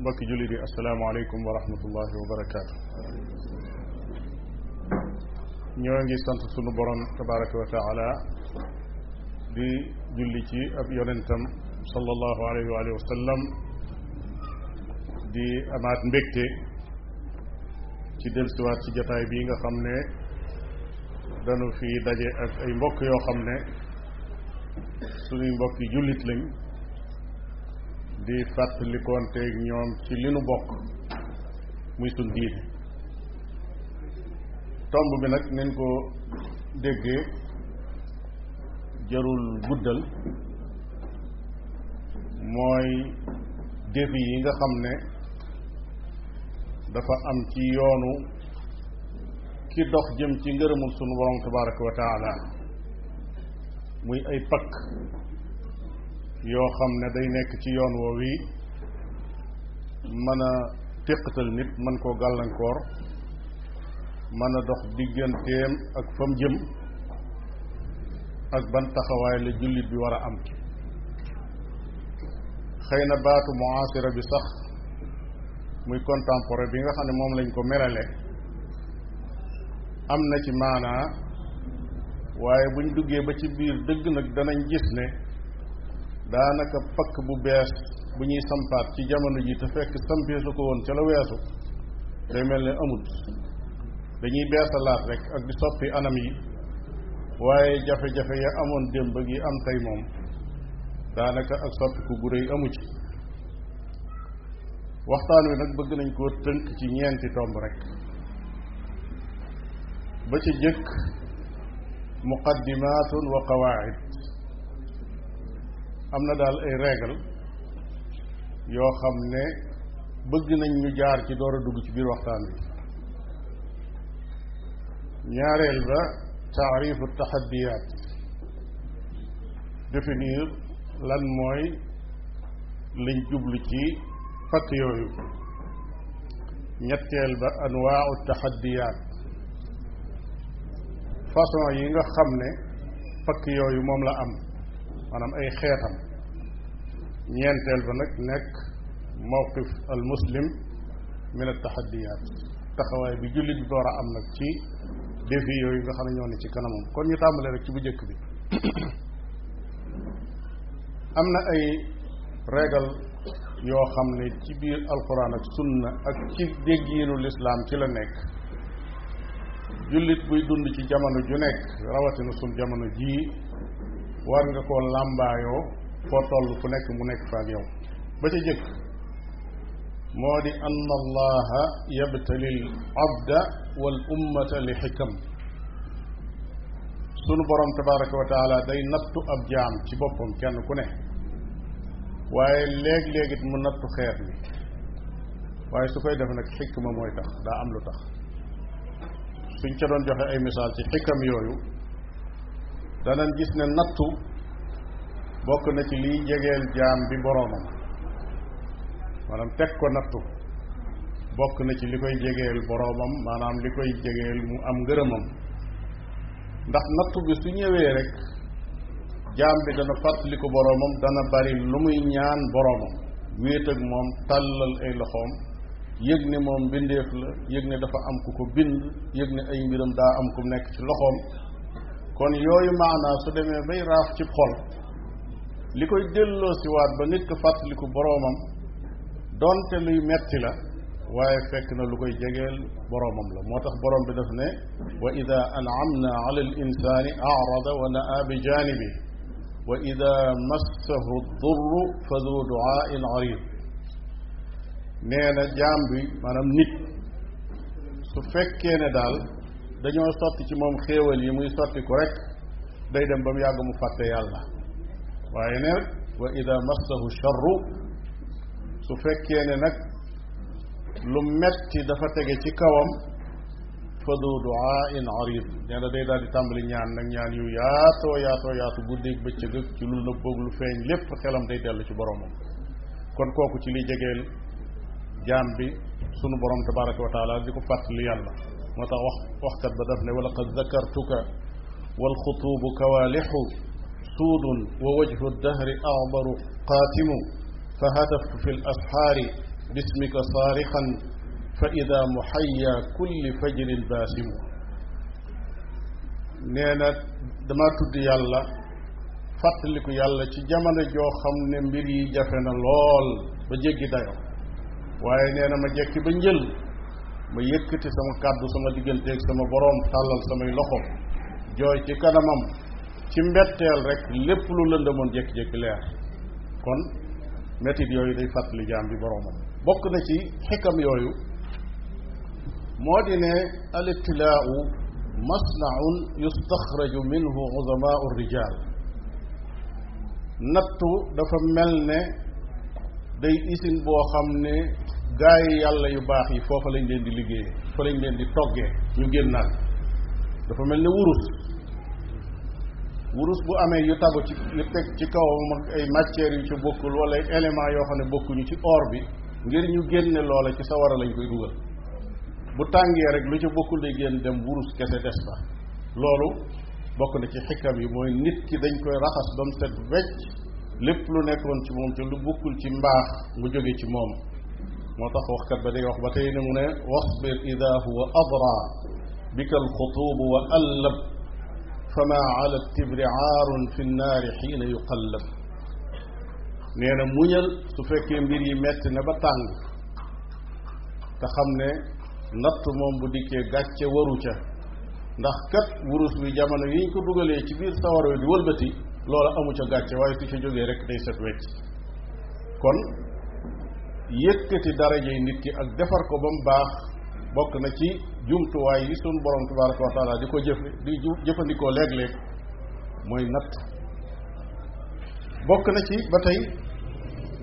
mbokki jullit yi asalaamaaleykum wa rahmatullahi wa barakaatu. ñoo ngi sant sunu boron tabaraka wa taala di julli ci ab yonentam sallallahu alayhi wa wa sallam di amaat mbégte ci dellusiwaat ci jataay bii nga xam ne dañu fi daje ay mbokk yoo xam ne suñuy mbokki jullit lañ di fàttalikoonteeg ñoom ci li nu bokk muy suñ diine tomb bi nag neen ko déggee jarul guddal mooy défi yi nga xam ne dafa am ci yoonu ki dox jëm ci ngërëmul sunu borom tabaraka wa taala muy ay pakk yoo xam ne day nekk ci yoon woowu yi mën a téqatal nit mën koo gàllankoor mën a dox digganteem ak fam jëm ak ban taxawaay la jullit bi war a am xëy na baatu muasira bi sax muy contemporain bi nga xam ne moom lañ ko merale am na ci maanaa waaye buñ duggee ba ci biir dëgg nag danañ gis ne daanaka pakk bu bees bu ñuy sampaat ci jamono ji te fekk sampee su ko woon ca la weesu day mel ne amut dañuy beesalaat rekk ak di soppi anam yi waaye jafe-jafe ya amoon démb gi am tey moom daanaka ak soppiku gu rëy amu ci waxtaan wi nag bëgg nañ koo tënk ci ñeenti tomb rek ba ca jëkk muqaddimatun wa qawaid am na daal ay règle yoo xam ne bëgg nañ ñu jaar ci door a dugg ci biir waxtaan bi ñaareel ba taarifu taxaddiyaat définir lan mooy lañ jublu ci pakk yooyu ñetteel ba anwaau taxaddiyaat façon yi nga xam ne pakk yooyu moom la am maanaam ay xeetam ñeenteel ba nag nekk mawqif al muslim min al taxawaay bi jullit bi door a am nag ci défi yooyu nga xam ne ñoo ne ci kanamam kon ñu tàmbalee rek ci bu jëkk bi am na ay régal yoo xam ne ci biir alquran ak sunna ak ci déggiinu lislaam ci la nekk jullit buy dund ci jamono ju nekk rawatina sun jamono jii war nga koo làmbaayoo foo toll ku nekk mu nekk fa ak yow ba ca jëkk moo di ann allaha yabtali l abda wal ummata li xikam sun borom tabaraka wa taala day nattu ab jaam ci boppam kenn ku ne waaye léeg-léeg it mu nattu xeet bi waaye su koy def nag xikma mooy tax daa am lu tax suñ ca doon joxe ay misaal ci xikam yooyu danañ gis ne nattu bokk na ci liy jegeel jaam bi boroomam maanaam teg ko nattu bokk na ci li koy jegeel boroomam maanaam li koy jegeel mu am ngërëmam ndax nattu bi su ñëwee rek jaam bi dana fàttali ko boroomam dana bari lu muy ñaan boroomam wéet ak moom tàllal ay loxoom yëg ne moom bindeef la yëg ni dafa am ku ko bind yëg ne ay mbiram daa am ku nekk ci loxoom kon yooyu maanaa su demee bay raaf ci xol li koy delloo si waat ba nit ko fàttaliku boroomam donte luy metti la waaye fekk na lu koy jegeel boromam la moo tax borom bi daf ne wa ida na ala al insani arada wa naa bi janibi wa ida massahu durru fa du duain arid nee na jaam bi maanaam nit su fekkee ne daal dañoo sotti ci moom xéewal yi muy sotti rek day dem ba mu yàgg mu fàtte yàlla waaye nee nag wa ida massahu su fekkee ne nag lu metti dafa tege ci kawam fa du duaain arid nee na day daal di tàmbali ñaan nag ñaan yu yaatoo yaatoo yaatu guddeeg bëccëg ci lu nëbboog lu feeñ lépp xelam day dellu ci boromam kon koku ci li jegeel jaam bi sunu borom tabaraka wa taala di ko fàttali yàlla moo tax wax waxkat ba daf ne wa laqad zakartuka walxutubu kawaalixu مقصود ووجه الدهر أعبر قاتم فهدفت في الأسحار باسمك صارخا فإذا محيا كل فجر باسم nee na dama tudd yàlla fàttaliku yàlla ci jamono joo xam ne mbir yi jafe na lool ba jéggi dayo waaye nee na ma jekki ba njël ma yëkkati sama kàddu sama digganteeg sama boroom tàllal samay loxo jooy ci kanamam ci mbetteel rek lépp lu lëndëmoon jékki-jékki leer kon mettit yooyu day fàttali jaam bi boroomam bokk na ci xikam yooyu moo di ne al ibtilaau masnaun yustaxraju minhu uzamaau rijaal nattu dafa mel ne day usine boo xam ne gaa yi yàlla yu baax yi foofa lañ leen di liggéeye fa lañ leen di toggee ñu génnaat dafa mel ne wurus wurus bu amee yu tabu ci yu teg ci kawam ak ay matières yu ci bokkul wala ay yoo xam ne bokkuñu ci or bi ngir ñu génne loole ci sawara lañ koy dugal bu tàngee rek lu ci bokkul de génn dem wurus kese des fa loolu bokk na ci xikam yi mooy nit ki dañ koy raxas ba mu set wecc lépp lu nekkoon ci moom ci lu bokkul ci mbaax mu jóge ci moom moo tax waxkat ba day wax ba tey ne mu ne wasbir ida huwa adra bika alxutubu wa allab fama ala tibri aarun fi nnaari xiina yuqallab nee na muñal su fekkee mbir yi metti na ba tàng te xam ne natt moom bu dikkee gàcce waru ca ndax kat wurus bi jamono yiñ ko dugalee ci biir sawara wi di wëlbati loola amu ca gàcce waaye su ca jógee rek day set wecc kon yëkkati darajey nit ki ak defar ko ba mu baax bokk na ci jumtuwaay yi sunu borom tabaraka wa taala di ko jëf di jëfandikoo léeg-léeg mooy natt bokk na ci ba tey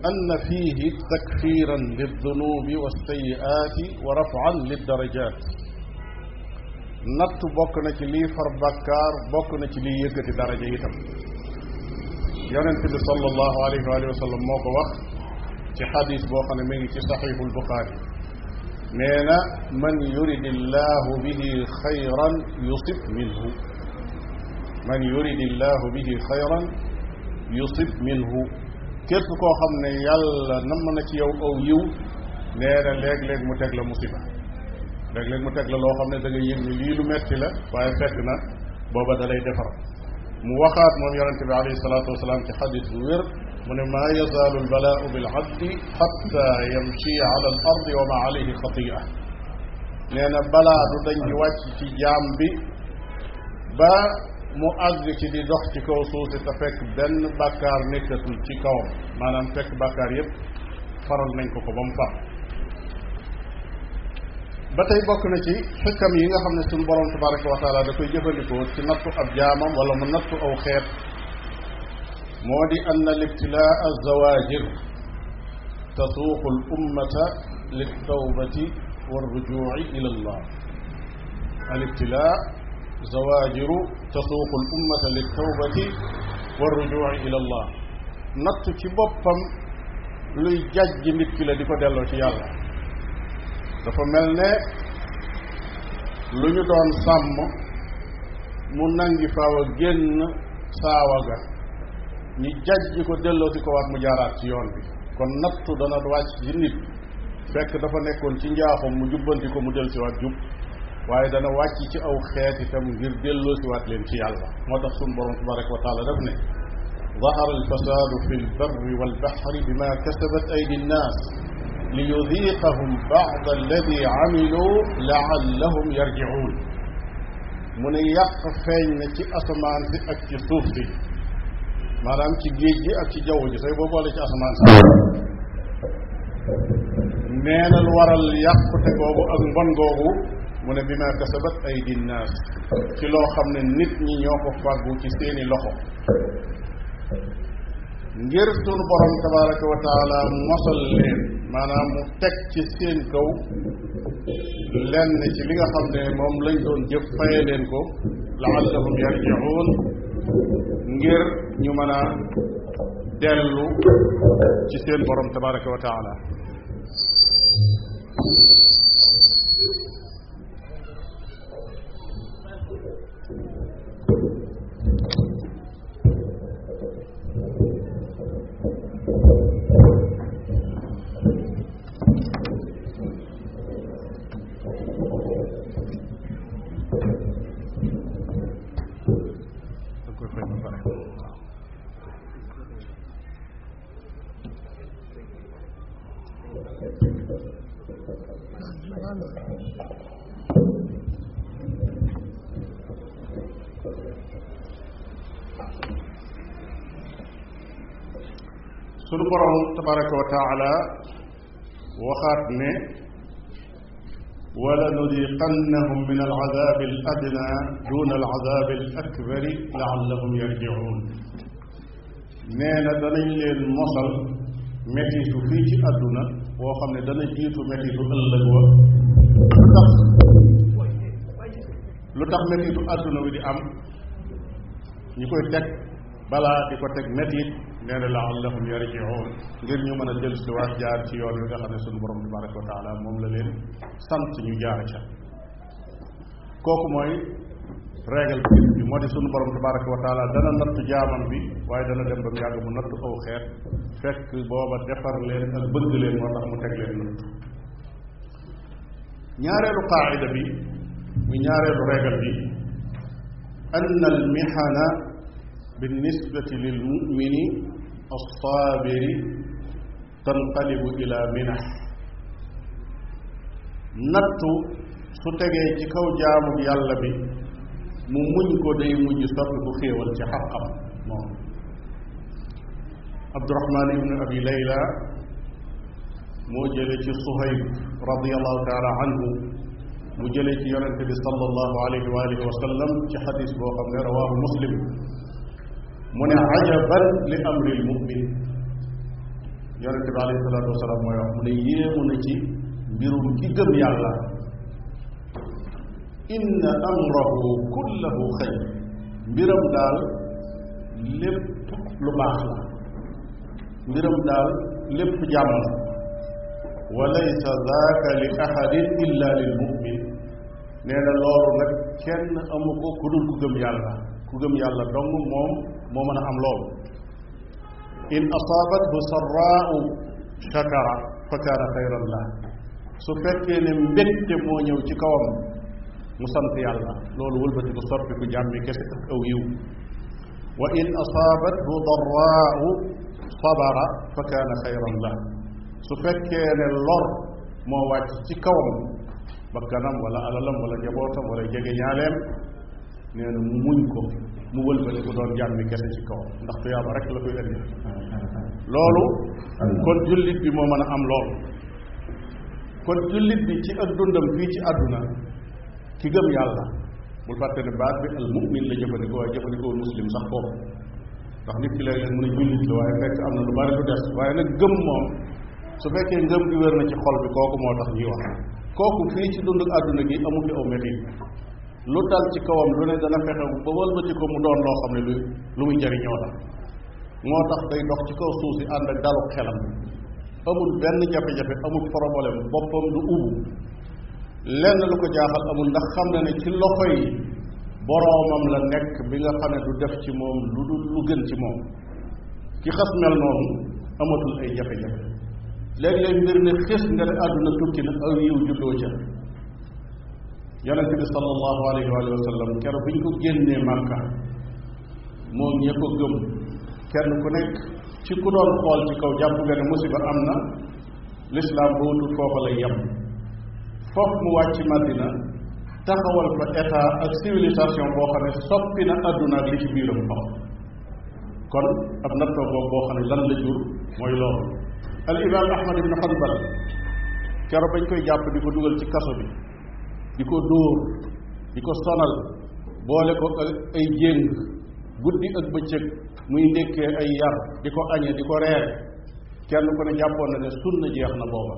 ann fiihi takfiran lildunubi walsayiaati wa rafan lildarajat natt bokk na ci lii far bàkkaar bokk na ci lii yëkkati daraja itam yonent bi sallallahu alayhi wa sallam moo ko wax ci xadis boo xam ne mi ngi ci saxiixul buxaari nee na man yuridi llahu bihi xayran yusib minhu man yuridi llahu bihi xayran yusib minhu képp koo xam ne yàlla namm na ci yow aw yiw nee na léeg-léeg mu teg la musiba léeg-léeg mu teg la loo xam ne da nga yëg ni lii lu metti la waaye fekk na booba da lay defar mu waxaat moom yonente bi alayhi salaatu wasalaam ci xadis bu wér mu ne maa yazaalu albalaau bil abdi xatta yamshiya ala al ardi wa ma alayhi xatia nee na balaa du dañ di wàcc ci jaam bi ba mu àgg ci di dox ci kaw suuf si te fekk benn bàkkaar nekkatul ci kawam maanaam fekk bàkkaar yépp faral nañ ko ko ba mu far ba tey bokk na ci xëkkam yi nga xam ne suñu borom tabaraka wa taala da koy jëfandikoo ci nattu ab jaamam wala mu nattu aw xeet moo di ann libtilaa alzawaajir tasuuqu l ummata liltawbati wa rrujuci ila allah alibtilaa zawaajiru tasuuqu l ummata liltawbati wa rrujuci ila allah nattu ci boppam luy jàjj nit di ko delloo ci yàlla dafa mel ne lu ñu sàmm mu nangi faaw a génn ñu jajj ko delloo si ko waat mu jaaraat ci yoon bi kon nattu dana wàcc ci nit fekk dafa nekkoon ci njaaxum mu jubbanti ko mu del si waat jub waaye dana wàcc ci aw xeet itam ngir delloo si waat leen ci yàlla moo tax suñu borom tabaraka wa taala daf ne zahara alfasadu fi lbarri walbaxri bima kasabat aydi nnaas liyudiqahum ba'da alladi amilu laallahum yarji'un mu ne yàq feeñ na ci asamaan si ak ci suuf si maanaam ci géej gi ak ci jaww ji tey boo boole ci asamaan sax nee waral yàqute googu ak mbon googu mu ne bi maa kasabat ay dinnaas ci loo xam ne nit ñi ñoo ko fàggu ci seeni loxo ngir sunu borom tabaraka wa taala mosal leen maanaam mu teg ci seen kaw lenn ci li nga xam ne moom lañ doon jëf faye leen ko laallahum yarjiun ngir ñu mën a dellu ci seen borom tabaraka wa sunu borom tabaraka wa taala waxaat ne wala nudiqannahum min aladabi al adna duna aladabi al akbari laallahum yarjiun nee na danañ leen mosal métitu fii ci àdduna woo xam ne dana jiitu métitu ëllëg wa lu tax lu tax adduna wi di am ñi koy teg balaa di ko teg métit nee na laallahum yarjiun ngir ñu mën a jël si waat jaar ci yoon wi nga xam ne suñu borom tabaraka wa taala moom la leen sant ñu jaar ca kooku mooy régal bi moo di sunu borom tabaraka wa taala dana nattu jaamam bi waaye dana dem ba mu yàgg mu nattu aw xeet fekk booba defar leen ak bëgg leen moo tax mu teg leen nattu ñaareelu qaacida bi muy ñaareelu régal bi ann almixana binnisbati lilmumini alsaabiri tanqalibu ila minax nattu su tegee ci kaw jaamu yàlla bi mu muñ ko day mujj soppi bu xéewal ci xam-xam moom abdurahman ibnu abi layla moo jële ci Suhayb radiallahu taala anhu mu jëlee ci yonente bi sallallahu alayhi wa alihi wa sallam ci xadis boo xam ne rawaahu muslim mu ne ajaban li amril mumin yonente bi alayhi salatu wasalaam mooy wax mu ne yéemu na ci mbirum ki gëm yàlla inna amrahu kullahu xayr mbiram daal lépp lu baax la mbiram daal lépp jàmm la wa laysa zaaka li ahadin illa lil mu'min nee na loolu nag kenn amu ko ku dul ku gëm yàlla ku gëm yàlla dong moom moo mën a am loolu in asaabathu sarraau shakara fa kaana xayran la su fekkee ne mbégte moo ñëw ci kawam mu sant yàlla loolu wëlbati ko soppi ku jàmmi kese ak aw yiw wa in asaabathu darraau sabara fa kaana xayran la su fekkee ne lor moo wàcc ci kawam bakkanam wala alalam wala njabootam wala jege ñaaleem nee na mu muñ ko mu wëlbati ko doon jàmmi kese ci kawam ndax tuyaaba rek la koy indi loolu kon jullit bi moo mën a am loolu kon jullit bi ci ak àdduna ki gëm yàlla bul fàtte ne baat bi al la jëfandikoo waaye jëfandikoo muslim sax foofu ndax nit ki léeg-léeg a jullit la waaye fekk am na lu bari lu des waaye nag gëm moom su fekkee ngëm gi wér na ci xol bi kooku moo tax ñuy wax kooku fii ci dund àdduna gi amu fi aw métit lu dal ci kawam lu ne dana fexe ba wëlbati ko mu doon loo xam ne lu lu muy jariñoo la moo tax day dox ci kaw suuf si ànd benn jafe-jafe amul problème boppam du ubu lenn lu ko jaaxal amul ndax xam na ne ci loxo yi boroomam la nekk bi nga xam ne du def ci moom lu dul lu gën ci moom ki xas mel noonu amatul ay jafe-jafe léeg-léeg mbir ne xis nga ne àdduna tukki na aw yiw juddoo ca yonente bi sallallahu alayhi wa sallam kero bi ñu ko génnee màkka moom ñee ko gëm kenn ku nekk ci ku doon xool ci kaw jàpp nga ne musiba am na lislaam ba wutul foofa lay yem foofu mu wàcc madina taxawal fa état ak civilisation boo xam ne soppi na àdduna li ci biiram xaw kon ab nattoo boobu boo xam ne lan la jur mooy loolu al imam ahmad ibn hanbal kero bañ koy jàpp di ko dugal ci kaso bi di ko dóor di ko sonal boole ko ay jéng guddi ak bëccëg muy ndékkee ay yar di ko añe di ko reer kenn ku ne jàppoon na ne sunna jeex na booba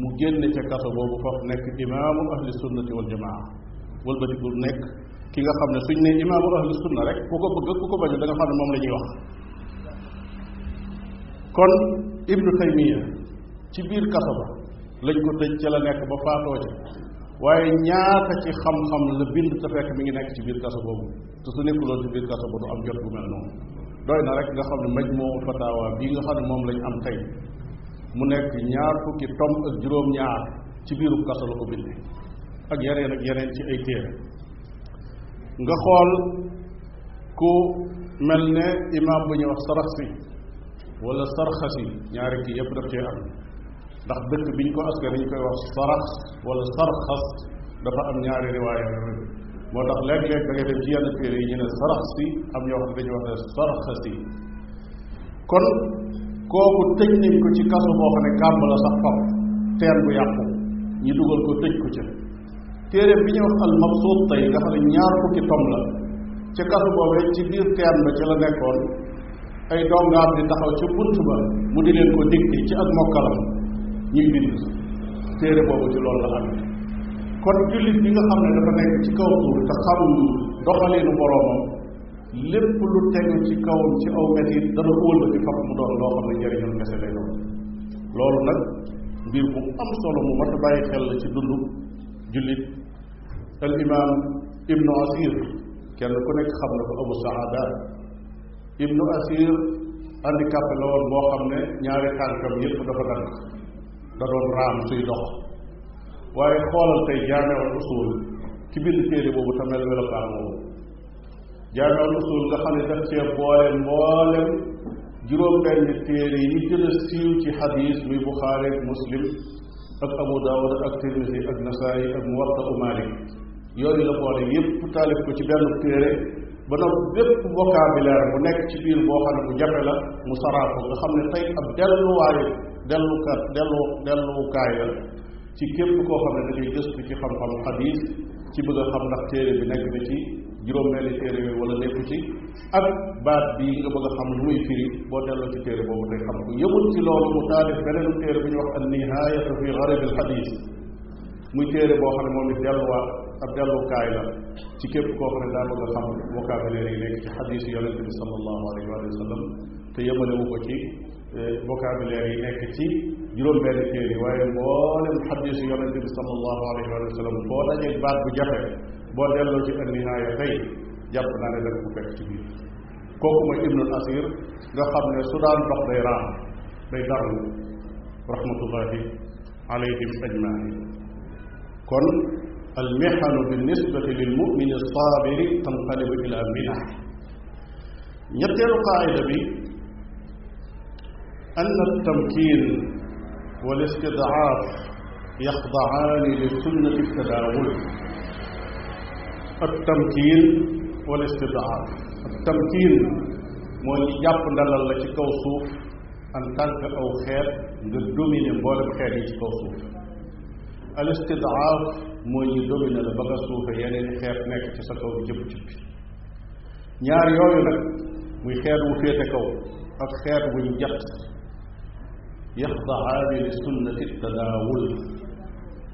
mu génne ca kaso boobu foofu nekk imaamu ahli sunnati wal jamaa wëlbatiku nekk ki nga xam ne suñ ne imaamu ahli sunna rek ku ko bëgg ku ko bañ da xam ne moom la ñuy wax kon ibnu taymiya ci biir kaso ba lañ ko tëj ca la nekk ba faatoo ca waaye ñaata ci xam-xam la bind te fekk mi ngi nekk ci biir kaso boobu te su nekkuloon ci biir kaso ba du am jot bu mel noonu doy na rek nga xam ne majmuu fatawa bii nga xam ne moom lañ am tey mu nekk ñaar fukki tom ak juróom-ñaar ci biiru kaso la ko bindee ak yeneen ak yeneen ci ay téere nga xool ku mel ne imaam bu ñuy wax sarax si wala sarxasi ñaari kii yëpp daf cee am ndax dëkk biñ ko askan ñu koy wax sarax wala sarxas dafa am ñaari riwaaya moo tax léeg-léeg da ngay dem ci yenn téere yi ñu ne sarax si am ñoo xam ne dañuy wax ne sarxasi kon kooku tëj nañ ko ci kaso boo xam ne kàmb la sax fam teen bu yàqu ñi dugal ko tëj ko ca téere bi ñuy wax al mabsuut tey nga xam ne ñaar fukki tom la ca kaso boobee ci biir teen ba ci la nekkoon ay dongaam di taxaw ci bunt ba mu di leen ko dikki ci ak mokkalam ñuy bind téere boobu ci loolu la amee kon jullit bi nga xam ne dafa nekk ci kaw suuf te xam doxalinu boroomam lépp lu tegu ci kawam mu doon loo xam ne njëriñam kese lay doon loolu nag mbir bu am solo mu mat bàyyi xel la ci dundu jullit al ibnu asir kenn ku nekk xam na ko abu saada ibnu asir handicapé la woon boo xam ne ñaari tànkam yépp dafa dagg da doon raam suy dox waaye xoolal tey jaamewal usul ci bind téere boobu tamel melokaan boobu jaamewal usul nga xam ne daf cee boole mboolem juróom-benn téere yi gën siiw ci xadis muy buxaari muslim ak abu daawud ak tirmisi ak nasaayi ak muwatta u malik yooyu la boole yépp taalif ko ci benn téere ba noppi bépp vocabulaire bu nekk ci biir boo xam ne bu jafe la mu saraa nga xam ne tey ab delluwaayu dellukat dellu dellukaay la ci képp koo xam ne da ngay gëstu ci xam-xam xadis ci bëgg a xam ndax téere bi nag na ci juróom-benni téere yooyu wala nekku ci ak baat bii nga bëgg a xam lu muy firi boo delloo ci téere boobu tey xam ko yëmul ci loolu mu taalif beneen téere bu ñuy wax an nihaayatu fi garib al xadis muy téere boo xam ne moom it delluwaat ab dellukaay la ci képp koo xam ne daa bëgg a xam vocabulaire yi nekk ci xadiis yonente bi sallallahu alayhi wa sallam te yëmalewu ko ci eh, vocabulaire yi nekk ci juróom benn téere yi waaye mboolem xadiis yonente bi sallallahu alayhi wa sallam boo dajee baat bu jafe boo delloo ci annihaaya tey jàpp naa ne danga ko fekk ci biir kooku mooy ibnul asir nga xam ne su daan dox day raam day darlu rahmatullahi alayhim ajmain kon al mihanu bi nisbati lil mumini sabiri tanqalibu ila minah ñetteelu qaayida bi an altamkin wal istidcaaf yaxdacaani li sunnati tadaawul altamkin wal istidcaaf altamkin mooy ñu jàpp ndalal la ci kaw suuf en tant que aw xeet nga dominer mboolem xeet yi ci kaw suuf al istidaaf mooy ñu na la ba nga suufe yeneen xeet nekk ci sa kaw bi jëpp ci ñaar yooyu nag muy xeet wu féete kaw ak xeet wu ñu jatt yaxdahaani li sunnati tadaawul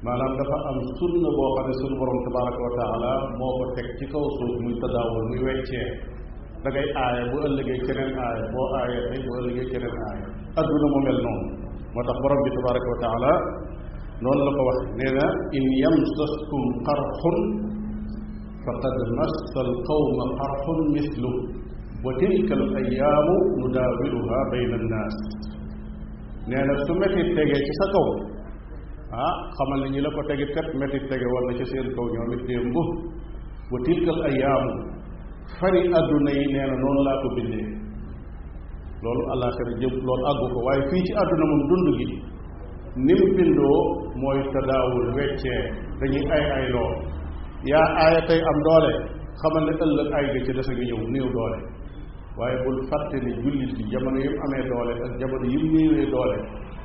maanaam dafa am sunna boo xam ne sunu borom tabaraka wa taala moo ko teg ci kaw suuf muy tadaawul muy weccee da ngay aaya bu ëllëgee keneen aaya boo aaya tey bu ëllëgee keneen aaya adduna mu mel noonu moo tax borom bi tabaraka wa taala noonu la ko wax nee na in yamsaskum qarxun faqad massa alqawma qarxun mislu wa tilka al ayaamu nudaawiluha bayna annaas nee na su metit tegee ci sa kaw ah xamal ni ñi la ko tegit kat metit tege war ci seen kaw ñoom it démb wa tilka al ayaamu fari àdduna yi nee na noonu laa ko bindee loolu àllaaxira jëm loolu àggu waaye fii ci àdduna moom dund gi ni mu bindoo mooy tadaawul weccee dañuy ay ay loo yaa aaya tey am doole xamal ne ëllëg ay ga ci des a ngi ñëw néew doole waaye bul fàtte ni jullit bi jamono yi mu amee doole ak jamono yi mu néewee doole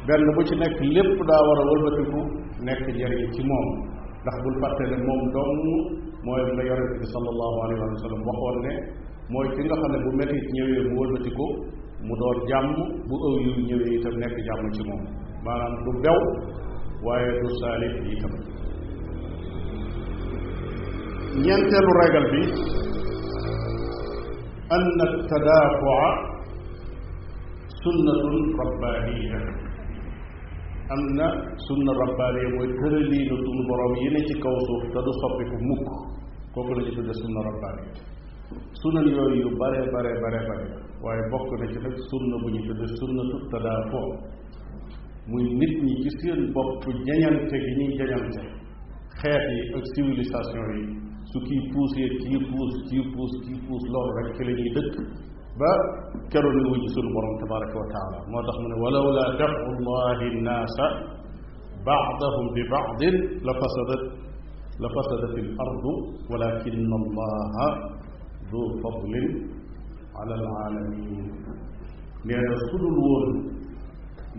benn bu ci nekk lépp daa war a wëlbatiku nekk njëriñ ci moom ndax bul fàtte ne moom dong mooy la yonent bi sallallahu alayhi wa sallam waxoon ne mooy ki nga xam ne bu metit ñëwee mu wëlbatiku mu doon jàmm bu ëw yu ñëwee itam nekk jàmm ci moom maanaam du bew waaye du saalib itam ñeenteelu ragal bi ann tadaafua sunnatun rabbaaniya am na sunna rabbaaniya mooy tëraliinu sunu borom yi ne ci kaw suuf te du soppiku mukk kooku la ñu tudde sunna rabbaaniya sunan yooyu yu bare bare bare bare waaye bokk na ci nag sunna bu ñu tudde sunnatu tadaafua muy nit ñi ci seen bopp jañante gi ñuy jañante xeet yi ak civilisation yi su kii puusee kii puus kii puus kii puus loolu rek ci la ñuy dëkk ba keroog ñu wuñ sunu borom tabaraka wa taala moo tax mu ne walaw laa dafu llahi nnaasa baadahum bi baadin la fasadat la fasadat il ardu walakin allaha du fadlin ala alaalamin nee na su dul woon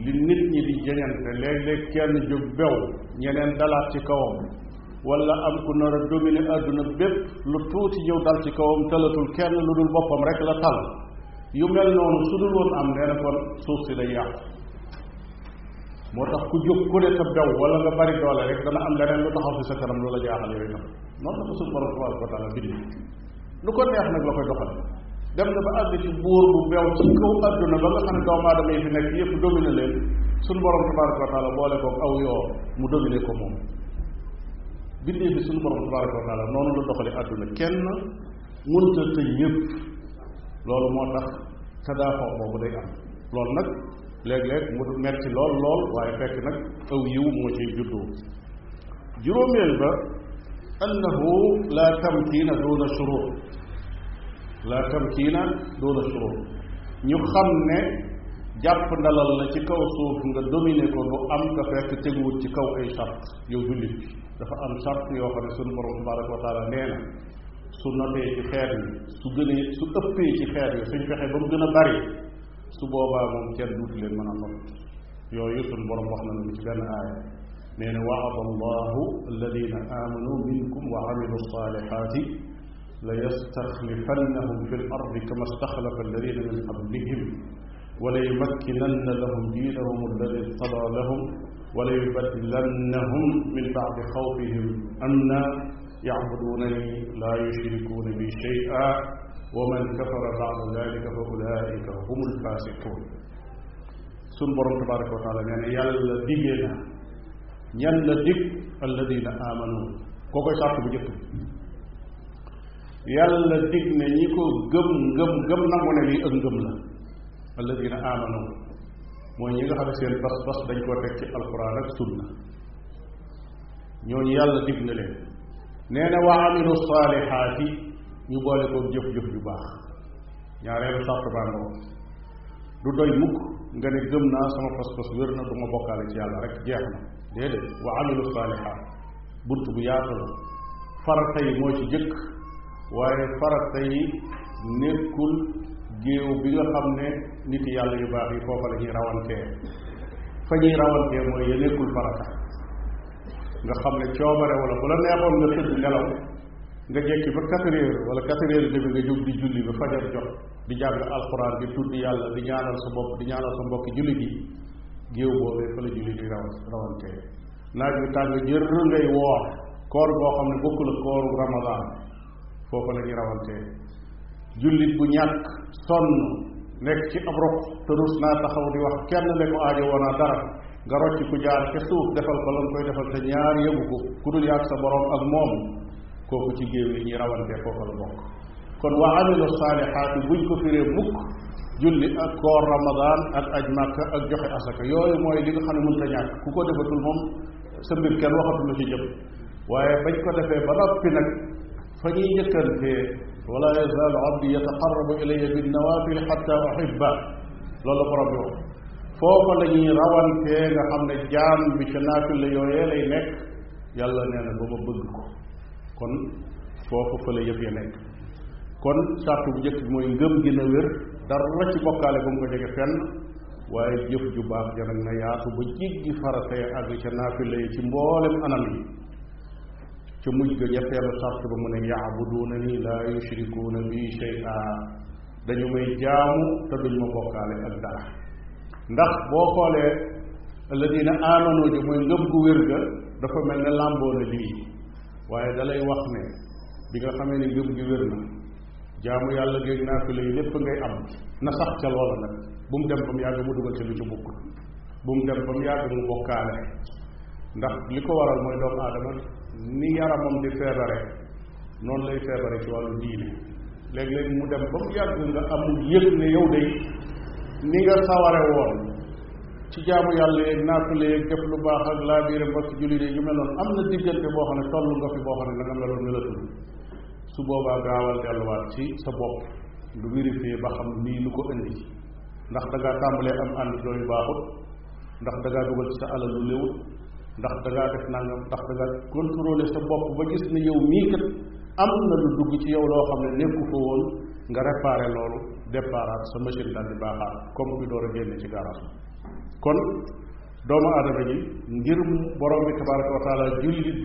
li nit ñi di jëñante léeg-léeg kenn jóg bew ñeneen dalaat ci kawam wala am ku nar a dominer àdduna bépp lu tuuti ñëw dal ci kawam talatul kenn lu dul boppam rek la tal yu mel noonu su dul woon am nee na suuf si day yàqu moo tax ku jóg ku ne te bew wala nga bari doole rek dana am leneen lu taxaw si sa kanam lu la jaaxal yooyu tam noonu la ko suñu borom tabaraka wa taala bindi lu ko neex nag la koy doxal dem na ba àgg ci buur bu bew ci kaw adduna ba nga xam ne doomu aadama yi fi nekk yëpp domine leen suñu borom tabaraka wa boole ko aw yoo mu domine ko moom bindee bi suñu borom tabaraka wa taala noonu la doxale adduna kenn mënta tëj ñëpp loolu moo tax tadaafoo boobu day am loolu nag léeg-léeg mu metti lool lool waaye fekk nag aw yiw moo ciy juddoo juróomeel ba annahu la tamkiina duna shurut la tamkiina doona shurur ñu xam ne jàpp na la ci kaw suuf nga dominer ko lu am nga fekk teguwut ci kaw ay charte yow jullit dafa am charte yoo xam ne sunu borom tabaraka wa taala nee na su notee ci xeet su gënee su ëppee ci xeet yi suñ fexe ba mu gën a bari su boobaa moom kenn duuti leen mën a not yooyu sunu borom wax na nu ci benn aaya nee na wa'ada allahu alladina minkum wa amilu salihati la yastaxlifannahum fi l ardi kama staxlafa alladina min qablihim wala yumakkinanna lahum diinahum alladi irtada lahum wala yubaddilannahum min bacdi xawfihim amna yacbudunani la yushrikuuna bi shay'a wa man kafara bacda dalika fa ulaika hum alfaasiqun sun borom tabaraka wa taala nee na yàlla diggee na ñan la dig alladina aamanu koo koy sàrt bu jëkk yàlla dig ne ñi ko gëm ngëm nangu ne lii ak ngëm la alladina amanu mooy ñi nga xam ne seen bas bas dañ koo teg ci alquran ak sunna ñooñu yàlla dig na leen nee wa amilu saalihaati ñu boole ko jëf-jëf ju baax ñaareelu sàrt baa nga du doy mukk nga ne gëm naa sama pas-pas wér na du ma bokkaale ci yàlla rek jeex na déedéet wa amilu saalihaat bunt bu yaatu la farata moo ci jëkk waaye farata yi nekkul géew bi nga xam ne nit yàlla yu baax yi foofa la ñuy rawantee fa ñuy rawantee mooy ya nekkul farata nga xam ne coobare wala bu la neexoon nga tëdd nelaw nga jekki ba quatre heures wala quatre heures demi nga jóg di julli ba fajar jot di jàng alxuraan di tudd yàlla di ñaanal sa bopp di ñaanal sa mbokki julli bi géew boobee fa la julli di raw rawantee naaj bi tàng jër ngay woor koor boo xam ne bokkul ak kooru ramadan foofa la ñu rawantee jullit bu ñàkk sonn nekk ci ab roq te rus naa taxaw di wax kenn ne ko aajo woonaa dara nga rocc ku jaar ca suuf defal ko lan koy defal te ñaar yëgu ko ku dul yàgg sa borom ak moom kooku ci géew yi ñuy rawantee foofa la bokk kon wa amilu saalihaati buñ ko firee mukk julli ak koor ramadan ak aj màkka ak joxe asaka yooyu mooy li nga xam ne mënta ñàkk ku ko defatul moom sa mbir kenn waxatu lu ci jëm waaye bañ ko defee fa ñuy njëkkantee wala yazaalu abdi yataxarabu ilaya binnawafili xata uhibba loolu la borom bi foofa la ñuy nga xam ne jaam bi ca naafila yooyee lay nekk yàlla nee na ba ma bëgg ko kon foofa fa la ya nekk kon sartu bu njëkk bi mooy ngëm gi na wér dara ci bokkaale ba mu ko jege fenn waaye jëf ju baax ja na yaatu ba jiggi farate àgg ca naafila yi ci mboolem anam yi ca mujj ga ñetteelu sart ba mu ne yaabuduuna ni laa yushrikuuna bi shay'a dañu may jaamu te duñ ma bokkaale ak dara ndax boo xoolee alladina aamanu ji mooy ngëm gu wér ga dafa mel ne làmboo na lii waaye dalay wax ne bi nga xamee ne ngëm gi wér na jaamu yàlla géeg naa fi lay lépp ngay am na sax ca loola nag bu mu dem ba mu yàgg mu dugal ca lu ci bukk bu mu dem ba mu yàgg mu bokkaale ndax li ko waral mooy doomu adama ni yaramam di feebare noonu lay feebare ci wàllu diine léeg-léeg mu dem ba mu yàgg nga amul yëg ne yow de ni nga saware woon ci jaamu yàlla yeeg naafile yeeg def lu baax ak laa biire mbokk julli yi yu mel noonu am na diggante boo xam ne toll nga fi boo xam ne da nga meloon ne la tudd su boobaa gaawal delluwaat ci sa bopp lu vérifier ba xam nii lu ko indi ndax da tàmbalee am ànd dooyu baaxut ndax da ngaa dugal ci sa alal ndax da ngaa def nangam ndax da ngaa sa bopp ba gis ne yow mii kat am na lu dugg ci yow loo xam ne nekku fa woon nga réparer loolu déparaat sa machine daal di baaxaat comme kuy door a génne ci garage kon doomu aadama yi ngir borom bi tabaraka wa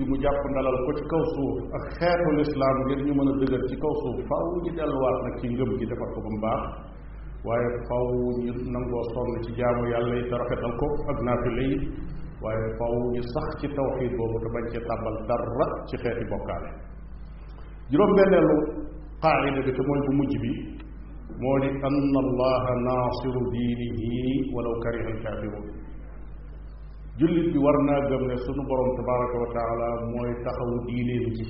mu jàpp ndalal ko ci kaw suuf ak xeetu lislaam ngir ñu mën a dëgër ci kaw suuf faw ñu delluwaat nag ci ngëm gi defar ko ba mu baax waaye faw ñu nangoo sonn ci jaamu yàlla yi te rafetal ko ak naafile yi waaye faw ñu sax ci tawxiid boobu te bañ ci tàmbal dara ci xeeti bokkaale juróom-benneelu qaayida bi te mooy bu mujj bi moo di ann allaha naasiru diinihi walaw kariha alkaafiruun jullit bi war naa gëm ne sunu borom tabaraka wa taala mooy taxawu diineem ji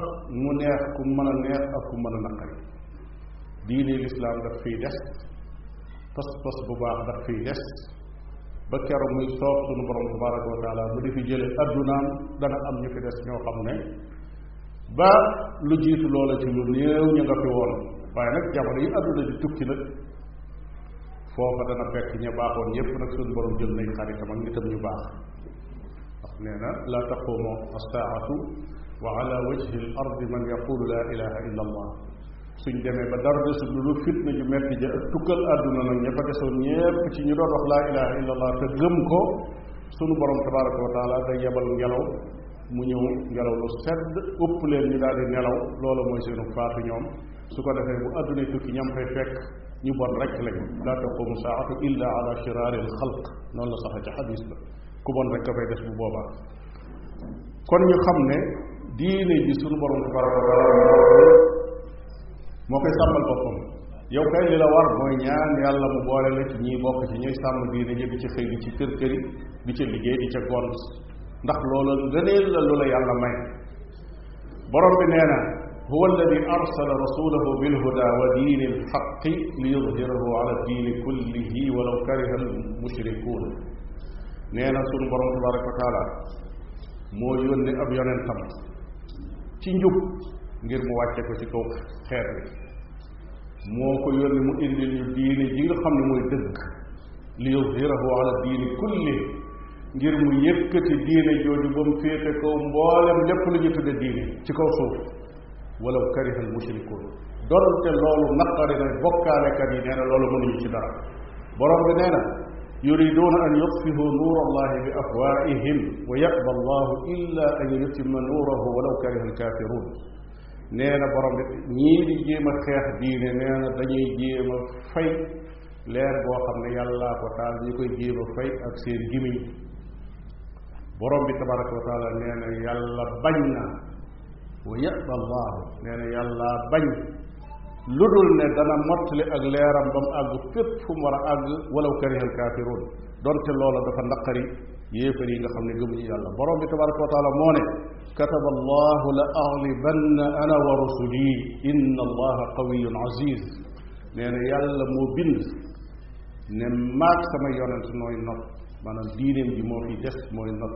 ak mu neex ku mën a neex ak ku mën a naqari diine lislaam daf fiy des pas-pas bu baax daf fiy des ba keroog muy soob sunu borom tabaraka wa taala bu di fi jële addunaam dana am ñu fi des ñoo xam ne ba lu jiitu loola ci lu néew ñu nga fi woon waaye nag jamono yi adduna di tukki nag foofa dana fekk ña baaxoon ñëpp nag suñu borom jël nay xaritam ak nitam ñu baax ndax nee na la taqumu assaatu wa ala wajhi al man yaqulu la ilaha illa allah suñ demee ba dara desul lu fitna ju metti ja ak tukkal àdduna nag ña fa desoon ñépp ci ñu doon wax laa ilaha illa allah te gëm ko sunu borom tabaraka wa taala day yebal ngelaw mu ñëw ngelaw lu sedd ëpp leen ñu daal di nelaw loolu mooy seenu ñoom su ko defee bu adduna tukki ñam ñu bon rek lañu laa taqumu noonu la saxa ca xadis ba ku bon rek ka fay des bu boobaa borom tabaraka wa taala moo koy sàmmal boppam yow kay li la war mooy ñaan yàlla mu boole la ci ñiy bokk ci ñuy sàmm diine ji di ci xëy di ci kër këri di ca liggéey di ca gont ndax loola gëneel la lu la yàlla may borom bi nee na huwa alladi arsala rasulahu bilhuda wa diini alxaqi li yudhirahu ala diini kullihi walaw kariha almushrikuun nee na sunu borom tabaraka wa taala moo yónni ab yonentam ci njub ngir mu wàcce ko ci kaw xeet wi moo ko yónni mu indil ñu diine ji nga xam ne mooy dëgg li yuzhirahu ala diini kulli ngir mu yëkkati diine jooju ba mu féete kaw mboolem lépp lu ñu tudde diine ci kaw suuf walaw kariha al mushrikuun donte loolu naqari na bokkaalekat yi nee na loolu mënuñu ci dara borom bi nee na yuriduuna an yutfihu nuur allahi bi afwaihim wa yaqba allahu illa an yutima nuurahu walaw kariha al kaafiruun nee na borom bi ñii di jéem a xeex diine nee na dañuy jéem a fay leer boo xam ne yàllaa ko taal ñu koy jéem fay ak seen gimiñ borom bi tabaraka wa taala nee na yàlla bañ na wa yaba allahu nee na bañ lu ne dana mottali ak leeram ba mu àgg fépp fu mu war walaw karihal kaafiruun donte loola dafa naqari yéefar yi nga xam ne gëmuñu yàlla borom bi tabaraka wa taala moo ne kataba allahu la aglibanna ana wa rusuli inna allaha qawiyun aziz nee na yàlla moo bind ne maag sama yonent nooy not maanaam diineem ji moo fi des mooy not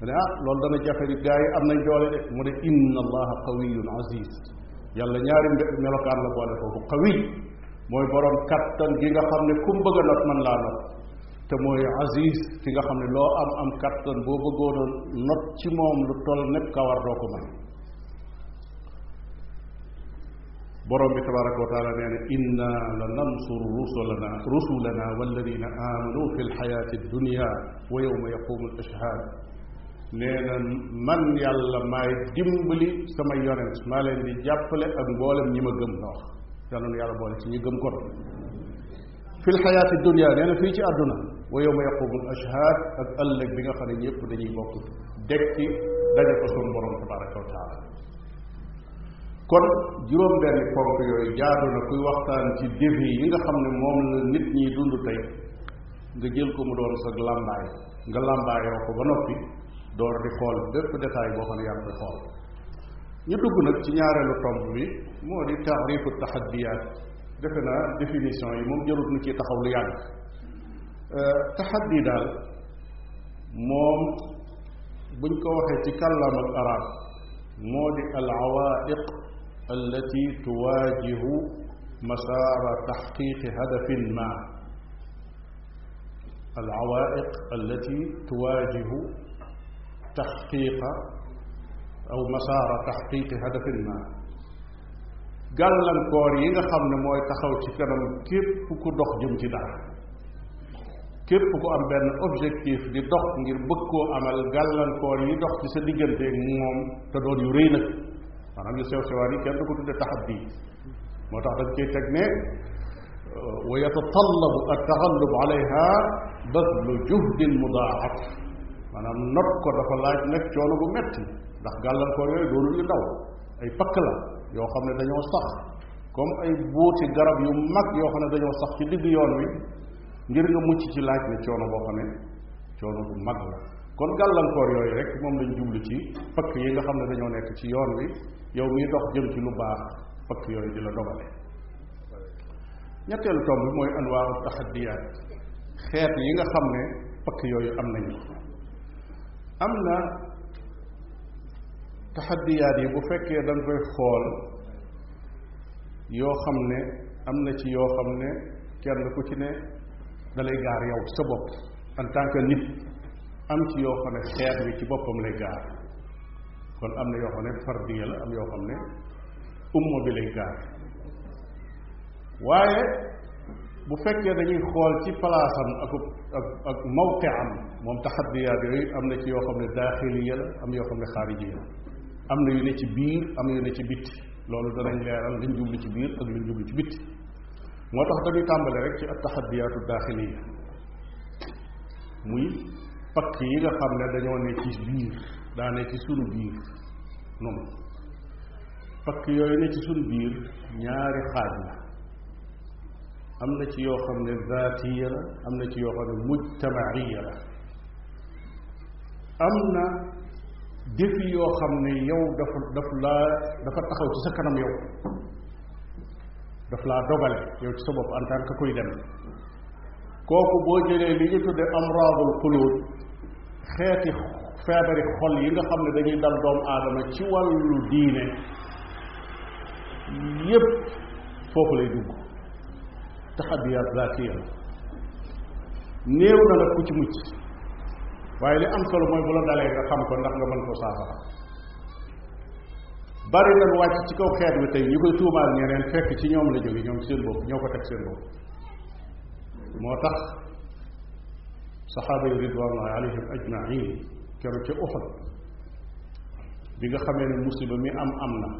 mu ne ah, loolu dana jafe di am na doole de mu ne inna allaha qawiyun aziz yàlla ñaari melokaan la boole foofu qawi mooy borom kattan gi nga xam ne kum bëgg a not man laa not te mooy Aziz ki nga xam ne loo am am kàttan boo bëggoon a not ci moom lu toll nepp kawar doo ko mën borom bi tabaraka wa taala nee na inna la nansuru rusulana rusulana walladina amanu fi lxayaati dunia wa yowma yaqumu l ashhad nee na man yàlla maay dimbali sama yonent maa leen di jàppale ak mboolem ñi ma gëm na wax yàlla nu yàlla boole ci ñi gëm kon fi lxayaati dunia nee na fii ci àdduna wa yawma yaqumul ashhad ak ëllëg bi nga xam ne ñëpp dañuy bokk dekki daje ko suñu borom tabaraka wa kon juróom benn ponk yooyu jaadu na kuy waxtaan ci défi yi nga xam ne moom la nit ñi dund tey nga jël ko mu doon sag làmbaay nga làmbaayoo ko ba noppi door di xool bépp détail boo xam ne yaa ngi ñu dugg nag ci ñaareelu tomb bi moo di taarifu taxaddiyaat defe naa définition yi moom jarut na ci taxaw lu yàgg Euh, taxaddi daal moom buñ ko waxee ci kàllaama arab moo di al awaiq allati tuwaajihu masaara taxqiqi hadafin ma al awaiq allati tuwaajihu taxqiqa aw masaara taxqiqi hadafin ma gàllankoor yi nga xam ne mooy taxaw ci kanam képp ku dox jëm ci dara képp ku am benn objectif di dox ngir bëgg koo amal gàllankoor yi dox ci sa digganteeg moom te doon yu rëy nag maanaam yu sew sewaan yi kenn du ko tudde taxaddi moo tax dañ cay teg ne euh, wa yatatallabu altaxallub alayha baslu juhdin mudaaf maanaam not ko dafa laaj nag coono bu metti ndax gàllankoor yooyu doonul yu ndaw ay pakk la yoo xam ne dañoo sax comme ay buuti garab yu mag yoo xam ne dañoo sax ci digg yoon wi ngir nga mucc ci laaj na coono boo xam ne coono bu mag la kon gàllankoor yooyu rek moom lañ jublu ci fakk yi nga xam ne dañoo nekk ci yoon wi yow miy dox jëm ci lu baax fakk yooyu di la dogale ñetteelu tomb bi mooy anwaaru taxaddiyaat xeet yi nga xam ne fakk yooyu am nañu am na taxaddiyaat yi bu fekkee dañ koy xool yoo xam ne am na ci yoo xam ne kenn ku ci ne da lay gaar yow sa bopp en tant que nit am ci yoo xam ne xeet wi ci boppam lay gaar kon am na yoo xam ne fardiya la am yoo xam ne umma bi lay gaar waaye bu fekkee dañuy xool ci palaasam ak ak ak mawqi am moom taxaddiyaat yooyu am na ci yoo xam ne daaxiliya la am yoo xam ne xaarijiya la am na yu ne ci biir am yu ne ci bitti loolu danañ leeral luñ jublu ci biir ak luñ jublu ci bitti moo tax dañuy tàmbale rek ci attaxadiyaatu daaxiliya muy pakk yi nga xam ne dañoo ne ci biir daa ne ci sunu biir noonu pakk yooyu ne ci sunu biir ñaari xaaj la am na ci yoo xam ne zaatiya la am na ci yoo xam ne mujtamaiya la am na défi yoo xam ne yow dafa daf laa dafa taxaw ci sa kanam yow daf laa dogale yow ci sa bopp en tant que kuy dem kooku boo jëlee li ñu tudde amraadul xuluud xeeti feebari xol yi nga xam ne dañuy dal doomu aadama ci wàllu diine yépp foofu lay dugg taxadiyaat zaatiya néew na nag ku ci mucc waaye li am solo mooy bu la dalee nga xam ko ndax nga mën ko saafara bari nañu wàcc ci kaw xeet wi tey ñu koy tuumaal ñeneen fekk ci ñoom la jóge ñoom seen bopp ñoo ko teg seen bopp moo tax saxaaba yi ridwanullahi alayhim ajmain keroog ca bi nga xamee ne musiba mi am am na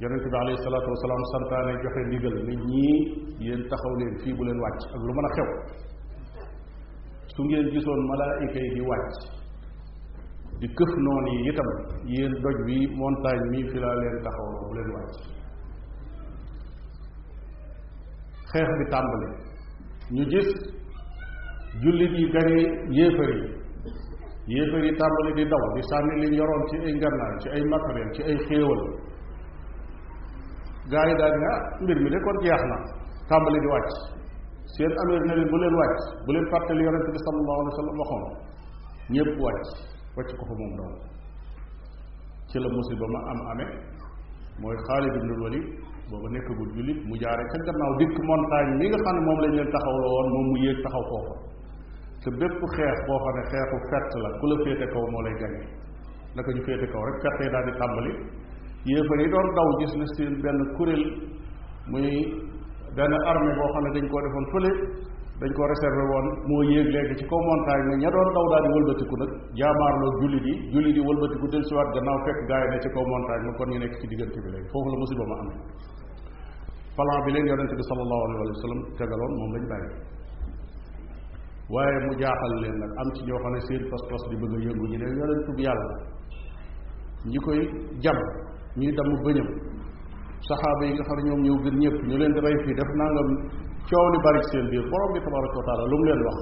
yonente bi alayhi salaatu wasalaam santaane joxe ndigal nit ñii yéen taxaw leen fii bu leen wàcc ak lu mën a xew su ngeen gisoon malaayika yi di wàcc di këf noonu yi itam yéen doj bi montagne mi fi laa leen taxawloo bu leen wàcc xeex bi tàmbali ñu gis jullit yi gañe yéefar yi yéefar yi tàmbali di daw di sànni liñ yoroon ci ay ngannaay ci ay matériel ci ay xéewal gaa yi daal nga ah, mbir mi de kon jeex na tàmbali di wàcc seen amir na leen bu leen wàcc bu leen fàttali yonente bi sallallahu alayhi wa waxoon ñépp wàcc wàcc ko fa moom ndaw ci la musiba ma am amee mooy Xaalid ibn Walid booba nekkagul jullit mu jaaree ca gannaaw dikk montagne mi nga xam ne moom lañ leen taxawloo woon moom mu yéeg taxaw foofa te bépp xeex boo xam ne xeexu fett la ku la féete kaw moo lay gañe naka ñu féete kaw rek fett yi daal di tàmbali yéefar yi doon daw gis na seen benn kuréel muy benn armée boo xam ne dañ koo defoon fële dañ ko réservé woon moo yéeg léegi ci kaw montagne ne ña doon daw daal di wëlbatiku nag jaamaarloo jullit yi jullit yi wëlbatiku del siwaat gannaaw fekk gaa yi ne ci kaw montagne nag kon ñu nekk ci diggante bi léegi foofu la musiba ma amee plan bi leen yonente bi sallallahu alayhi wa sallam tegaloon moom lañ bàyyi waaye mu jaaxal leen nag am ci ñoo xam ne seen pas-pas di bëgg a yëngu ñu ne yonentu bi yàlla ñi koy jam ñuy damm bëñam saxaaba yi nga xam ne ñoom ñëpp ñu leen di def nangam coow li bari ci seen biir borom bi tabaraka wa taala lu mu leen wax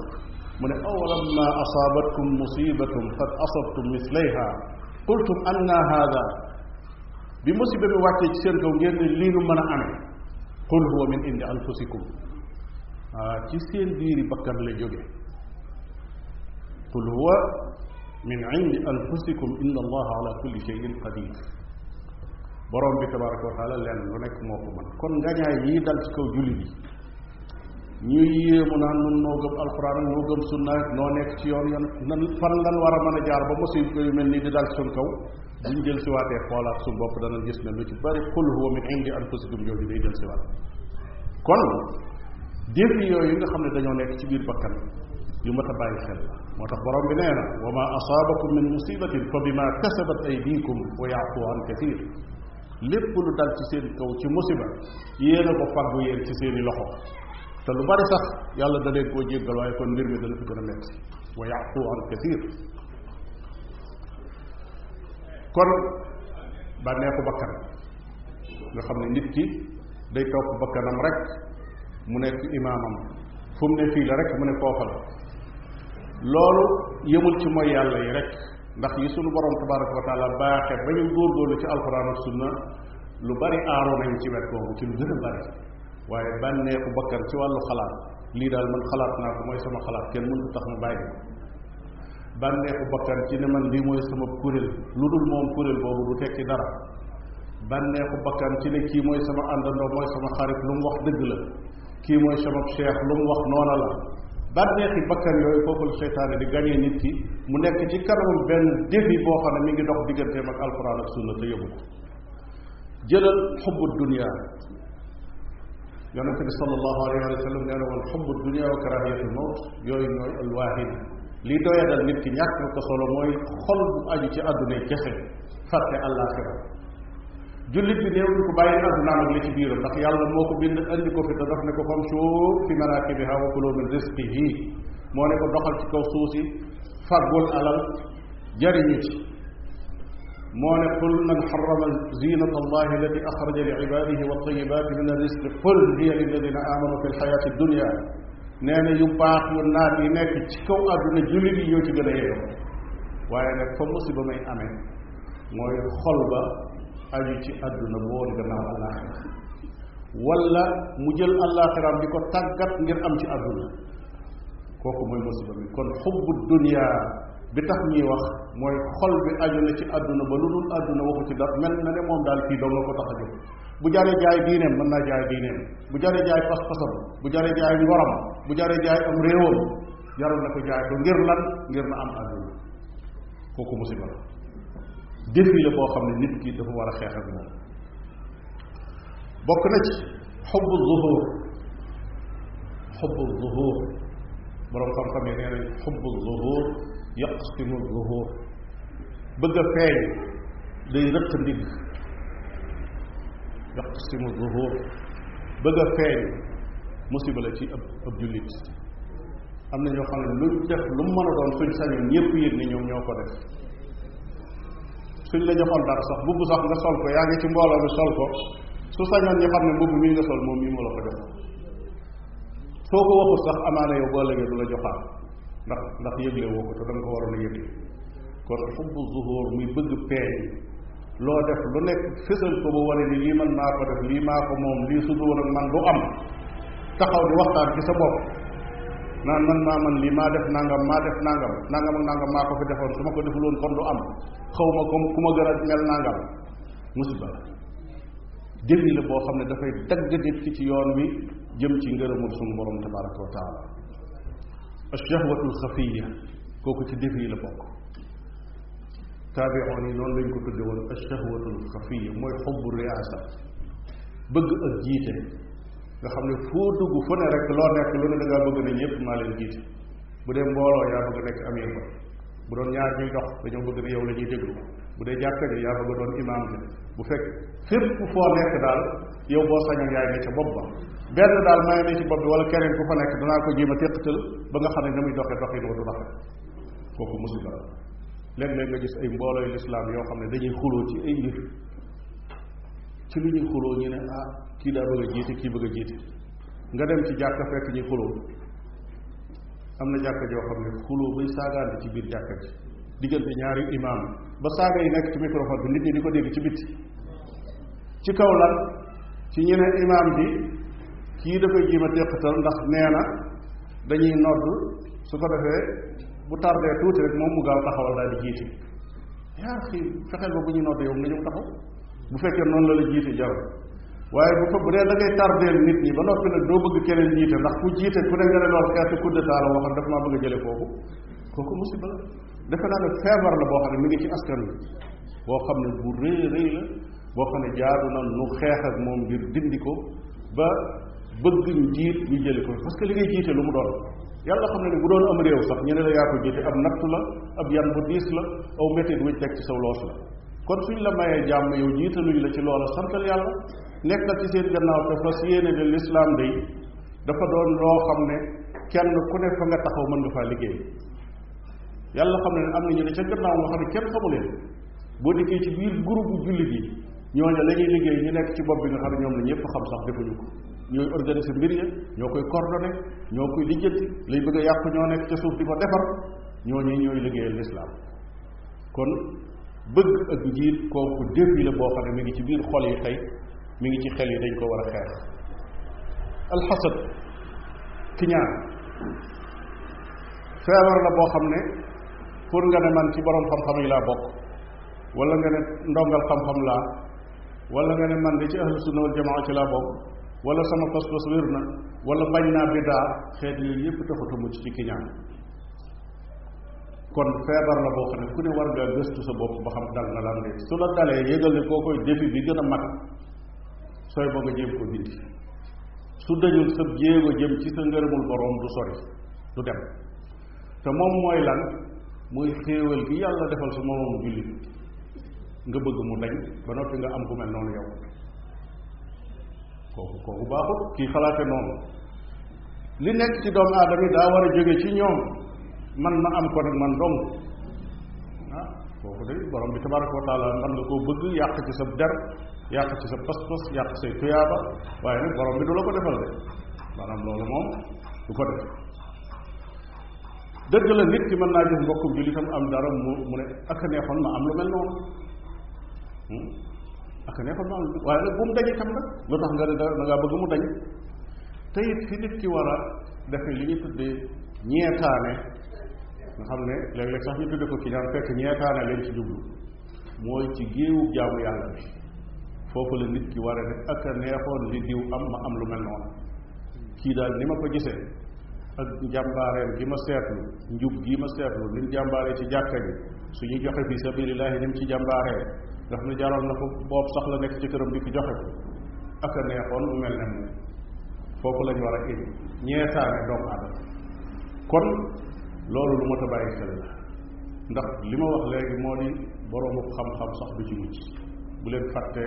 mu ne awalamma oh, asaabatkum musibatum qad asabtum mislayha qultum anna haada bi musiba bi wàccee ci seen kaw ngeen ne lii nu mën a amee qul huwa min indi anfusikum ah ci seen biiri bakkan la jóge qul huwa min indi anfusikum inna allaha ala kulli shay'in qadir borom bi tabaraka wa taala leen lu nekk moo ko mën kon ngañaay yii dal ci kaw jullit yi ñuy yéemu naan nun noo gëm alxuraan ak noo gëm sunna ak ci yoon yoon nan fan lan war a mën a jaar ba musiba yu mel nii di dal suñ kaw buñ del siwaatee xoolaat suñ bopp danañ gis ne lu ci bari xul huwa min indi anfusikum yooyu day del siwaat kon défi y nga xam ne dañoo nekk ci biir bakkan yu mat a bàyyi xel la moo tax borom bi nee na wa ma asaabakum min musibatin fa bima kasabat aydikum wa yaafu an kathir lépp lu dal ci seen kaw ci musiba yéen a ko faggu yéen ci seen i loxo te lu bari sax yàlla da leen koo jéggal waaye kon mbir mi dana fi gën a metti wa yaqu an kathir kon bànneexu bakkan nga xam ne nit ki day topp bakkanam rek mu nekk imaamam fu mu ne fii la rek mu ne foofa la loolu yëmul ci mooy yàlla yi rek ndax yi sunu borom tabaraka wa taala baaxe ba ñu góorgóorlu ci alxuraan ak sunna lu bari aaru nañ ci wet boobu ci lu gën a bari waaye bànneexu bakkan ci wàllu xalaat lii daal man xalaat naa ko mooy sama xalaat kenn mënut tax ma bàyyi ko bànneexu bakkan ci ne man lii mooy sama kuréel lu dul moom kuréel boobu du tekki dara bànneexu bakkan ci ne kii mooy sama àndandoo mooy sama xarit lu mu wax dëgg la kii mooy sama cheikh lu mu wax noona la bànneexi bakkan yooyu foofu la seytaane di gañee nit ki mu nekk ci kanamam benn défi boo xam ne mi ngi dox digganteem ak alxuraan ak sunna te yonente bi sallallahu alayhi wa sallam nee na woon xubbu dunia wa karahiyatul mawt yooyu ñooy alwaahid lii doyadal nit ki ñàkk ko solo mooy xol bu aju ci àdduna yi kese fàtte àllaaxira jullit bi néew ñu ko bàyyi àddunaam ak li ci biiram ndax yàlla moo ko bind andi ko fi te daf ne ko famshu fi manaakibihaa wa kuluu min rizqihi moo ne ko doxal ci kaw suuf si fàggul alal jariñu ci moo ne qul man xarama zinata allahi allati axraja li ibadihi wa tayibaati min arrisqi qul hiya lilladina amanu fi lxayaati dunia nee na yu baax yu naat yi nekk ci kaw àdduna jullit yi ñoo ci gën a yeyoo waaye nag fa musiba may amee mooy xol ba aju ci àdduna bu woon gannaaw àllaaxira wala mu jël àllaaxiraam di ko tàggat ngir am ci àdduna kooku mooy musiba mi kon xubbu dunia bi tax ñuy wax mooy xol bi aju na ci àdduna ba lu dul àdduna waxu ci dara mel na ne moom daal kii doon ko tax a jóg bu jaree jaay diineem mën naa jaay diineem bu jaree jaay pas-pasam bu jaree jaay ngoram bu jare jaay am réewam jaral na ko jaay ko ngir lan ngir na am àdduna kooku musiba la défi la boo xam ne nit ki dafa war a xeex ak moom bokk na ci xubbu zuhur xubbu zuhur boroom xam-xam yi nee nañ zuhur yaqsimu zuhur bëgg a feeñ day rëq ndigg yaqsimu zuhur bëgg a feeñ musiba la ci ab ab jullit am na ñoo xam ne luñ def lu mën a doon suñ sañoon ñëpp yëg ne ñoom ñoo ko def suñ la joxoon dara sax mbubb sax nga sol ko yaa ngi ci mbooloo mi sol ko su sañoon ñu xam ne mbubb mii nga sol moom mii moo la ko jox soo ko waxul sax amaana yow boo la joxaat ndax ndax yëgle woo ko te da ko waroon a yëgle kon xubbu zuhur muy bëgg peeñ loo def lu nekk fësal ko ba wane ni lii man maa ko def lii maa ko moom lii su doon ak man du am taxaw di waxtaan ci sa bopp naan man maa man lii maa def nangam maa def nangam nangam ak nangam maa ko fi defoon su ma ko defuloon kon du am xaw ma comme ku ma gën a mel nangam musiba la la boo xam ne dafay dagg nit ki ci yoon wi jëm ci ngërëmul sunu borom tabaraka wa ashahwatul xafiya kooku ci def yi la bokk taabiroon yi noonu lañ ko tudde woon ashahwatul xafiya mooy xobbu riyaasa bëgg ak jiite nga xam ne foo dugg fu ne rek loo nekk lu ne da ngaa bëgg ne ñëpp maa leen jiite bu dee mbooloo yaa bëgg nekk amir ba bu doon ñaar ñuy dox dañoo bëgg ne yow la ñuy déglu bu dee jàkka ji yaa bëgg a doon imaam bi bu fekk fépp foo nekk daal yow boo sañoon yaay ne ca bopp ba benn daal maa ngi ci bopp bi wala keneen ku fa nekk danaa ko jéem a téqatal ba nga xam ne na muy doxee doxin wa du rafet kooku musiba la léeg-léeg nga gis ay mboolooy lislaam yoo xam ne dañuy xuloo ci ay mbir ci lu ñuy xuloo ñu ne ah kii daa bëgg a jiite kii bëgg a jiite nga dem ci jàkka fekk ñuy xuloo am na jàkka joo xam ne xuloo bay saagaandi ci biir jàkka ji diggante ñaari imaam ba saaga yi nekk ci microphone bi nit ñi di ko dégg ci biti ci kaw lan ci ñu imaam bi kii da koy jiima téqatal ndax nee na dañuy nodd su ko defee bu tardee tuuti rek moom mu gaaw taxawal daal di jiite yaa xii fexeel ba bu ñuy nodd yow nga ñëw taxaw bu fekkee noonu la la jiite jaw waaye bu ko bu dee da ngay tardeel nit ñi ba noppi nag doo bëgg keneen jiite ndax ku jiite ku ne nga ne lool xeetu coup d'état la waxoon daf maa bëgg a jële foofu kooku musiba defe naa ne feebar la boo xam ne mi ngi ci askan wi boo xam ne bu rëy rëy la boo xam ne jaadu na nu xeex ak moom ngir dindi ko ba bëgg ñu jiit ñu jëli ko parce li ngay jiite lu mu doon yàlla xam ne ne bu doon am réew sax ñu ne la yaa ko jiite ab natt la ab yan bu diis la aw métit wuñ teg ci saw loos la kon suñ la mayee jàmm yow jiitaluñ la ci loola santal yàlla nekk ci seen gannaaw te fas yéene ne lislaam day dafa doon loo xam ne kenn ku ne fa mën nga faa liggéey yàlla xam ne am na ñu ne ca gannaaw nga xam ne kenn xamu leen boo dikkee ci biir groupe jullit yi ñooñu la ñuy liggéey ñu nekk ci bopp bi nga xam ne ñoom la ñëpp xam sax defuñu ko ñooy organiser mbir ya ñoo koy coordonné ñoo koy lijjanti lay bëgg a yàqu ñoo nekk ca suuf di ko defar ñooñu ñooy liggéeyal lislaam kon bëgg ak njiit kooku défi la boo xam ne mi ngi ci biir xol yi tey mi ngi ci xel yi dañ ko war a xeex alxasad kiñaan feebar la boo xam ne pour nga ne man ci borom xam-xam yi laa bokk wala nga ne ndongal xam-xam laa wala nga ne man di ci ahlu sunna wal jamaa ci laa bokk wala sama pas-pas wér na wala bañ naa biddaa xeet yooyu yëpp taxatu mucc ci kiñaan kon feebar la boo xam ne ku ne war ngaa gëstu sa bopp ba xam dal na lan de su la dalee yëgal ne koo koy défi bi gën a mag sooy bëgg a jéem ko dindi su dajul sa jéego jëm ci sa ngërëmul borom du sori du dem te moom mooy lan mooy xéewal bi yàlla defal sa moroomu jullit nga bëgg mu dañ ba noppi nga am ku mel noonu yow kooku kooku baaxut kii xalaate noonu li nekk ci doomu aadama daa war a jóge ci ñoom man ma am ko nag man dong ah kooku de borom bi tabaraka wa taala man nga koo bëgg yàq ci sa der yàq ci sa pas yàq say tuyaaba waaye borom bi du la ko defal de maanaam loolu moom du ko def dëgg la nit ki mën naa gis mbokkum jullitam am dara mu mu ne ak a neexoon ma am lu mel noonu hmm? ak a neexoon ma am waaye nag bu mu dañ itam nag te it fi nit li ñu xam ne léeg-léeg sax ñu ci jublu mooy ci géewu jaamu la nit ki am lu mel noonu kii daal ni ma ko gisee ak njàmbaareem gi ma seetlu njub gi ma seetlu ni mu ci jàkka ji su ñuy joxe fi sabilillahi ni mu ci jàmbaaree nga xam ne jaral na ko boobu sax la nekk ci këram di ko joxe ko ak a neexoon mu mel ne moom foofu lañu war a indi ñeetaane doomu aadama kon loolu lu mat a bàyyi xel ndax li ma wax léegi moo di boroomu xam-xam sax du ci mucc bu leen fàtte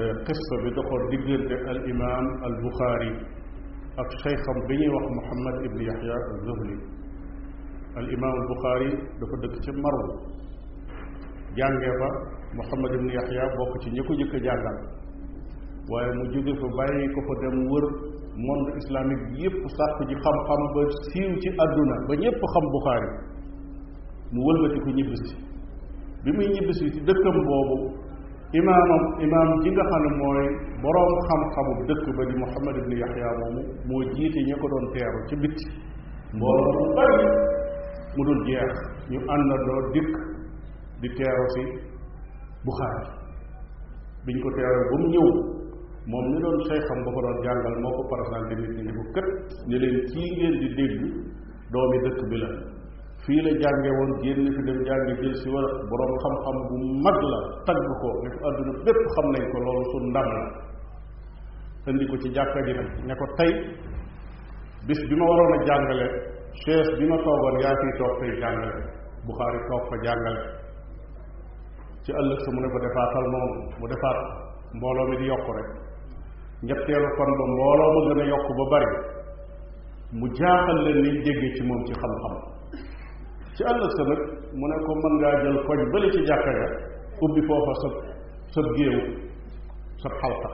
eh, xissa bi doxoon diggante al imam ak cheyxam bi ñuy wax Muhammad ibn Yahya az-Zuhli al imaam al Buxaari dafa dëkk ci Marw jàngee fa Muhammad ibn Yahya bokk ci ñi ko jëkk a jàngal waaye mu jóge fa bàyyi ko fa dem wër monde islamique bi yépp sàkk ji xam-xam ba siiw ci àdduna ba ñépp xam Buxaari mu wëlbati ko ñibbisi bi muy ñibbisi ci dëkkam boobu imaamam imaam ji nga xam ne mooy boroom xam-xamu dëkk ba di Muhammad ibn Yaxya moomu moo jiite ña ko doon teeru ci bitti mbooloo mu bari mu dul jeex ñu àndandoo dikk di teeru si Buxaari biñ ko teeroo ba mu ñëw moom ni doon say xam ba ko doon jàngal moo ko présenté nit ñi ni ko kët ni leen kii di dégg doomi dëkk bi la fii la jànge woon génn fi dem jànge jël si war borom xam-xam bu mag la tagg ko li fi àdduna bépp xam nañ ko loolu su ndam la indi ko ci jàkka ji nag ne ko tey bis bi ma waroon a jàngale chaise bi ma toogoon yaa fiy toog tey jàngale Buxaari toog fa jàngale ci ëllëg sa mu ne ko defaatal noonu mu defaat mbooloo mi di yokk rek ñetteelu fan ba mbooloo ma gën a yokk ba bari mu jaaxal leen liñ déggee ci moom ci xam-xam ci ëllëg sa nag mu ne ko mën ngaa jël koñ bële ci jàkka ga ubbi foofa sa sa géew sa xalqa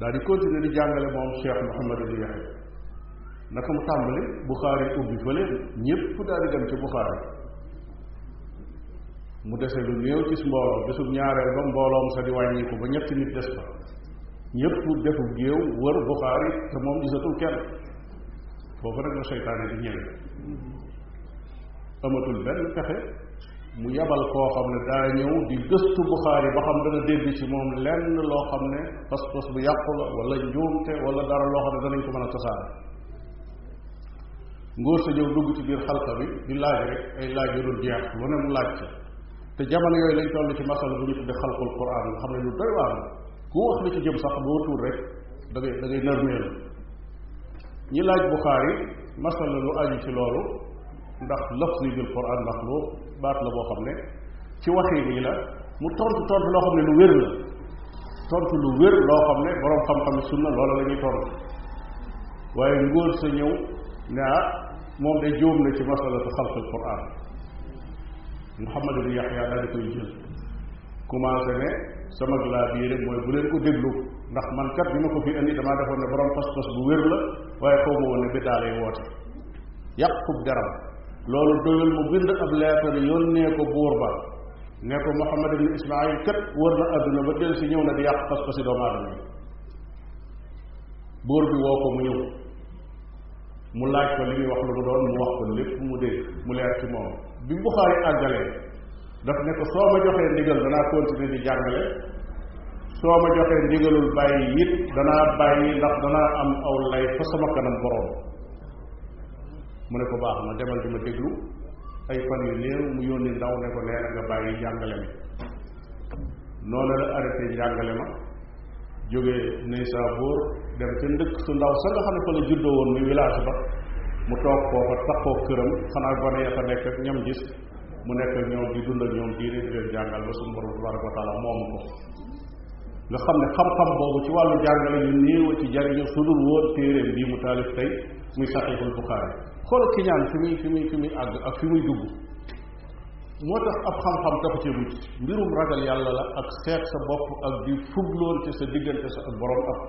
daal di continuer di jàngale moom Cheikh Mouhamad Ali Yaxya mu tàmbali Buxaari ubbi fële ñépp daal di dem ci Buxaari mu dese lu néew ci mbooloo bésub ñaareel ba mbooloom sa di wàññiku ba ñetti nit des fa ñépp defu géew wër Buxaari te moom gisatul kenn foofu rek la seytaane di ñëwee amatul benn pexe mu yabal koo xam ne daa ñëw di gëstu Buxaari ba xam dana dégg ci moom lenn loo xam ne pas-pas bu yàqu la wala njuumte wala dara loo xam ne danañ ko mën a tasaare ngóor sa ñëw dugg ci biir xalqa bi di laaj rek ay laaj yu dul jeex lu ne mu laaj ci te jamono yooyu lañ toll ci masala bu ñu tudde xalqul Quraan nga xam ne lu doy waar la ku wax li ci jëm sax boo tuur rek da ngay da ngay nërmeelu ñi laaj Buxaari masala lu aju ci loolu ndax lafzu bil quran maxluuq baat la boo xam ne ci waxee nii la mu tontu tontu loo xam ne lu wér la tontu lu wér loo xam ne boroom xam-xam sunna loola la ñuy tontu waaye ngóor sa ñëw ne ah moom day jóom ci masalatu xalqil quran muhammad ibn yaxya daal di koy jël commencé ne sama laa bii rek mooy bu leen ko déglu ndax man kat bi ma ko fi indi damaa defoon ne borom pas-pas bu wér la waaye xaw ma woon ne bi woote yàqub garam loolu doyul mu bind ab leetar yónnee ko buur ba ne ko Muhammad ibn Ismaayil kat wër na adduna ba del si ñëw na di yàq pas-pasi doomu aadama buur bi woo ko mu ñëw mu laaj ko li ñuy wax lu mu doon mu wax ko lépp mu dégg mu leer ci moom bi Buxaari àggalee daf ne ko soo ma joxee ndigal danaa continuer di jàngale soo ma joxee ndigalul bàyyi it danaa bàyyi ndax danaa am aw lay fa sama kanam boroom mu ne ko baax na demal di ma déglu ay fan yu néew mu yónni ndaw ne ko nee na nga bàyyi jàngale mi noonu la arrêté njàngale ma jógee Naysaabuur dem ca ndëkk su ndaw sa nga xam ne fa la juddoo mu toog foofa taxoo këram xanaa gone ya nekk ñam gis mu nekk ak ñoom di dund ak ñoom diine di leen jàngal ba suñu borom tabaraka wa moomu ko nga xam ne xam-xam boobu ci wàllu jàngale ñu néew a ci jariñu su dul woon téeréem bii mu taalif tey muy saxiixul Buxaari xool kiñaan fi fi muy fi muy àgg ak fi muy dugg moo tax ab xam-xam taxu ci mbirum ragal yàlla la ak seet sa bopp ak di fugloon ci sa diggante sa ak borom ak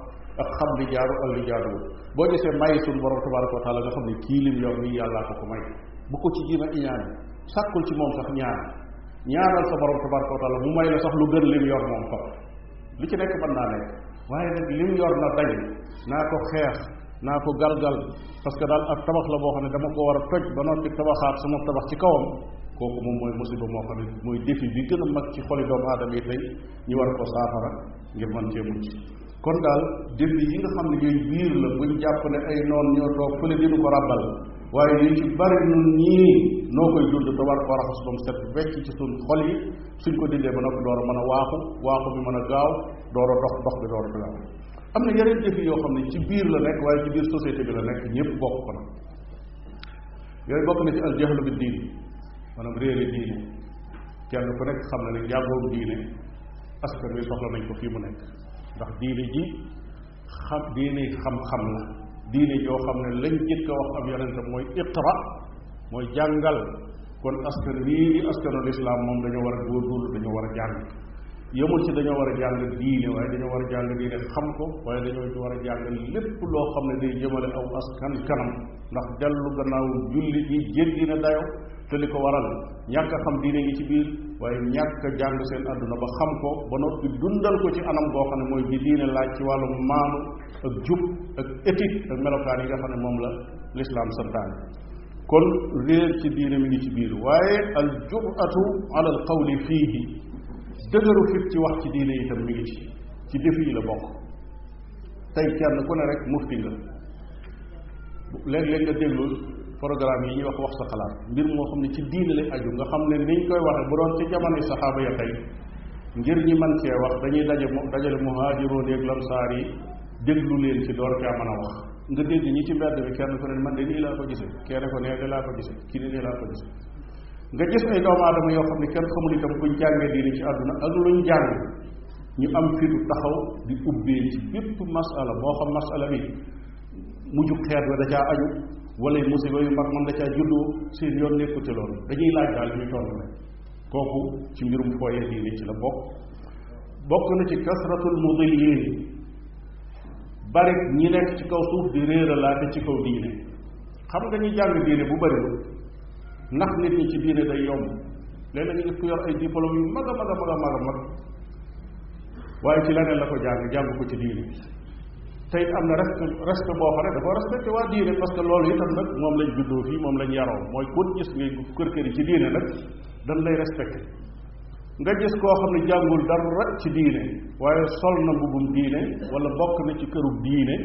ak xam li jaaru ak li boo gisee may suñu borom tabaraka wa taala nga xam ne kii lim yor nii yàllaa ko ko may bu ko ci jiim a iñaan sàkkul ci moom sax ñaan ñaanal sa borom tabaraka wa taala mu may la sax lu gën lim yor moom fa li ci nekk mën naa nekk waaye nag lim yor na dañ naa ko xeex naa ko gal gal parce que daal ak tabax la boo xam ne dama ko war a toj ba noppi tabaxaat sama tabax ci kawam kooku moom mooy musiba moo xam ne mooy défi bi gën a mag ci xoli doomu aadama yi tey ñu war ko saafara ngir mën kon daal défi yi nga xam ne yooyu biir la buñ jàpp ne ay noon ñoo toog fële dinu ko ràbbal waaye yu ci bari nun ñii noo koy dund te war ko raxas ba mu set wecc ci suñ xol yi suñ ko dindee ba noppi door a mën a waaxu waaxu bi mën a gaaw door a dox dox bi door a gaaw am na yeneen jëf yoo xam ne ci biir la nekk waaye ci biir société bi la nekk ñëpp bokk ko nag yooyu bokk na ci al jaxlu bi diin maanaam réere diine kenn ku nekk xam na ne njàngoom diine askan wi soxla nañ ko fi mu nekk ndax diine ji xam diine xam-xam la diine yoo xam ne lañ jëkk a wax am yonentam mooy iqra mooy jàngal kon askan wii di askanu lislaam moom dañoo war a góorgóorlu dañoo war a jàng yëmul ci dañoo war a jàng diine waaye dañoo war a jàng diine xam ko waaye dañoo war a jàng lépp loo xam ne day jëmale aw askan kanam ndax dellu gannaaw jullit yi jéggi na dayo te li ko waral ñàkk xam diine ngi ci biir waaye ñàkk a jàng seen àdduna ba xam ko ba noppi dundal ko ci anam boo xam ne mooy bi diine laaj ci wàllu maanu ak jub ak éthique ak melokaan yi nga xam ne moom la lislaam santaane kon réer ci diine mi ngi ci biir waaye al jubatu ala al qawli dëgëru fit ci wax ci diine itam mi ngi ci ci défi yi la bokk tey kenn ku ne rek mufti nga léeg-léeg nga déglu programme yi ñu wax wax sa xalaat mbir moo xam ne ci diine lay aju nga xam ne niñ koy waxe bu doon ci jamonoy saxaaba ya tey ngir ñi man cee wax dañuy daje dajale muhaajiroon yeeg lamsaar yi déglu leen ci door caa mën a wax nga dégg ñi ci mbedd bi kenn ku ne man de nii laa ko gisee kee ne ko nee de laa ko gisee kii de nee laa ko gisee nga gis ay doomu aadama yoo xam ne kenn xamul itam buñ jàngee diine ci àdduna ak luñ jàng ñu am fitu taxaw di ubbee ci bépp masala moo xam masala bi mujju xeet wa da caa aju wala musiba yu mag man da caa juddoo seen yoon nekku ci dañuy laaj daal ñu toll rek kooku ci mbirum fooye diine ci la bokk bokk na ci kasratul mudillin bari ñi nekk ci kaw suuf di réeralaate ci kaw diine xam nga ñu jàng diine bu bariwul ndax nit ñi ci diine day yomb léeg-léeg nga gis yor ay diplôme yu mag a mag a mag a mag a mag waaye ci leneen la ko jàng jàng ko ci diine te am na respect respect boo xam ne dafa respecté waa diine parce que loolu itam nag moom lañ juddoo fii moom lañ yaroo mooy ku gis ngay kër kër yi ci diine nag dañ lay respecté nga gis koo xam ne jàngul dara ci diine waaye sol na mbubum diine wala bokk na ci kërub diine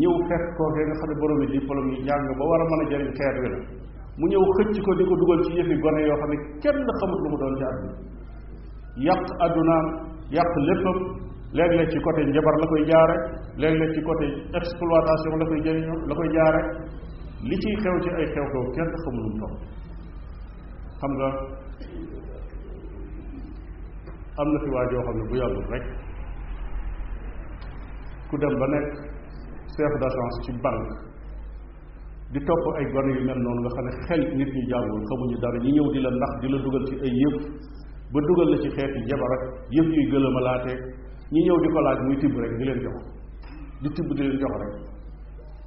ñëw fekk kookee nga xam ne boroomi diplôme yi jàng ba war a mën a jëriñ xeet mu ñëw xëcc ko di ko dugal ci yëfi gone yoo xam ne kenn xamut lu mu doon ci àdduna yàq addunaam yàq léppam léeg-léeg ci côté njabar la koy jaare léeg-léeg ci côté exploitation la koy jëriñoo la koy jaare li ciy xew ci ay xew-xew kenn xamul lu mu toll xam nga am na fi waa joo xam ne bu yàggul rek ku dem ba nekk chef d'agence ci banque di topp ay gone yu mel noonu nga xam ne xel nit ñu jàngul xamuñu dara ñu ñëw di la ndax di la dugal ci ay yëf ba dugal la ci xeet xeeti jabar ak yëf yuy gëlëmalaateeg ñi ñëw di ko muy tibb rek di leen jox di tibb di leen jox rek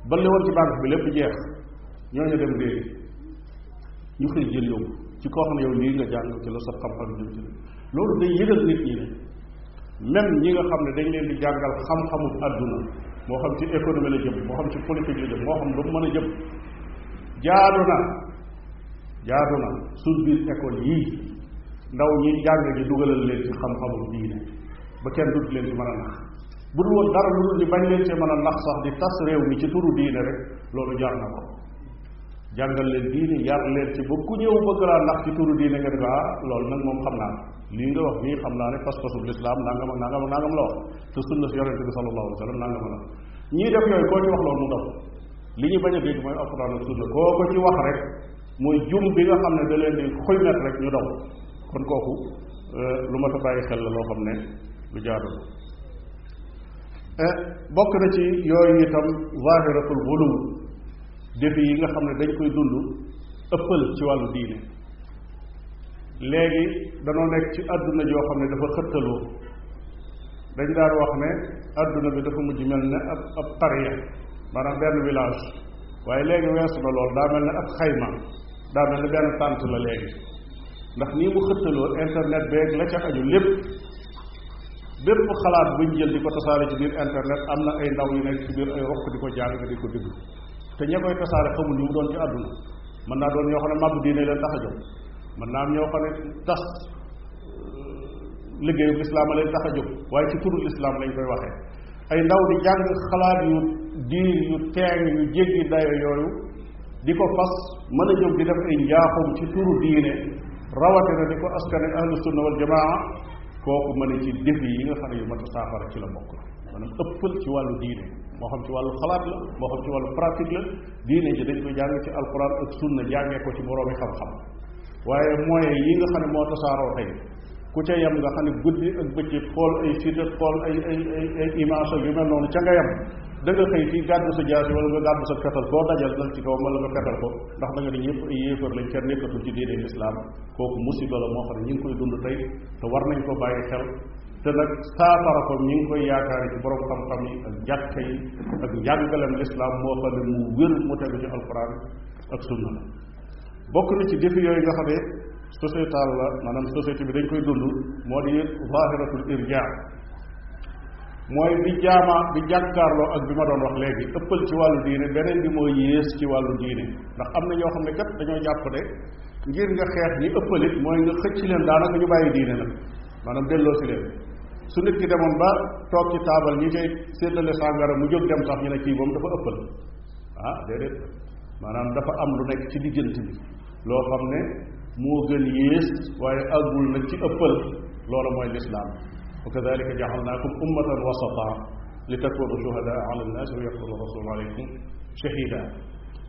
ba ci banque bi lépp jeex ñooñu dem réer ñu xëy jël yóbbu ci koo xam ne yow lii nga jàng ci la sa xam-xam loolu day yëgal nit ñi ñi nga xam ne dañ leen di jàngal xam-xamu àdduna moo xam ci économie la jëm moo xam ci politique la jëm moo xam lu mu a jëm jaadu na jaadu na suñ biir école yii ndaw ñi jàng di dugalal leen ci xam-xamul diine ba kenn dut leen ci man a nax bu dul woon dara lu dul ñu bañ leen cee mën a nax sax di tas réew mi ci turu diine rek loolu jaar na ko jàngal leen diine yar leen ci ba ku ñëw bëgg laa nax ci turu diine nga ne ko ah loolu nag moom xam naa lii nga wax nii xam naa ne pas-pasub lislaam nangam ak nangam ak nangam la wax te sunna si yonente bi sallallahu alayhi wa ñii def yooyu koo ci wax loolu mu dox li ñu bañ a dégg mooy alquran ak sunna koo ci wax rek muy jum bi nga xam ne da leen di xuymet rek ñu daw kon kooku euh, lu ma ta bàyyi xel la loo xam ne lu jaadul euh, bokk na ci yooyu itam zahiratul ghuluw défi yi nga xam ne dañ koy dund ëppal ci wàllu diine léegi danoo nekk ci àdduna joo xam ne dafa xëttaloo dañ daan wax ne àdduna bi dafa mujj mel ne ab ab pariya maanaam benn village waaye léegi weesu na lool daa mel ne ab xayma daa mel ne benn tànt la léegi ndax nii mu xëttaloo internet beeg la ca aju lépp bépp xalaat buñ jël di ko tasaare ci biir internet am na ay ndaw yu nekk ci biir ay rokk di ko jàng nga di ko déglu te ña koy tasaare xamul ñu mu doon ci àdduna mën naa doon ñoo xam ne màbb diine leen tax mën naa am ñoo xam ne tas euh, liggéeyu lislaam a leen tax a jóg waaye ci turu islaam lañ koy waxee ay ndaw di jàng xalaat yu diir yu teeng yu jéggi dayo yooyu di ko fas mën a jóg di def ay njaaxum ci turu diine rawatina di ko askan ahlu sunna wal jamaa kooku mën a ci défi yi nga xam ne yu mat a saafara ci la bokk maanaam ëppal ci wàllu diine moo xam ci wàllu xalaat la moo xam ci wàllu pratique la diine ji dañ koy jàng ci alquran ak sunna jàngee ko ci boroomi xam-xam waaye moyens yi nga xam ne moo tasaaroo tey ku ca yem nga xam ne guddi ak bëccëg xool ay site xool ay ay yu mel noonu ca nga yem da nga xëy fii gàddu sa jaasi wala nga gàddu sa fetal koo dajal dal ci kaw wala ko ndax da nga ne ñëpp ay yéefar lañ kenn nekkatul ci diine lislaam kooku musiba la moo xam ne ñu ngi koy dund tey te war nañ ko bàyyi xel te nag saafara ko ñu ngi koy yaakaar ci borom xam-xam yi ak jàkka yi ak njàngalem lislaam moo xam ne mu wér mu tegu bokk na ci défi yooyu nga xam ne sociétal la maanaam société bi dañ koy dund moo di zahiratul irja mooy bi jaama bi jàkkaarloo ak bi ma doon wax léegi ëppal ci wàllu diine beneen bi mooy yées ci wàllu diine ndax am na ñoo xam ne kat dañoo jàpp ne ngir nga xeex ñi ëppalit mooy nga xëcc leen daanaka ñu bàyyi diine nag maanaam delloo si leen su nit ki demoon ba toog ci taabal ñi koy séddale sàngara mu jóg dem sax ñu ne kii moom dafa ëppal ah déedéet maanaam dafa am lu nekk ci diggante bi loo xam ne moo gën yées waaye àggul nag ci ëppal loola mooy lislaam wa kadalika jaxalnaakum ummatan wasata li takunu shuhadaa ala nnaas wa yakuna rasulu aleykum shahida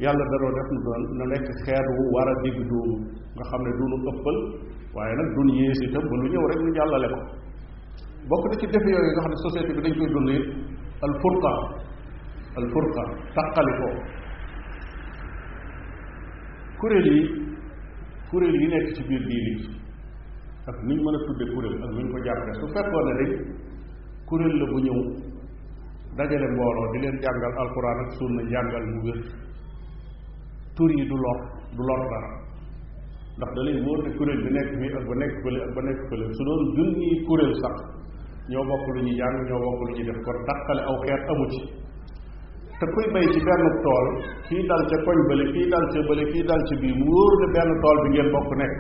yàlla daroo def na na nekk xeet wu war a digg nga xam ne duñu ëppal waaye nag duñ yées itam ba lu ñëw rek ñu jàllale ko bokk na ci def yooyu nga xam ne bi dañ koy dund it al furqa al furqa taqali ko kuréel yi kuréel yi nekk ci biir diine ji ak niñ mën a tudde kuréel ak niñ ko jàppee su fekkoon ne rek kuréel la bu ñëw dajale mbooloo di leen jàngal alquran ak sunna jàngal mu wér tur yi du lor du lor dara ndax da lay wóor kuréel bi nekk fii ak ba nekk fële ak ba nekk fële su doon junniy kuréel sax ñoo bokk lu ñuy jàng ñoo bokk lu ñuy def kon dàqale aw xeet amu ci te kuy bay ci benn tool kii dal ca koñ bële kii dal ca bële kii dal ci bii mu wóor ne benn tool bi ngeen bokk nekk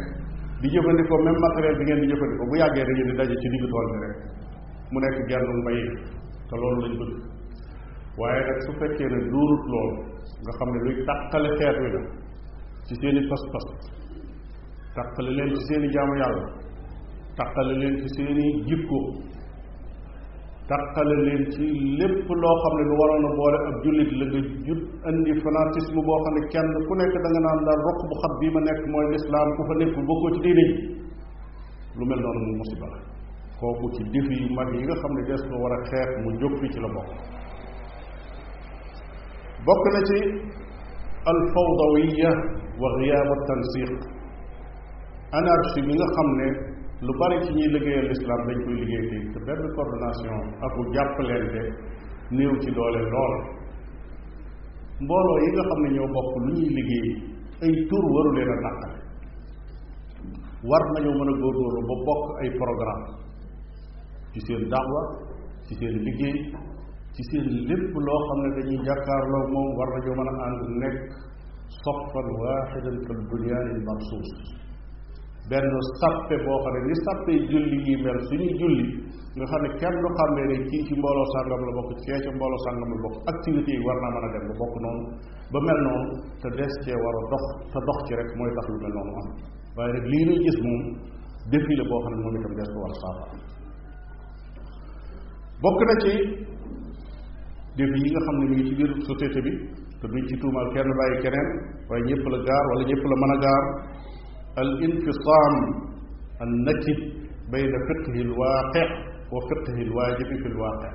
di jëfandikoo même matériel bi ngeen di jëfandikoo bu yàggee da ngeen di daje ci diggu tool bi rek mu nekk genn mbay te loolu lañ bëgg waaye nag su fekkee ne duurut loolu nga xam ne luy tàqale xeet wi la ci seeni i pas-pas tàqale leen ci seen i jaamu yàlla tàqale leen ci seen i jikko taqale leen ci lépp loo xam ne lu waroon a boole ab jullit la nga jut indi fanatisme boo xam ne kenn ku nekk da naan daal roq bu xat bii ma nekk mooy lislaam ku fa nekkul bokkoo ci diine lu mel noonu mu musiba la kooku ci défi mag yi nga xam ne des ko war a xeex mu jóg fi ci la bokk bokk na ci alfawdawiya wa giyaab tansiq anarchie bi nga xam ne lu bari ci ñuy liggéeyal lislaam dañ koy liggéey tey benn coordination aku jàppalente néew ci doole lool mbooloo yi nga xam ne ñoo bokk lu ñuy liggéey ay tur waru a nàqale war nañoo mën a góorgóorlu ba bokk ay programme ci seen daawa ci seen liggéey ci seen lépp loo xam ne dañuy jàkkaarloo moom war nañoo mën a ànd nekk soxfan waaxidan kal bunyaanil marsuus benn sappe boo xam ne ni sappe julli yi mel suñuy julli nga xam ne kenn du ne kii ci mbooloo sàngam la bokk kee ci mbooloo sàngam la bokk activités war a dem ba bokk noonu ba mel noonu te des cee war dox te dox ci rek waaye rek lii nuy gis moom ko war a saafara bokk na ci défi yi nga xam ne ñu ci biir société bi te duñ ci tuumaal kenn bàyyi keneen waaye ñëpp la gaar wala ñépp la mën a gaar al infisaam an nakib bayna fiqhi al waaqi wa fiqhi al waajibi fi al waaqi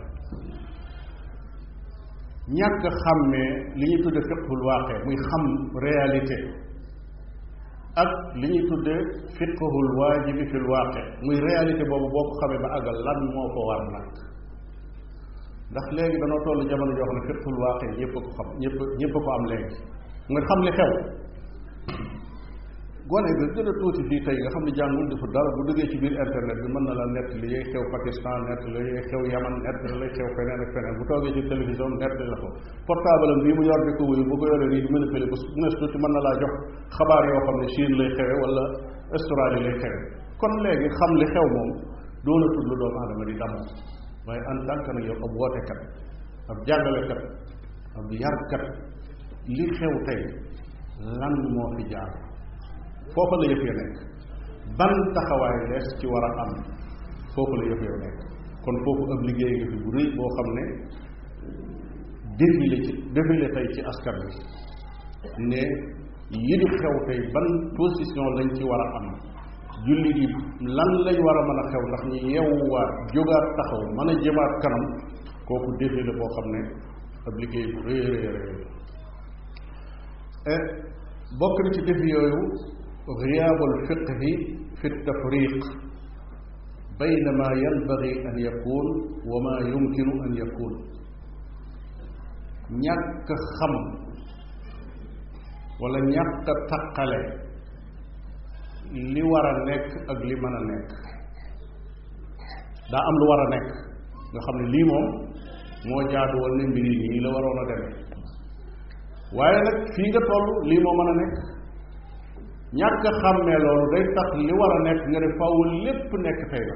ñàkk xàmmee li tudd tudde fiqhul waaqi muy xam réalité ak li ñuy tudde fiqhul waajibi fi l waaqi muy réalité boobu boo ko xamee ba àggal lan moo ko war nag ndax léegi danoo toll jamono joo xam ne fiqhul waaqi ñëpp ko xam ñëpp ñëpp a ko am léegi nga xam li xew gone ga gën a tuuti fii tey nga xam ne jàngul dafa dara bu duggee ci biir internet bi mën na la nett li yay xew Pakistan nett li yay xew Yaman nett li lay xew feneen ak feneen bu toogee ci télévision nett la ko portable am bii mu yor di ko wuyu bu ko yoree nii di manipulé ba su nees tuuti mën na laa jox xabaar yoo xam ne Chine lay xewe wala Australie lay xewe kon léegi xam li xew moom doonatul lu doomu aadama di damm waaye en tant que nag yow ab wootekat ab jàngalekat ab yarkat li xew tey lan moo fi foofa la yëf ya nekk ban taxawaay lees ci war a am foofa la yëf ya nekk kon foofu ab liggéey nga bu rëy boo xam ne défilé ci défilé tey ci askan bi ne yi xew tey ban position lañ ci war a am julli di lan lañ war a mën a xew ndax ñu yewwaat jógaat taxaw mën a jëmaat kanam kooku défilé boo xam ne ab liggéey bu rëy rëy rëy eh, bokk na ci défi yooyu غياب الفقه في التفريق بين ما ينبغي أن يكون وما يمكن أن يكون ñàkk xam wala ñàkk taqale li war a nekk ak li mën a nekk daa am lu war a nekk nga xam ne lii moom moo jaadu woon ne mbir yi nii la waroon a demee waaye nag fii nga toll lii moo mën a nekk ñàkk a xàmmee loolu day tax li war a nekk nga ne faaw lépp nekk fay la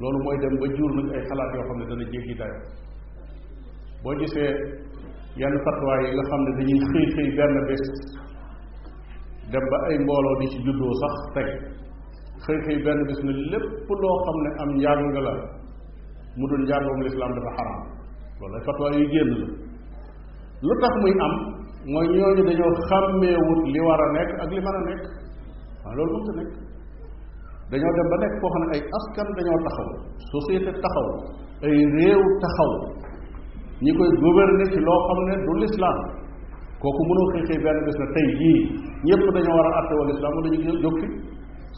loolu mooy dem ba jur nag ay xalaat yoo xam ne dana jéggi dayo boo gisee yenn fatwaay yi nga xam ne dañuy xëy xëy benn bés dem ba ay mbooloo di ci juddoo sax teg xëy xëy benn bés ne lépp loo xam ne am njàng la mu dul njàngum lislaam dafa xaraam loolu ay fatwaay yu génn la lu tax muy am mooy ñooñu dañoo xàmmeewut li war a nekk ak li mën a nekk waaw loolu mënta nekk dañoo dem ba nekk foo xam ne ay askan dañoo taxaw société taxaw ay réew taxaw ñi koy gouverner ci loo xam ne du lislaam kooku mënoo xëy xëy benn bés na tey jii ñëpp dañoo war a àtte wal islaam dañu jóg fi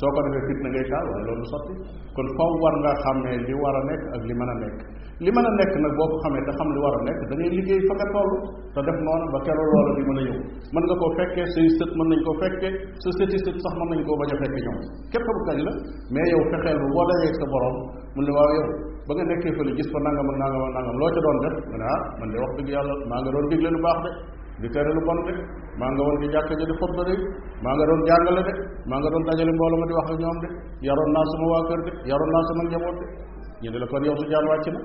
soo ko defee fitna ngay taal wala loolu sotti kon faw war nga xàmmee li war a nekk ak li mën a nekk li mën a nekk nag boo ko xamee te xam li war a nekk da ngay liggéey fa nga toll te def noonu ba keroog loola di mën a yëw mën nga koo fekkee say sët mën nañ koo fekkee sa sëti sët sax mën nañ koo bañ a fekk ñoom képp bu kañ la mais yow fexeel ba boo dajee sa borom mun ne waaw yow ba nga nekkee fële gis fa nangam ak nangam loo ca doon ah, yàlla maa nga doon digle lu baax di tere lu bon de maa nga woon di jàkk ji di xutba de maa nga doon jàngale de maa nga doon dajale mbooloo ma di wax ak ñoom de yaroon naa sama waa kër de yaroon naa sama njaboot de ñu ne la kon yow su jaan wàcc na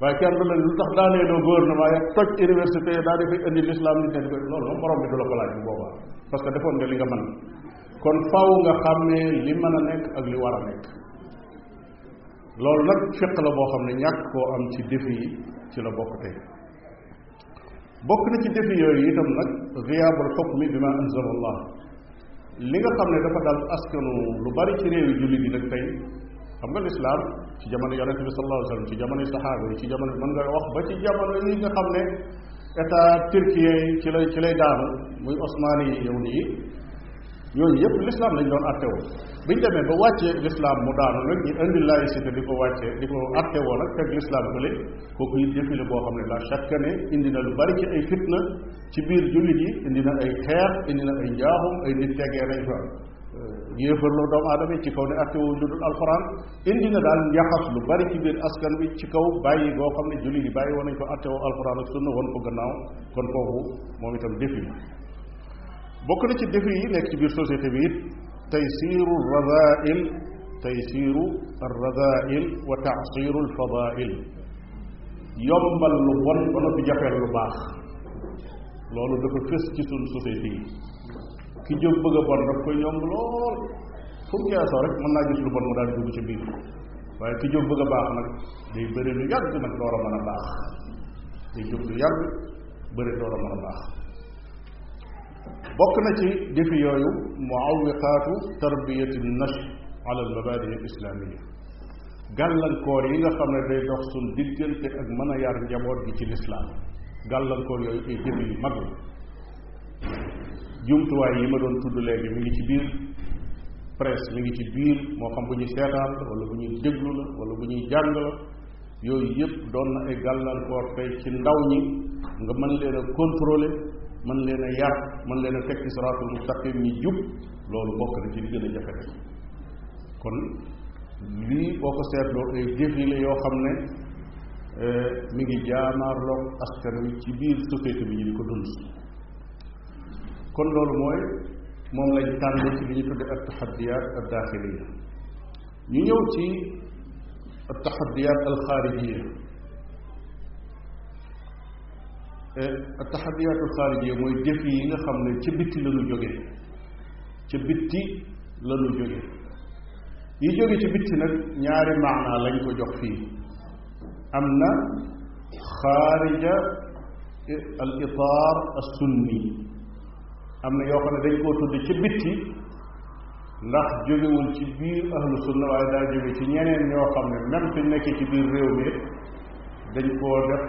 waaye kenn du leen lu tax daanee doo gouvernement ya toj université ya daal di fay indi l'islam nit ne di ko loolu moom borom bi du la ko laaj boobaa parce que defoon nga li nga mën kon faw nga xàmmee li mën a nekk ak li war a nekk loolu nag fiq boo xam ne ñàkk koo am ci la bokk tey bokk na ci defi yooyu itam nag riyaabul xukmi bi ma anzalallah li nga xam ne dafa dal askanu lu bari ci réewi jullit yi nag tey xam nga lislaam ci jamono yonente bi sallallahu alayhi wasallam ci jamono saxaaba yi ci jamono mën nga wax ba ci jamono yi nga xam ne état turquie yi ci lay ci lay daanu muy osmaani nii yooyu yëpp l'islam lañ doon attewoo biñ demee ba wàccee l'islam mu daanu nag ñu indi laïcité di ko wàccee di ko attewoo nag teg l'islam bële kooku it défilé boo xam ne la chaque année indi na lu bari ci ay fitna ci biir jullit yi indi na ay xeer indi na ay njaaxum ay nit tegee nañ fa loo doomu aadama yi ci kaw ne attewoo lu dul alxuraan indi na daal njaxas lu bari ci biir askan bi ci kaw bàyyi boo xam ne jullit yi bàyyi woon nañ ko attewoo alxuraan ak sunna woon ko gannaaw kon kooku moom itam défilé bokk na ci défi yi nekk ci biir société bi it taysiru radail taysiru arradail wa taasiru alfadail yombal lu bon ba wa jafeel lu baax loolu dafa fës ci suñ société yi ki jóg bëgg a bon daf koy yomb lool fu mu geesoo rek mën naa mu daal di ci biir waaye ki jóg bëgg baax nag day bëri lu yàgg door a mën a baax day jóg lu yàgg door a baax bokk na ci jëfi yooyu muawiqaatu tarbiyati nash ala al mabadi al gàllankoor yi nga xam ne day dox suñ diggante ak mën a yar njaboot gi ci lislaam gàllankoor yooyu ay jëfi yu mag la jumtuwaay yi ma doon tudd léegi mi ngi ci biir presse mi ngi ci biir moo xam bu ñuy seetaan la wala bu ñuy déglu la wala bu ñuy jàng la yooyu yëpp doon na ay gàllankoor tey ci ndaw ñi nga mën leen a man leen a yar mën leen a teg ci siraatul ñi jub loolu bokk na ci li gën a jafe kon lii boo ko seetloo ay jëf la yoo xam ne euh, mi ngi jaamaarloog askan wi ci biir société bi ñu di ko dund kon loolu mooy moom lañ tànn ci li ñu tuddee ak taxaddiyaat al daaxiliya ñu ñëw ci at taxaddiyaat al xaarijiya Euh, taxadiyaatu xaarijiya mooy jëf yi nga xam ne ca bitti la ñu jóge ca bitti la ñu jóge yi jóge ci bitti nag ñaari maanaa lañ ko jox fii am na xaarija e, al itaar as sunni am na yoo xam ne dañ koo tudd ca bitti ndax jógewul ci biir ahlu sunna waaye daa jóge ci ñeneen ñoo xam ne même suñ nekkee ci biir réew mi dañ koo def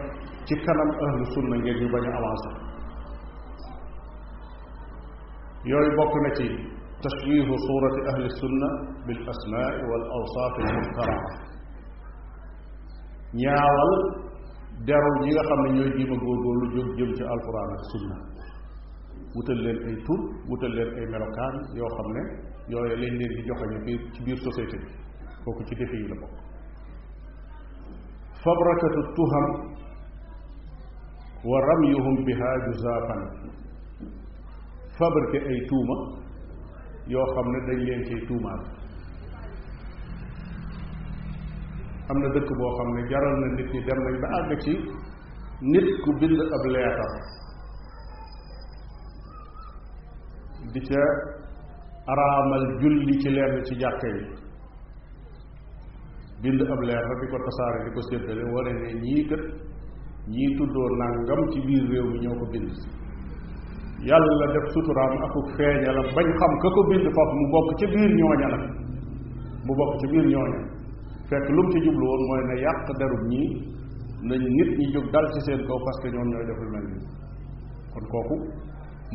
ci kanam ahlu sunna ngir ñu bañ a yooyu bokk na ci tashbihu surati ahli sunna bil asmaai wal awsaaf al mustaraa ñaawal derul ñi nga xam ne ñooy jéem a góorgóorlu jóg jëm ci alquran ak sunna wutal leen ay tur wutal leen ay melokaan yoo xam ne yooyu lañ leen di joxañu biir ci biir société bi kooku ci defe yi la bokk fabrakatu tuham wa ramyuhum biha juzaafan fabriqué ay tuuma yoo xam ne dañ leen cay tuumaal am na dëkk boo xam ne jaral na nit ñi dem nañ ba àgg ci nit ku bind ab leetar di ca araamal julli ci lenn ci jàkka bind ab leetar di ko tasaare di ko séddale wane ne ñii kët ñii tuddoo nangam ci biir réew mi ñoo ko bind yàlla def suturaam akuk feeñalam bañ xam ka ko bind foofu mu bokk ca biir ñooña la mu bokk ca biir ñooña fekk lu ci jublu woon mooy ne yàq derub ñii nañ nit ñi jóg dal ci seen kaw parce que ñoom ñooy def lu mel nii kon kooku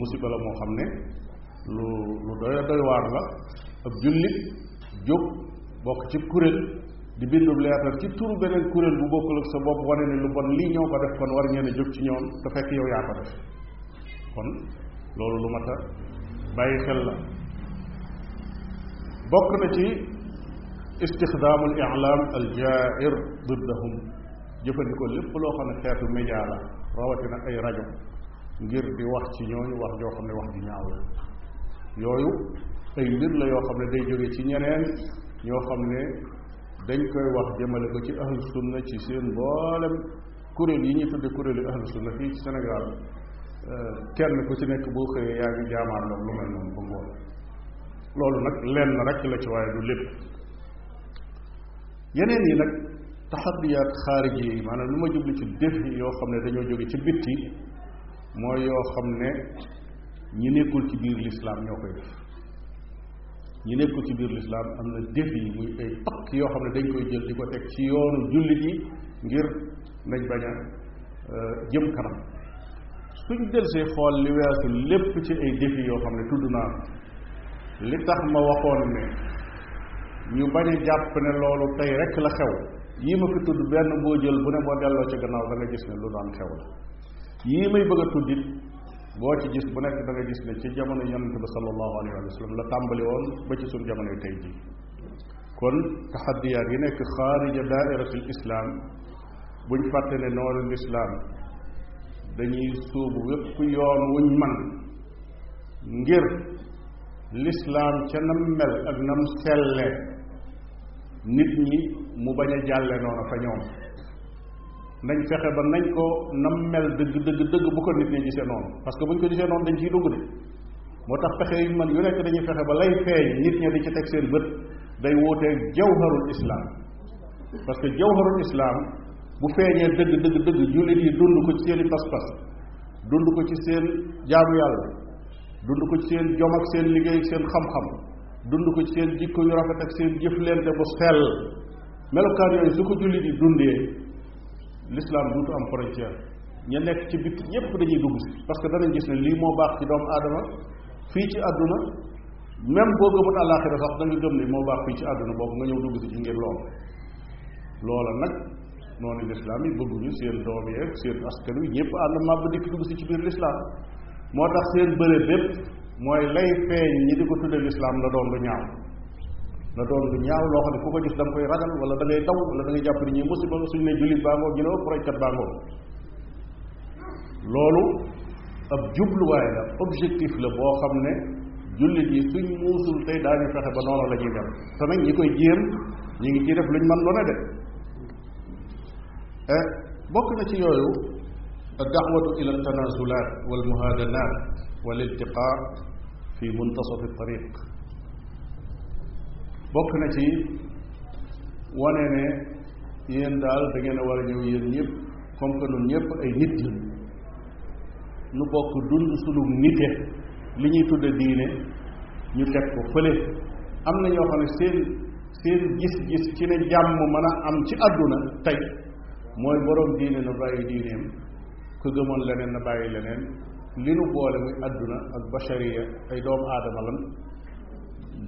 musiba la moo xam ne lu lu doy doy la ab jullit jóg bokk ci kuréel di bindub leetar ci turu beneen kuréel bu bokkul ak sa bopp wane ni lu bon lii ñoo ko def kon war ngeen a jóg ci ñoom te fekk yow yaa ko def kon loolu lu mat a bàyyi xel la bokk na ci istixdaamul i'laam al jaair diddahum jëfandikoo lépp loo xam ne xeetu média la rawatina ay rajo ngir di wax ci ñooñu wax joo xam ne wax ju ñaaw yooyu ay mbir la yoo xam ne day jóge ci ñeneen ñoo xam ne dañ koy wax jëmale ko ci ahlu sunna ci seen mboolem kuréel yi ñu tudde kuréelu ahlu sunna fii ci Sénégal eh, kenn ku ci nekk boo xëyee yaa ngi jaamaar lu mel noonu ba ngoon loolu nag lenn rek la ci waaye du lépp yeneen yi nag taxadiyaat xaarij yi maanaam lu ma jublu ci défi yoo xam ne dañoo jóge ci bitti mooy yoo xam ne ñi nekkul ci biir lislaam ñoo koy def ñu nekk ci biir lislaam am na défi yi muy ay pakk yoo xam ne dañ koy jël di ko teg ci yoonu jullit yi ngir nañ bañ a euh, jëm kanam suñ delsee xool li weesu lépp ci ay défi yoo xam ne tudd naa li tax ma waxoon ne ñu bañ a jàpp ne loolu tey rek la xew yii ma fi tudd benn boo jël bu ne boo delloo ci gannaaw da gis ne lu daan xew la yii may bëgg tuddit boo ci gis bu nekk da gis ne ci jamono yonente bi sallallahu alayhi wa sallam la tàmbali woon ba ci suñu jamonoy tey ji kon taxaddiyaat yi nekk xaarija daairatul islam buñ fàtte ne noonu lislaam dañuy suubu wépp yoon wuñ man ngir lislaam ca nam mel ak nam selle nit ñi mu bañ a jàlle noonu fa ñoom nañ fexe ba nañ ko nam mel dëgg dëgg dëgg bu ko nit ñi gisee noonu parce que bu ñu ko gisee noonu dañ ciy dugg de moo tax fexe yu man yu nekk dañuy fexe ba lay feeñ nit ñi di ci teg seen bët day wuuteeg jawharul islam parce que jawharul islam bu feeñee dëgg dëgg dëgg jullit yi dund ko ci seen i pas-pas dund ko ci seen jaamu yàlla dund ko ci seen jom ak seen liggéey ak seen xam-xam dund ko ci seen jikko yu rafet ak seen jëflante bu sell melokaan su ko jullit yi l'islam duutu am frontière ña nekk ci bitti ñépp dañuy dugg si parce que danañ gis ne lii moo baax ci doomu aadama fii ci àdduna même boo gëmut àllaaxira sax da nga gëm ne moo baax fii ci àdduna boobu nga ñëw dugg si ci ngir lool loola nag noonu lislaam yi bëgguñu seen doom yeeg seen askan wi ñëpp ànd màbb dikk dugg si ci biir lislaam moo tax seen bëre bépp mooy lay feeñ ñi di ko tuddee lislaam la doon lu ñaaw na doon lu ñaaw loo xam ne fu ko gis da nga koy ragal wala da ngay daw wala da ngay jàpp ni ñuy musiba suñu ne jullit bàngoo ñu ne proykat bàngoo loolu ab jubluwaay la objectif la boo xam ne jullit yi suñ muusul tey daañu fexe ba noonu la ñuy dem te nag ñi koy jéem ñi ngi ciy def luñ mën lone de eh, bokk na ci yooyu ad ila tanazulaat wal muhaadanaat wal iltiqaa fi muntasaf at-tariq bokk na ci wane ne yéen daal da ngeen a war a ñëw yéen ñëpp comme que nun ñëpp ay nit yi nu li ñuy tudde diine ñu teg ko fële am na ñoo xam ne seen seen gis-gis ci ne jàmm mën a am ci àdduna tey mooy boroom diine na bàyyi diineem ku gëmoon leneen na bàyyi leneen li nu boole muy àdduna ak bachariya ay doomu aadama lan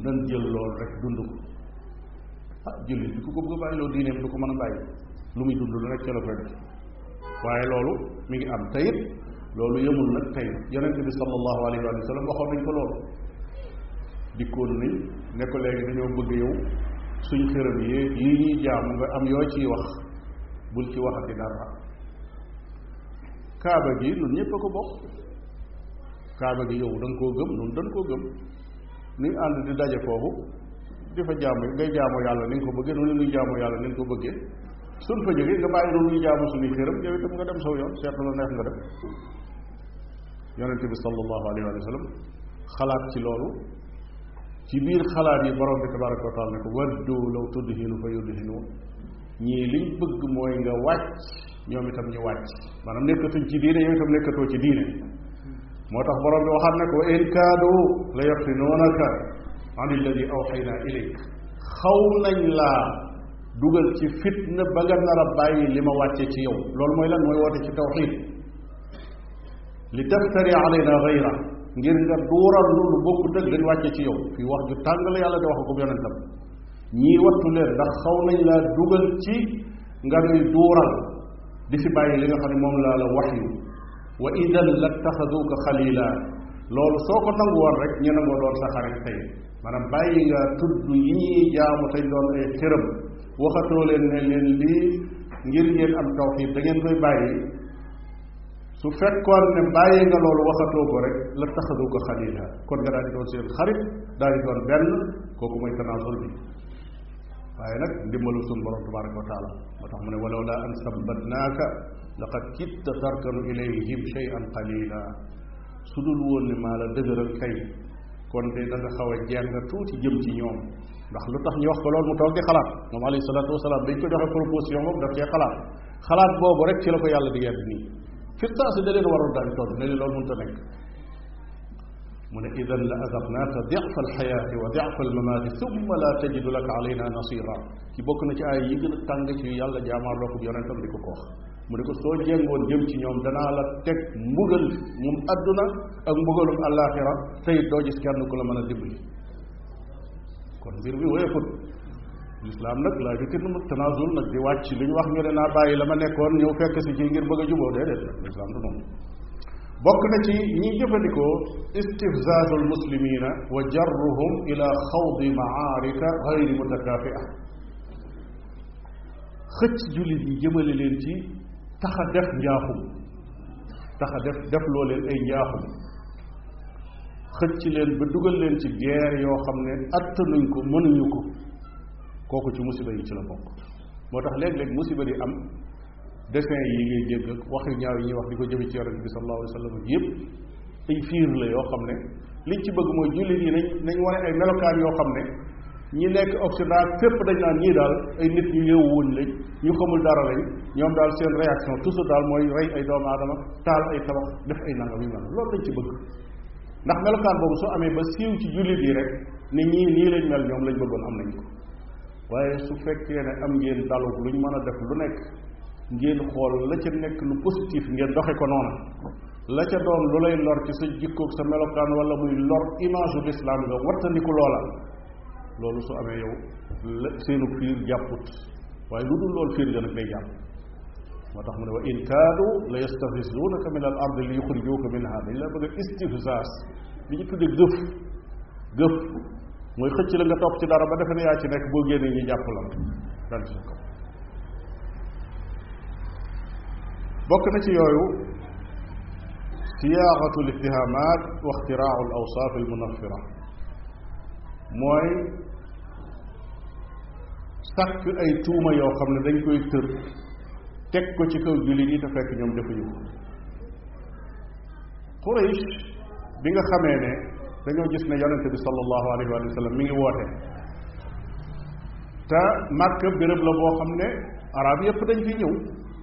nan jël lool rek dund ko ah jullit bi ku ko bëgg bàyyi loolu diineem du ko mën a bàyyi lu muy dund lu nekk ca la waaye loolu mi ngi am tayit loolu yemul nag tey yonente bi sallallahu alayhi wa sallam waxoon nañ ko loolu dikkoon ni ne ko léegi dañoo bëgg yow suñ xërëm yi yi ñuy jaamu nga am yoo ciy wax bul ci waxati dara kaaba gi nun ñëpp a ko bokk kaaba gi yow da nga koo gëm nun dañ koo gëm nuy ànd di daje foofu di fa jaamu ngay jaamu yàlla ni nga ko bëggee nu nuy jaamu yàlla ni nga ko bëggee suñ fa jógee nga bàyyi nu nuy jaamu suñuy xéram yow itam nga dem saw yoon seetlu la neex nga dem yonente bi sallallahu ci loolu ci biir xalaat yi borom bi tabaraka wa ko waddu law tudhinu fa yudhinu ñii liñ bëgg mooy nga wàcc ñoom itam ñu wàcc ci diine yow itam nekkatoo ci diine moo tax borom bi waxaat ne ko in kaadu la yaftinuunaka an illadi awxayna ilayk xaw nañ laa dugal ci fitna ba nga nar a bàyyi li ma wàcce ci yow loolu mooy lan mooy woote ci tawxid li taftari alayna gayra ngir nga duural lu lu bokku dëgg lañ wàcce ci yow fii wax ju tàng la yàlla di wax ko yonentam ñii wattu leen ndax xaw nañ laa dugal ci nga nuy duural di fi bàyyi li nga xam ne moom laa la wax yu wa idan la taxaduka xalila loolu soo ko nangu woon rek ñu nangoo doon sa xarit tey maanaam bàyyi nga tudd yi ñuy jaamu tey doon ay xërëm waxatoo leen ne ngir ngeen am tawxiid da koy bàyyi su fekkoon ne bàyyi nga loolu waxatoo ko rek la taxadu ko xalila kon nga daal di doon seen xarit daal di doon benn kooku mooy tanaasul bi waaye nag ndimbalu suñu borom tabaraka wa taala moo tax mu ne walaw laa an laqad kitta tarkanu ilayhim shay'an qalila su dul woon ne maa la dëgëral kay kon de da nga xaw a jàng tuuti jëm ci ñoom ndax lu tax ñu wax ko loolu mu toog di xalaat moom alayhi salaatu wasalaam dañ ko joxe proposition boobu daf cee xalaat xalaat boobu rek ci la ko yàlla di yedd nii fi taasi da leen warul daan toon ne leen loolu mënta nekk mu ne idan la azaqnaaka difa alxayaati wa difa almamaati thumma la tajidu laka alayna nasira ci bokk na ci ay yi gën a tàng ci yàlla jaamaarloo ko yonentam di ko ko wax mu ne ko soo jéngoon jëm ci ñoom danaa la teg mbugal mum adduna ak mbugalum àllaaxira tey doo gis kenn ku la mën a dimbali kon mbir bi woyefut lislaam nag laa ju kenn mu tanaasul nag di wàcc li ñu wax ñu ne naa bàyyi la ma nekkoon ñëw fekk si ci ngir bëgg a juboo déedéet nag lislaam du moom bokk na ci ñi jëfandikoo istifzazu almuslimina wa jarruhum ila xawdi maarika gayri mutakafia xëcc jullit yi jëmale leen ci tax a def njaaxum tax def def loo leen ay njaaxum xëcc leen ba dugal leen ci guerre yoo xam ne attanuñ ko mënuñu ko kooku ci musiba yi ci la bokk moo tax léeg-léeg musiba di am dessin yi ngay dégg ak waxi ñaaw yi ñuy wax di ko jëme ci yonent bi sallallahu alayhi wa sallam yëpp ay fiir la yoo xam ne li ci bëgg mooy jullit yi nañ nañ wane ay melokaan yoo xam ne ñi nekk Occident fépp dañ naan ñii daal ay nit ñu yeewu wuñ lañ ñu xamul dara lañ ñoom daal seen réaction toujours daal mooy rey ay doomu aadama taal ay tabax def ay nangam yu mel lool lañ ci bëgg ndax melokaan boobu su amee ba siiw ci jullit yi rek ni ñii nii lañ mel ñoom lañ bëggoon am nañ ko waaye su fekkee ne am ngeen dalu lu ñu mën a def lu nekk ngeen xool la ca nekk lu positif ngeen doxe ko noonu la ca doom lu lay lor ci sa jikkoog sa melokaan wala muy lor image u lislaam nga wattandiku loola loolu su amee yow la seenu fiir jàpput waaye lu dul loolu fiir nga nag day jàpp moo tax mu ne wa in kaadu la yastafisuunaka min al ardi li yuxrijuuka minha dañ la bëgg a istifsaas li ñu tuddee gëf gëf mooy xëcc la nga topp ci dara ba defe ne yaa ci nekk boo génnee ñu jàpp la dal ci sa kaw bokk na ci yooyu siyaaxatu l ittihaamaat wa ixtiraau al munafira sàkk ay tuuma yoo xam ne dañ koy tër teg ko ci kaw jullit yi te fekk ñoom defuñu ko Quraysh bi nga xamee ne dañoo gis ne yonente bi sallallahu alayhi wa sallam mi ngi woote te Màkka béréb la boo xam ne arab yëpp dañ fi ñëw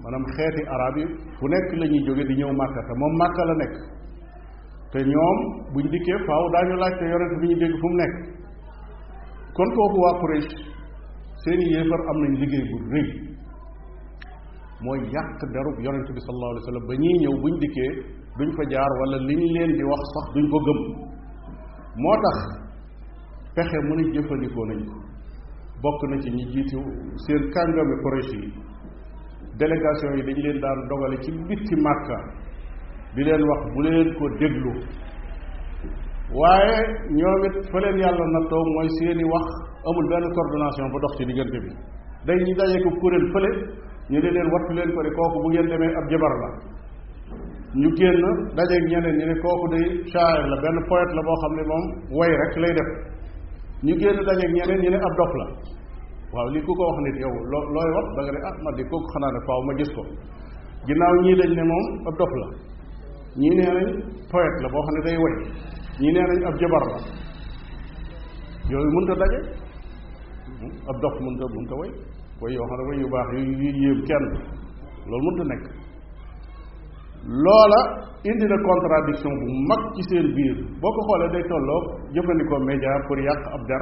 maanaam xeeti arab yi fu nekk lañuy jóge di ñëw Màkka te moom Màkka la nekk te ñoom buñ dikkee faaw daañu laajte yonente bi ñu dégg fu mu nekk kon foofu waa Quraysh seeni yéefar am nañ liggéey bu rëy mooy yàq derub yonent bi sallallahu alayhi wa sallam ba ñuy ñëw buñ dikkee duñ fa jaar wala liñ leen di wax sax duñ ko gëm moo tax pexe mu ne jëfandikoo nañ bokk na ci ñi jiitu seen kàngame Quraysh yi délégation yi dañ leen daan dogale ci bitti Màkka di leen wax bu leen ko déglu waaye ñoo it fa leen yàlla nattoo mooy seeni wax amul benn coordination bu dox ci diggante bi day ñu dajeeku kuréel fële ñu ne leen wattu leen ko kooku bu ngeen demee ab jabar la ñu génn dajeeg ñeneen ñu ne kooku day benn poète la boo xam ne moom way rek lay def ñu génn dajeeg ñeneen ñu ne ab dof la waaw li ku ko wax nit yow loo looy wax da nga ne ah man de kooku xanaa ne faaw ma gis ko ginnaaw ñii dañ ne moom ab dof la ñii nee nañ poète la boo xam ne day way ñi nee ab jabar la yooyu mënta daje ab dof mënta mënta way way yoo xam ne way yu baax yu yu yéem kenn loolu mënta nekk loola indi na contradiction bu mag ci seen biir boo ko xoolee day tolloo jëfandikoo média pour yàq ab der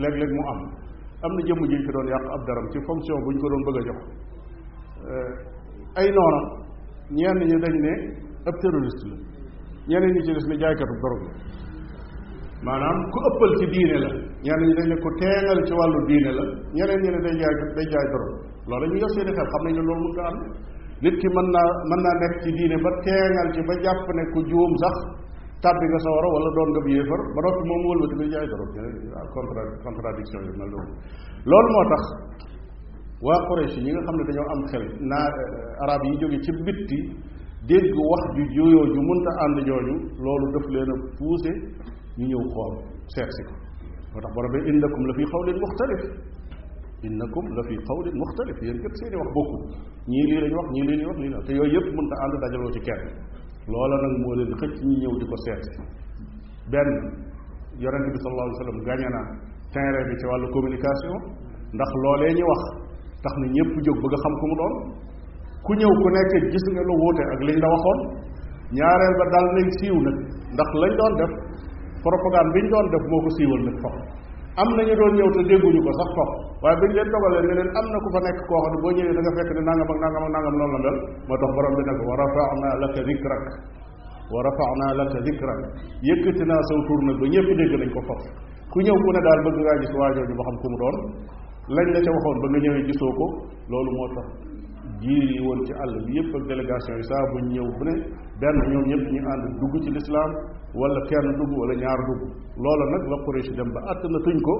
léeg-léeg mu am am na jëmm ji fi doon yàq ab daram ci fonction bu ñu ko doon bëgg a jox euh, ay noonam ñenn ñi dañ ne ab terroriste la ñeneen ñi ci des ne jaaykatu drogue la maanaam ku ëppal ci diine la ñeneen ñi dañ ne ku teegal ci wàllu diine la ñeneen ñi ne day jaay day loolu ñu yor seen i xel xam nañ ne loolu mënta am nit ki mën naa mën naa nekk ci diine ba teegal ci ba jàpp ne ku juum sax tàbbi nga sa a wala doon nga yéefar ba noppi moom wëlbati nga jaay drogue ñeneen contra contradiction yi mel noonu loolu moo tax waa Quraysh ñi nga xam ne dañoo am xel naa arab yi jóge ci bitti dégg wax ju juyoo ju mënta ànd jooju loolu daf leen a ñu ñëw xool seet si ko moo tax borom bi innakum la fi xawlin muxtalif innakum la fi xawlin muxtalif yéen képp seeni wax bokku ñii lii lañ wax ñii lii lañ wax lii la te yooyu yëpp mënta ànd dajaloo ci kenn loola nag moo leen xëcc ñi ñëw di ko seet si benn yonente bi sallallahu alayhi wa sallam gàñe na terrain bi ci wàllu communication ndax loolee ñu wax tax na ñëpp jóg bëgg xam ku mu doon ku ñëw ku nekk gis nga lu wuute ak liñ la waxoon ñaareel ba dal nañ siiw nag ndax lañ doon def propagande ñu doon def moo ko siiwal nag foofu am nañu doon ñëw te dégguñu ko sax foofu waaye biñ leen dogalee ne leen am na ko fa nekk koo xam ne boo ñëwee da nga fekk ne nangam ak nangam ak nangam noonu la mel moo tax borom bi ne ko wa rafana laka dikrak wa rafana laka dikrak yëkkati naa saw tur ba ñëpp dégg nañ ko foofu ku ñëw ku ne daal bëgg ngaa gis waajooju ba xam ku mu doon lañ la ca waxoon ba nga ñëwee gisoo ko loolu moo jiir yi woon ci àll bi yëpp ak délégation yi saa buñ ñëw bu ne benn ñoom ñëpp ñu ànd dugg ci lislaam wala kenn dugg wala ñaar dugg loola nag la Quraysh dem ba att na tuñ ko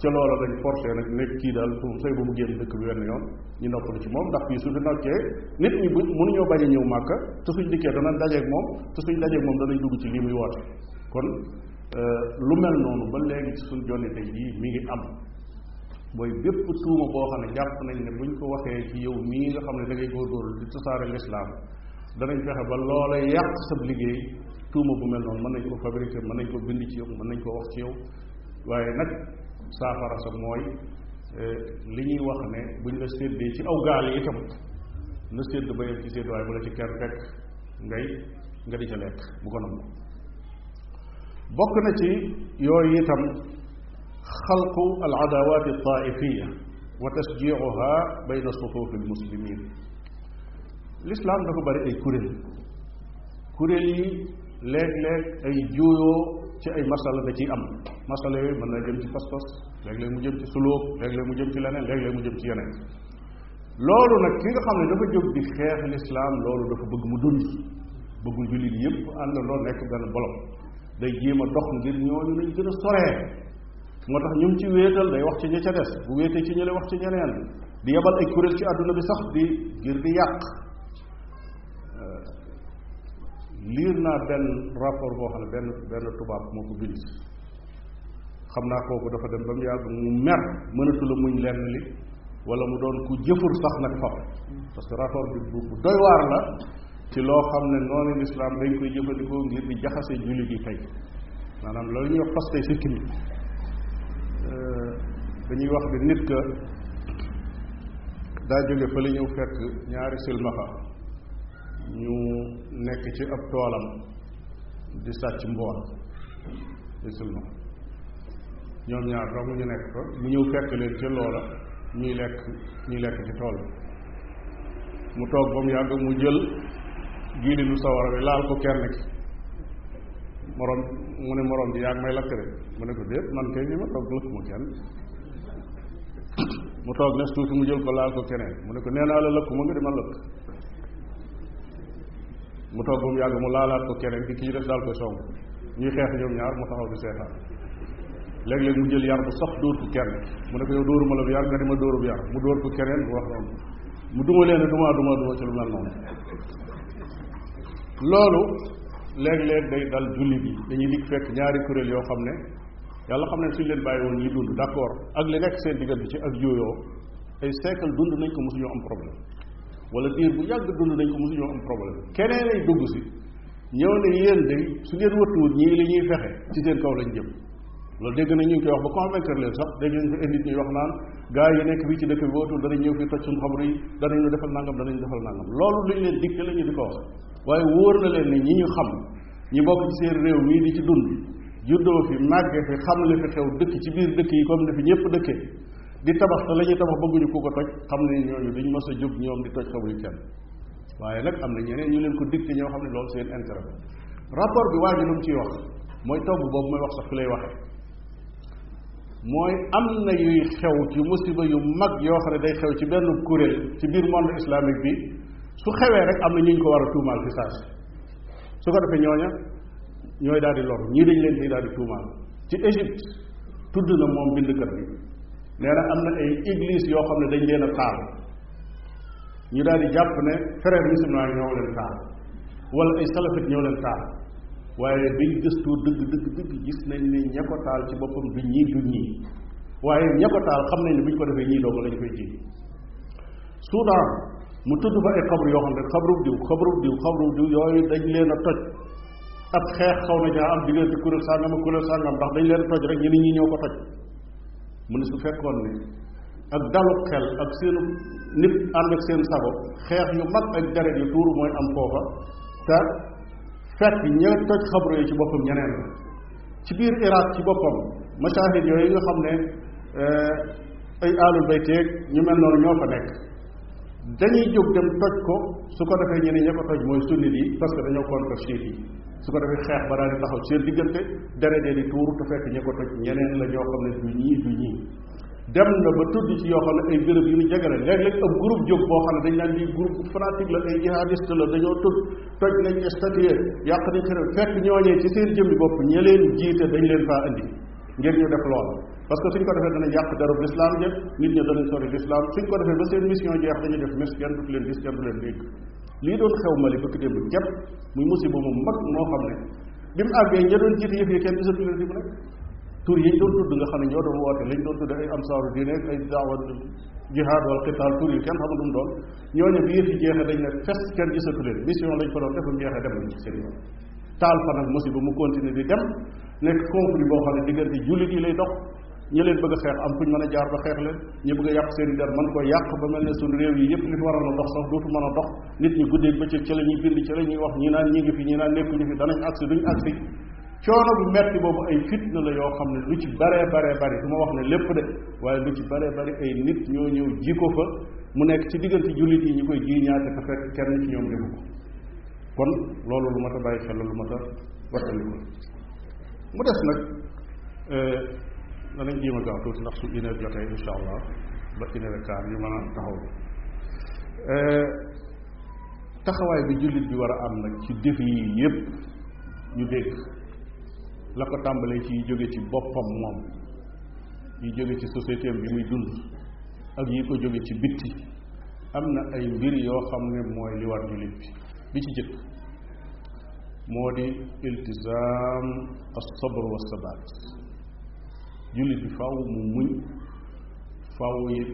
ca loola dañ forcé nag nekk kii daal fu sëy ba mu génn dëkk bi wenn yoon ñu noppalu ci moom ndax fii su fi nokkee nit ñi buñ mënuñoo bañ a ñëw màkka te suñ dikkee danañ dajeeg moom te suñ dajeeg moom danañ dugg ci lii muy woote kon euh, lu mel noonu ba léegi ci suñ jonni tey jii ngi am mooy bépp tuuma boo xam ne jàpp nañ ne buñ ko waxee ci yow mii nga xam ne da ngay góorgóorlu di tasaare lislaam danañ fexe ba loola yàq sab liggéey tuuma bu mel noonu mën nañ ko fabriquer mën nañ ko bind ci yow mën nañ ko wax ci yow waaye nag saafara sa mooy eh, li ñuy wax ne buñ la séddee ci aw gaal yi itam na sédd ba yem ci sédd waaye bu ci kenn fekk ngay nga di ca lekk bu ko nangu bokk na ci yooyu itam xalqu al adawat al taifiya wa tasjiuha bayna sufuf al muslimin lislaam dafa bari ay kuréel kuréel yi léeg-léeg ay juuyoo ci ay masala da ciy am masala yooyu mën na jëm ci pas-pas léeg-léeg mu jëm ci sulóob léeg-léeg mu jëm ci leneen léeg-léeg mu jëm ci yeneen loolu nag ki nga xam ne dafa jóg di xeex lislaam loolu dafa bëgg mu dund bëggul jullit yépp ànd loo nekk benn bolom day jéem a dox ngir ñooñu lañ gën a soree moo tax ñu ci wéetal day wax ci ña ca des bu wéetee ci ñële wax ci ñeneen di yebal ay kuréel ci àdduna bi sax di ngir di yàq euh, liir naa benn rapport boo xam benn benn tubaab moo xam naa kooku dafa dem ba mu yàgg mu mer mënatu la muñ lenn li wala mu doon ku jëfur sax nag fa parce que rapport bi bu doy waar la ci loo xam ne noonu lislaam dañ koy jëfandikoo ngir di jaxase julli gi tey maanaam loolu ñuy wax paste sikkim dañuy wax ne nit ka daa jóge fa la fekk ñaari silmaxa ñu nekk ci ab toolam di sàcc mboon di silmaxa ñoom ñaar dong ñu nekk fa mu ñëw fekk leen ca loola ñuy lekk ñuy lekk ci tool mu toog ba mu yàgg mu jël giilinu sawara bi laal ko kenn ki moroom mu ne moroom ji yàgg may lakk de mu ne ko déet man kay ni ma toog lëkkuma kenn mu toog nes tuuti mu jël ko laal ko keneen mu ne ko nee naa la lëkkuma nga di ma lëkk mu toog mu yàgg mu laalaat ko keneen ki kii def daal koy song ñuy xeex ñoom ñaar mu taxaw di seetaan léeg-léeg mu jël yar bu sax dóor ko kenn mu ne ko yow dóoruma la bu yar nga di ma dóorub yar mu dóor ko keneen mu wax noonu mu duma leen duma duma ci lu mel noonu loolu léeg-léeg day dal julli bi dañuy dikk fekk ñaari kurél yoo xam ne yàlla xam ne suñu leen bàyyi woon ñuy dund d'accord ak li nekk seen bi ci ak jooyoo ay siècle dund nañ ko mosuñoo am problème wala diir bu yàgg dund nañ ko mosuñoo am problème keneen lay dugg si ñëw ne yéen de su ngeen wëttuwut ñii li ñuy fexe ci seen kaw lañ jëm loolu dégg nañ ñu ngi koy wax ba convaincre leen sax dégg nañ ko indi ñuy wax naan gars yi nekk fii ci dëkk bi wootul danañ ñëw fii toj suñu xabru yi danañ ñu defal nangam danañ defal nangam loolu luñ leen dikk la ñu di ko wax waaye wóor na leen ñi ñu xam ñi bokk ci seen réew mii ci dund juddoo fi màgge fi xam li fi xew dëkk ci biir dëkk yi comme ni fi ñëpp dëkke di tabax te la ñuy tabax bëgguñu ku ko toj xam ne ñooñu duñ mës a jóg ñoom di toj xamuñu kenn waaye nag am na ñeneen ñu leen ko dikk ñoo xam ne loolu seen intérêt rapport bi waa ji lu mu ciy wax mooy togg boobu mooy wax sax fi lay waxee mooy am na yuy xew ci musiba yu mag yoo xam ne day xew ci benn kuréel ci biir monde islaamik bi su xewee rek am na ñu ñu ko war a tuumaal fi saasi su ko defee ñooña ñooy daal di loru ñii dañ leen di daal di tuumaal ci Égypte tudd na moom bindkat bi nee na am na ay église yoo xam ne dañ leen a taal ñu daal di jàpp ne frère musulman yi ñoo leen taal wala ay salafit ñoo leen taal waaye biñ gëstoo dëgg dëgg dëgg gis nañ ne ña ko taal ci boppam du ñii du ñii waaye ña ko taal xam nañ ne buñ ko defee ñii doog lañ koy ji Soudan mu tudd fa ay xabru yoo xam ne xabru diw xabru diw xabru diw yooyu dañ leen a toj ab xeex xaw na jaa am diggante kuréel sàngam ak kuréel sàngam ndax dañ leen toj rek ñeneen ñi ñoo ko toj mu ne su fekkoon ne ak dalu xel ak seenu nit ànd ak seen sago xeex yu mag ak deret yu tuuru mooy am foofa te fekk ña toj xabru ci boppam ñeneen la biir ci boppam mashahid yooyu nga xam ne eh, ay aalul bayteeg ñu mel noonu ñoo fa nekk dañuy jóg dem toj ko su ko defee ñeneen ña ko toj mooy sunnit yi parce dañoo contre chiite yi su ko defee xeex ba daal di taxaw seen diggante deret di tuuru te fekk ña ko toj ñeneen la ñoo xam ne du ñii du ñii dem na ba tudd ci yoo xam ne ay béréb yu ñu jege la léeg xam ne dañ naan lii groupe toj toj nañ statue yàq nañ xeré fekk ñooñee ci seen jëmmi bopp ña leen jiite dañ leen faa indi ngir ñu def loolu parce que suñ ko defee danañ yàq darub l'islam ja nit ñi danañ sori l'islam suñ ko defee ba seen mission jeex dañuy def mis kenn leen gis kenn lii doon xew Mali bëgg démb képp muy musiba mag moo xam ne bi mu àggee ña doon jiite yëf yi kenn gisatu leen di mu nekk tur yi ñu doon tudd nga xam ne ñoo doon woote lañ doon tudd ay ansaaru diine ak ay daawa jihaad wala xitaal tur yi kenn xamul mu doon ñooñu bi yëf yi jeexee dañ ne fes kenn gisatu leen mission lañ ko doon def mu jeexee dem nañ ci taal fa nag musiba mu continuer di dem nekk conflit boo xam ne diggante jullit yi lay dox ñi leen bëgg a xeex am fuñ mën a jaar ba xeex leen ñi bëgg a yàq seen i der mën ko yàq ba mel ne suñ réew yi yépp li fi waroon a dox sax dootu mën a dox nit ñi guddeeg bëccëg ci la bind ci la wax ñi naan ñi ngi fi ñi naan nekkuñu fi danañ agsi duñ agsi coono bu metti boobu ay fitna la yoo xam ne lu ci baree baree bari du ma wax ne lépp de waaye lu ci baree bari ay nit ñoo ñëw ji ko fa mu nekk ci diggante jullit yi ñu koy ji ñaate ko fekk kenn ci ñoom ko kon lu mat a bàyyi xel lu mat a wattaliku mu des euh, danañ jéem a gaaw tuuti ndax su une heure jotee insha allah ba une heure quart ñu mën a taxaw euh, taxawaay bi jullit bi war a am nag ci défi yi yépp ñu dégg la ko tàmbalee ci yi jóge ci boppam moom yi jóge ci société bi muy dund ak yi ko jóge ci bitti am na ay mbir yoo xam ne mooy li war jullit bi bi ci jëkk moo di iltisaam as sabr wa jullit bi faaw mu muñ faaw it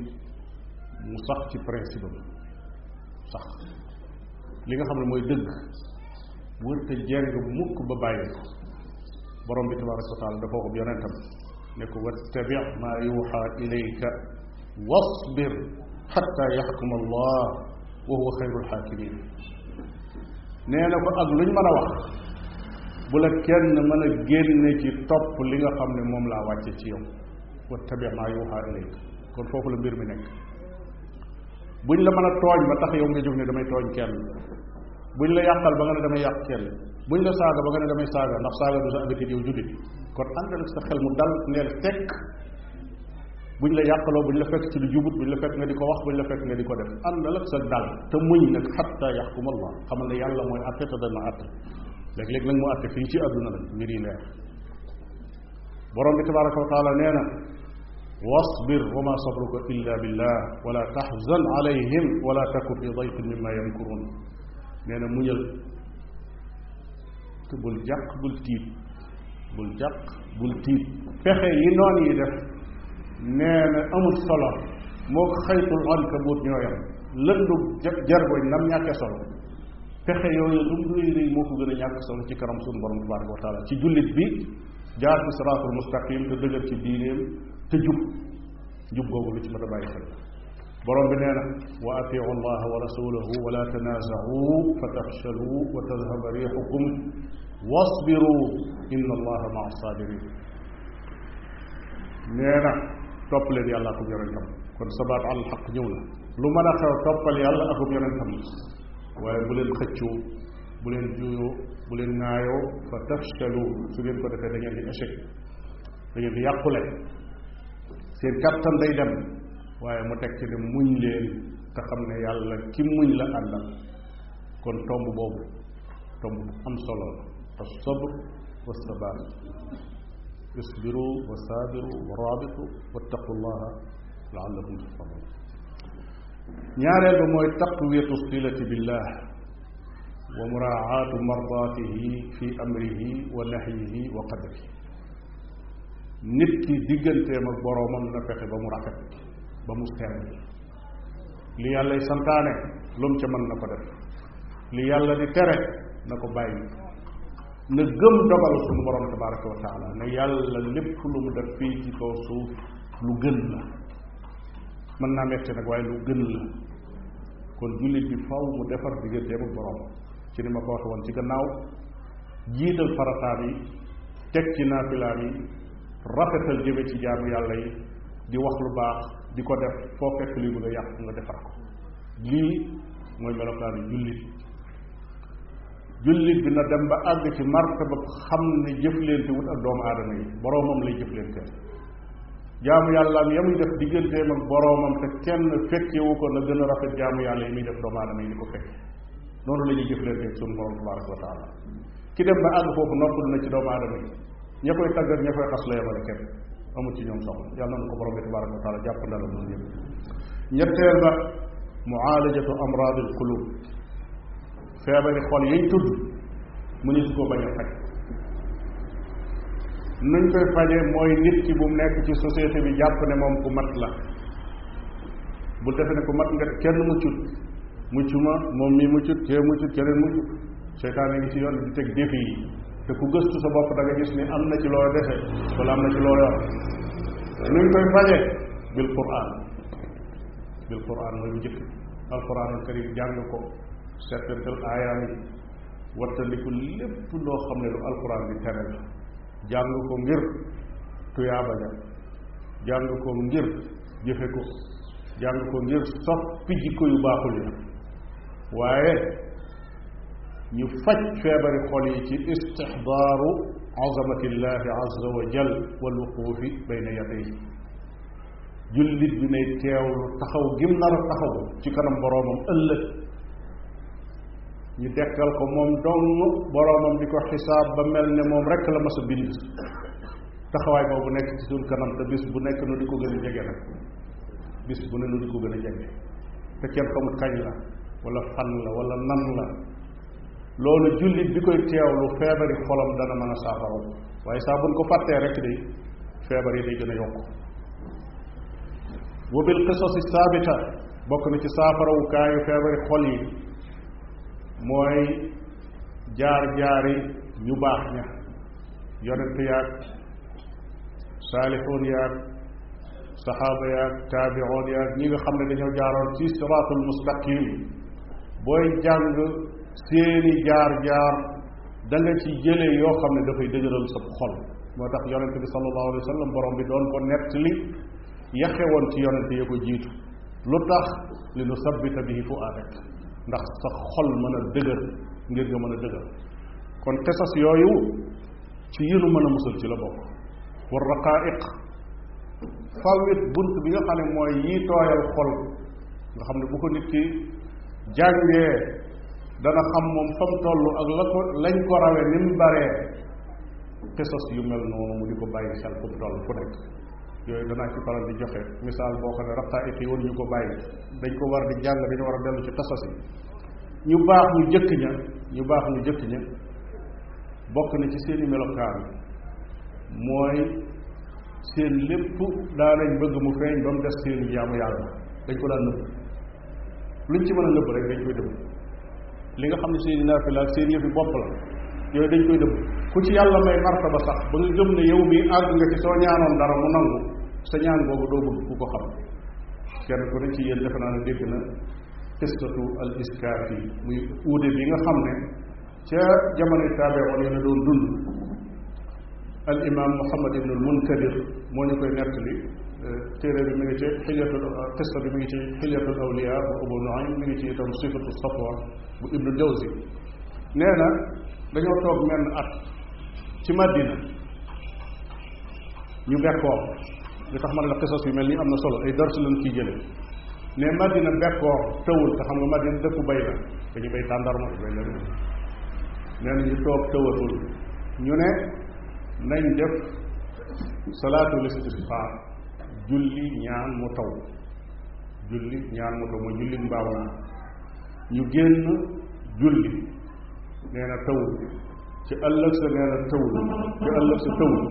mu sax ci principe am sax li nga xam ne mooy dëgg wërta jeng mukk ba bàyyi ko borom bi tabaraka wa taala dafa ko yonentam ne ko wattabi ma yuuxa ilayka wasbir xatta yaxkuma allah wa huwa xayrul xaakimiin nee na ko ak luñ mën a wax bu la kenn mën a génne ci topp li nga xam ne moom laa wàcce ci yow wa tabi maa yuuxa ilayka kon foofu la mbir mi nekk buñ la mën a tooñ ba tax yow nga jóg ne damay tooñ kenn ñu la yàqal ba nga ne damay yàq kenn buñ la saaga ba nga ne damay saaga ndax saaga du sa habitude yow jullit kon àndal ak sa xel mu dal neel tekk buñ la yàqaloo ñu la fekk ci lu jubut buñ la fekk nga di ko wax buñ la fekk nga di ko def àndal ak sa dal te muñ nag xatta yàlla mooy atte te dana atte léeg-léeg nag mu àtte fii ci àdduna la mbir yi leer borom bi tabaraka wa taala nee na wasbir wa ma sabruka illa billah wala taxzan alayhim wala taku fi dayqin mimma yamkurun nee na muñal te bul jàq bul tiit bul jàq bul tiit pexe yi noon yi def nee na amul solo moo ko xaytul ankabut ñoo yam lëndu jargoñ nam ñàkke solo pexe yooyu lu mu rëy rëy moo ko gën a ñàkk solo ci kanam suñu borom tabaraka wa taala ci jullit bi jaar ci siraatul mustaqim te dëgër ci diineem te jub jub googu lu ci mën a bàyyi xel borom bi nee na wa atiu allaha wa rasulahu wala tanazahu fa tafshalu wa tadhaba rixukum wasbiru inna allaha maa sabirin nee na topp leen yàlla akub yonentam kon sabaat al xaq ñëw na lu mën a xew toppal yàlla akub yonentam waaye bu leen xëccoo bu leen juyoo bu leen naayoo fa tafshalu su ngeen ko defee da ngeen di échec da ngeen di yàqule seen kàttan day dem waaye mu teg ci ne muñ leen te xam ne yàlla ki muñ la àndal kon tomb boobu tomb bu am solo la as-sabr wa sabaat isbiru wa saabiru wa raabitu wattaqullaha laallakum turhamun ñaareel ba mooy taqwiyatu silati billah wa muraacaatu mardaatihi fi amrihi wa nahyihi wa qadrihi nit ki digganteem ak boroomam na fexe ba mu rafet ba mu sell li yàllay santaane lu mu ca mën na ko def li yàlla di tere na ko bàyyi na gëm dogal suñu boroom tabaraka wa taala ne yàlla lépp lu mu def fii ci kaw suuf lu gën la mën naa metti nag waaye lu gën la kon jullit bi faw mu defar digganteem ak borom ci ni ma ko waxe woon ci gannaaw jiital farataam yi teg ci naafilaam yi rafetal jëme ci jaamu yàlla yi di wax lu baax di ko def foo fekk luy bëgg a yàq nga defar ko lii mooy melokaanu jullit jullit bi na dem ba àgg ci martaba xam ne jëflante wut ak doomu aadama yi boroomam lay jëflante jaamu yàllaam ya muy def digganteem ak boroomam te kenn fekkewu ko na gën a rafet jaamu yàlla yi muy def doomu aadama yi di ko fekke noonu la ñuy jëflanteeg sunu borom tabaraka wa taala ki dem ba àgg foofu noppal na ci doomu aadama yi ña koy taggat ña koy xas la yemale kenn amul ci ñoom soxla yàlla na ko borom bi tabaraka wa taala jàpp na la noonu ñëpp ñetteel ba muaalajatu amraadil qulub feebari xol yiñ tudd mu ni su ko bañ a faj nuñ koy faje mooy nit ki bu mu nekk ci société bi jàpp ne moom ku mat la bul defe ne ku mat nga kenn muccut ma moom mii muccut kee muccut keneen muccut seytaane ngi ci yoon di teg défi yi te ku gëstu sa bopp da gis ni am na ci loo defe wala am na ci loo yor nuñ koy faje bil quran bil quran mooy bu njëkk alquranul karim jàng ko settantal aayaam yi wattandiku lépp loo xam ne lu alquran di tere la jàng ko ngir tuyaaba ja jàng ko ngir jëfe ko jàng ko ngir soppi jikko yu baaxul yi waaye ñu faj feebari xol yi ci istixdaaru azamatillahi azza wa jal wal wuquufi bayna yadayhi jullit bi nay teewlu taxaw gim nar a taxaw ci kanam boroomam ëllëg ñu dekkal ko moom dong boroomam di ko xisaab ba mel ne moom rek la mas a bind taxawaay boobu nekk ci suñ kanam te bis bu nekk nu di ko gën a jege nag bis bu ne nu di ko gën a jege te kenn xamul kañ la wala fan la wala nan la loolu jullit bi koy teewlu feebari xolam dana mën a saafara waaye saabu buñ ko fàttee rek day feebar yi day gën a yokk wa bil saabita bokk na ci saafarawukaayu feebari xol yi mooy jaar-jaari ñu baax ña yonent yaag saalixoon yaag saxaaba yaag ñi nga xam ne dañoo jaaroon ci siraatul mustaqim booy jàng seeni jaar-jaar da nga ci jëlee yoo xam ne dafay dëgëral sa xol moo tax yonent bi sallallahu alayhi wa sallam borom bi doon ko nett li yaxe woon ci yonent ya ko jiitu lu tax li nu sabbita bihi fu'aadak ndax sa xol mën a dëgër ngir nga mën a dëgër kon xesas yooyu ci yinu mën a musal ci la bokk war raqaiq fawit bunt bi nga xam ne mooy yi tooyal xol nga xam ne bu ko nit ki jàngee dana xam moom fam toll ak la ko lañ ko rawe ni mu baree xesas yu mel noonu mu di ko bàyyi xel fu mu toll fu nekk yooyu danaa ci faral di joxe misaal boo xam ne raqaa'iq yi ñu ko bàyyi dañ ko war di jàll dañu war a dellu ci tasasi ñu baax ñu jëkk ña ñu baax ñu jëkk ña bokk na ci seeni melokaan mooy seen lépp daanañ bëgg mu feeñ ba mu def seen jaamu yàlla dañ ko daan nëbb luñ ci mën a nëbb rek dañ koy dëbb li nga xam ne seeni naafila ak seen yëfi bopp la yooyu dañ koy dëbb ku ci yàlla may martaba sax ba nga gëm ne yow mii àgg nga ci soo ñaanoon dara mu sa boobu doo bëgg ku ko xam kenn ku ne ci yéen defe naa ne dégg na qissatu al iskaafi muy uude bi xam ne ca jamono taabeexoon yi la doon dund al muhammad ibnul munkadir moo ñu koy euh, bi mi ngi ci xilyatul qissa bi mi ngi ci xilyatul awliya bu abu nuaym mi ngi ci itam sifatu safwa bu ibnu jawzi nee na dañoo toog menn at ci madina ñu li tax ma ne la xisas yu mel nii am na solo ay dars lañ ciy jëlee ne Madina bekkoor tawul te xam nga Madina dëkku bay la dañu bay tàndarma bay toog tawatul ñu ne nañ def salaatul istisqaa julli ñaan mu taw julli ñaan mu taw mooy julli mbaaw naa ñu génn julli nee na tawul ci ëllëg sa nee na tawul ci ëllëg sa tawul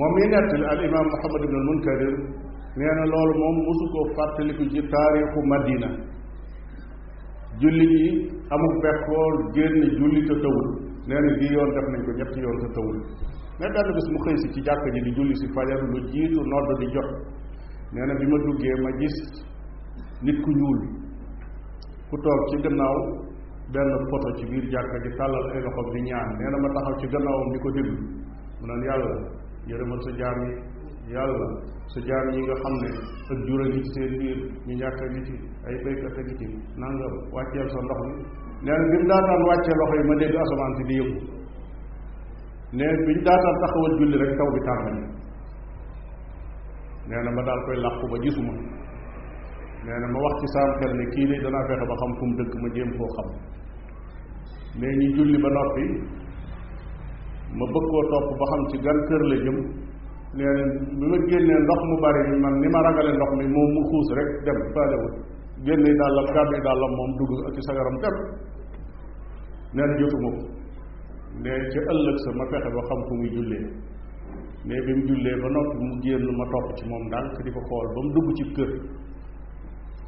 moom mi nettali al Muhammad ibn al Munkadir nee na loolu moom mosu ko fàttaliku ci taarixu Madina jullit yi amul bekkool génn julli te tawul nee na bii yoon def nañ ko ñetti yoon te tawul mais benn bés mu xëy si ci jàkka ji di julli si fajar lu jiitu nodd di jot nee na bi ma duggee ma gis nit ku ñuul ku toog ci gannaaw benn poto ci biir jàkka gi tàllal ay loxoom di ñaan nee na ma taxaw ci gannaawam di ko déglu mu naan yàlla yërëmal sa jaam yi yàlla sa jaam yi nga xam ne ak jura seen biir ñu ñàkk a ngi ci ay béykat a ngi ci wàcceel sa ndox mi nee na bi mu daataan wàccee loxo yi ma dégg asamaan si di yëngu ne bi ñu daataan taxawal julli rek taw bi tàmbali nee na ma daal koy làqu ba gisuma nee na ma wax ci saam xel ne kii de danaa fexe ba xam fu mu dëkk ma jéem koo xam mais ñu julli ba noppi ma bëgg koo topp ba xam ci gan kër la jëm nee na bi ma génnee ndox mu bari man ni ma ragale ndox mi moom mu xuus rek dem faalewut génne dàllam gàddu dàllam moom dugg ak ci sagaram dem nee na jotuma ko ne ci ëllëg sa ma fexe ba xam fu muy jullee mais bi mu jullee ba noppi mu génn ma topp ci moom ndànk di ko xool ba mu dugg ci kër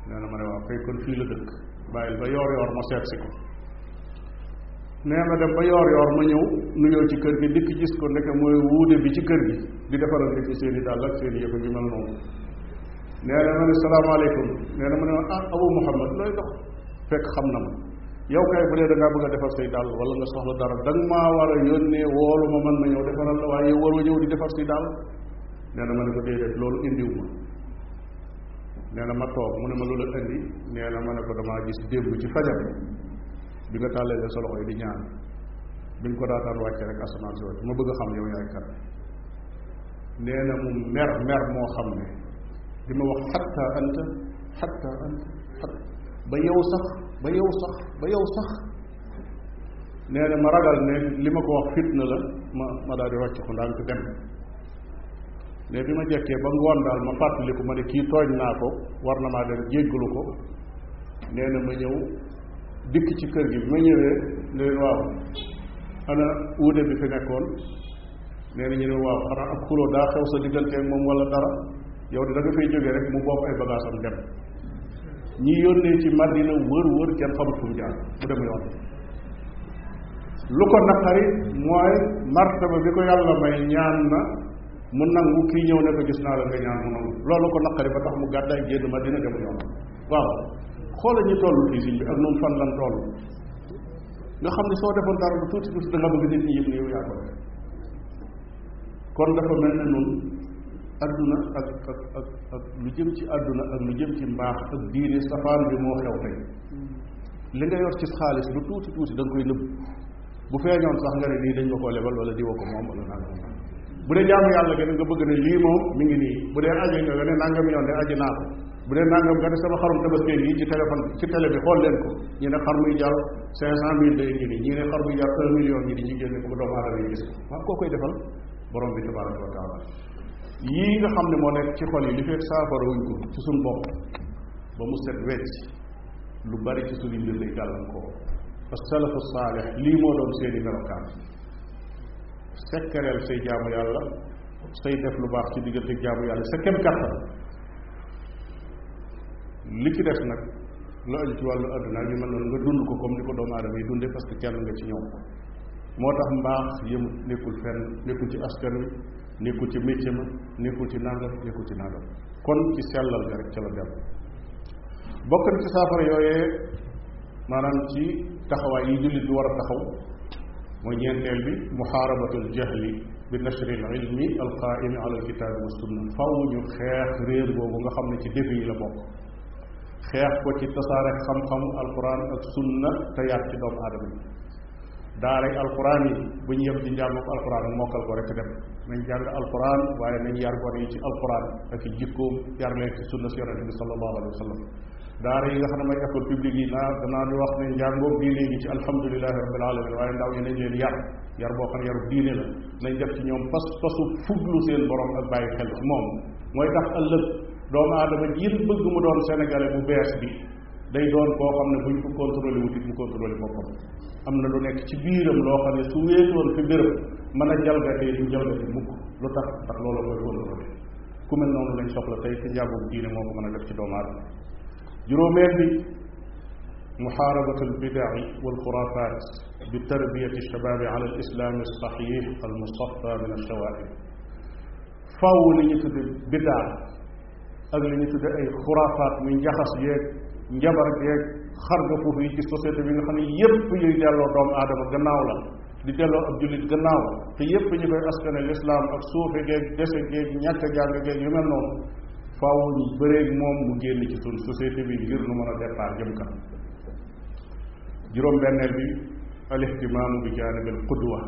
nee ma ne waaw kay kon fii la dëkk bàyyil ba yoor yoor ma seet si ko nee na dem ba yoor yoor ma ñëw nuyoo ci kër gi dikk gis ko ndeke mooy wuude bi ci kër gi di defaral nit ñi seen i dàll ak seen i yëfa gi mel noonu nee ma ne salaamaaleykum nee na ma ne ah Abu Muhammad looy dox fekk xam na ma yow kay bu dee da ngaa defar si dàll wala nga soxla dara da nga maa war a yónnee woolu ma man ma ñëw defaral la waaye yow waroo ñëw di defar si dàll nee na ma ne ko loolu indiw nee na ma toog mu ne ma loola indi nee ma ne ko damaa gis démb ci fajar bi nga tàllalee sa loxo yi di ñaan bi ñu ko daataan wàcce rek asamaan si wàcc ma bëgg a xam yow yaay kan nee na mu mer mer moo xam ne di ma wax xatta anta xatta anta xatta ba yow sax ba yow sax ba yow sax nee ma ragal ne li ma ko wax fitna la ma ma daal di wàcc ko ndànk dem ne bi ma jekkee ba ngoon daal ma fàttaliku ma ne kii tooñ naa ko war na maa dem jéggalu ko nee na ma ñëw dikk ci kër gi bi ma ñëwee ne leen waaw ana uude bi fi nekkoon nee na ñu ne waaw xanaa ab xuloo daa xew sa digganteeg moom wala dara yow de da nga fay rek mu boobu ay bagage am dem ñi yónnee ci Madina wër wër kenn xamut fu mu jaar dem yoon lu ko naqari mooy martaba bi ko yàlla may ñaan na mu nangu kii ñëw ne ko gis naa la nga ñaan mu nangu loolu ko naqari ba tax mu gàddaay génn ma dina dem yoon waaw xoola ñu toll fii siñ bi ak noonu fan lan toll nga xam ne soo defoon dara lu tuuti da nga bëgg nit ñi yëpp ne yow yaa ko jëm ci adduna ak lu jëm ci mbaax ak diine safaan bi moo xew tey li nga yor ci xaalis lu da nga koy nëbb bu feeñoon sax nga ne nii dañ ma koo lebal wala diwa ko moom wala naan bu dee jaamu yàlla gën nga bëgg ne lii moom mi ngi nii bu dee aji nga nga ne nangam yoon de aji naa ko bu dee nangam nga ne sama xarum tabaskeen yi ci téléphone ci télé bi xool leen ko ñi ne xar muy jar cinq cent mille day ngi nii ñi ne xar muy jar un million ñi di ñu génne ko doomu aadama yi gis ko waaw koo koy defal borom bi tabaraka wa taala yii nga xam ne moo nekk ci xol yi li fekk saafara wuñ ko ci suñ bopp ba mu set wecc lu bari ci suñu mbir day gàllankoor as salafu saalih lii moo doon seeni melokaan sekkareel say jaamu yàlla say def lu baax ci diggante jaamu yàlla sa kem kàttan li ci des nag lu aju ci wàllu adduna bi man noonu nga dund ko comme ni ko doomu aadama yi dundee parce que kenn nga ci ñoom moo tax mbaax yëmu nekkul fenn nekkul ci askan wi nekkul ci métier ma nekkul ci nangam nekkul ci nangam kon ci sellal nga rek ca la dellu bokk ci saafara yooyee maanaam ci taxawaay yi jullit bi war a taxaw mooy ñeenteel bi muxaarabatul jahli bi nashri al ilmi al qaimi ala al kitaabi wa sunna faw ñu xeex réer boobu nga xam ne ci défi yi la bokk xeex ko ci tasaare xam-xamu alquran ak sunna te yaat ci doomu aadama yi daara alquran yi bu ñu yem ci njàngum alquran ak mokkal ko rek dem nañ jàng alquran waaye nañ yar gone yi ci alquran ak i jikkoom yar leen ci sunna si yonente bi sallallahu alayhi wa sallam daara yi nga xam ne mooy école publique yi naa danaa ñu wax ne njàngoom diine gi ci alhamdulilahi rabbil alamin waaye ndaw yi nañ leen yar yar boo xam ne yaru diine la nañ def ci ñoom pas pasu fuglu seen borom ak bàyyi xel ci moom mooy tax ëllëg doomu aadama yéen bëgg mu doon sénégalais bu bees day doon koo xam ne buñ ko contrôlé wutit mu contrôlé boppam na lu nekk ci biiram loo xam ne su wéetoon fi béréb mën a jalgatee du jalgate lu tax ndax loolu mooy contrôlé ku mel noonu lañ soxla tey ci njàngum diine moo ko mën a def ci doomu aadama juróomeel bi muxaarabatul bidaai wal xuraafaat bi tarbiyati shabaabi ala al islaami saxiix al mustafa min alchawaib faw li ñu tudde bidaa ak li ñu tudde ay xuraafaat muy njaxas yeeg njabar yeeg xar nga foofu yi ci société bi nga xam ne yépp yuy delloo doomu aadama gannaaw la di delloo ab jullit gannaaw te yépp ñu koy askane lislaam ak suufe geeg dese geeg ñàkk jàng geeg yu mel noonu faaw ñu bëreeg moom mu génn ci suñ société bi ngir nu mën a départ jëm kanam juróom-benneel bi al ihtimaamu bi jaanibil qudwa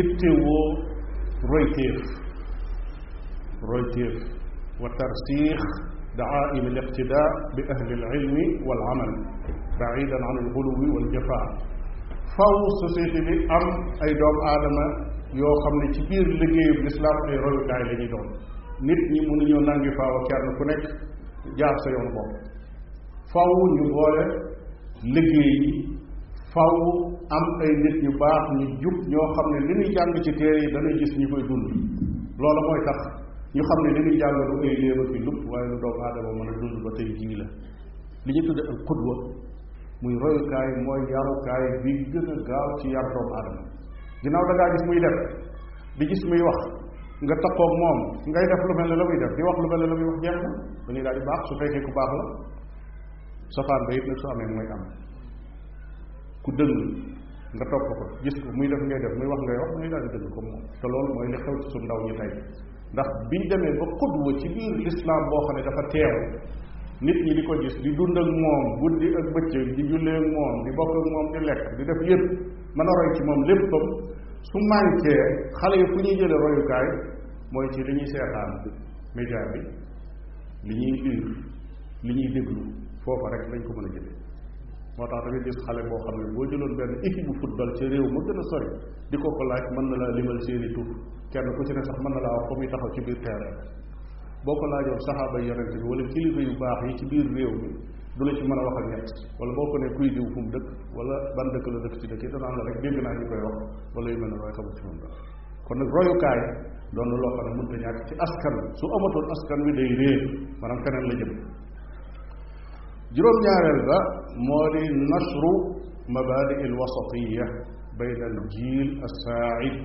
ittewoo royteef royteef wa tarsiix daaim al iqtida bi ahli al ilmi wal amal baidan an al xuluwi wal jafa faw société bi am ay doomu aadama yoo xam ne ci biir liggéeyub lislaam ay royukaay la ñuy doon nit ñi mënuñoo nangi faaw kenn ku nekk jaar sa yoon bopp faw ñu boole liggéey yi faw am ay nit ñu baax ñu jub ñoo xam ne li ñuy jàng ci téere yi dañuy gis ñu koy dund loolu mooy tax ñu xam ne li ñuy jàng du ay léeba ki lupp waaye lu doomu aadama mën a dund ba tey jii la li ñu tudde ak kudwa muy royukaay mooy yarukaay bi gën a gaaw ci yar doomu aadama ginnaaw da gis muy def di gis muy wax nga takkoog moom ngay def lu mel ne la muy def di wax lu mel ne la muy wax jeex na dañuy daal di baax su fekkee ku baax la safaan ba it nag su amee mooy am ku dëng nga topp ko gis ko muy def ngay def muy wax ngay wax muy daal di dëng comme moom te loolu mooy li xew ci suñu ndaw ñi tey ndax biñ demee ba xudwa ci biir lislaam boo xam ne dafa teew nit ñi di ko gis di dund ak moom guddi ak bëccëg di jullee ak moom di bokk ak moom di lekk di def yëpp mën a roy ci moom su manqué xale yi fu ñuy jële royukaay mooy ci li ñuy seetaan média bi li ñuy liir li ñuy déglu foofa rek lañ ko mën a jële moo tax da gis xale boo xam ne boo jëloon benn équipe bu football ci réew ma gën a sori di ko ko laaj mën na laa limal seeni tur kenn ku ci ne sax mën na laa wax fa muy taxaw ci biir terrain boo ko laajoon saxaaba yonente bi wala kilifa yu baax yi ci biir réew mi du la ci mën a wax ak ñett wala boo ko ne kuy diw fu mu dëkk wala ban dëkk la dëkk ci dëkk yi dana am la rek dégg naa ñu koy wax wala yu mel ne waaye xamul ci moom dara kon nag royukaay doon loo xam ne mënta ñàkk ci askan su amatoon askan wi day réer maanaam keneen la jëm juróom-ñaareel ba moo di nasru mabadi al wasatiya bayna al jiil al saaid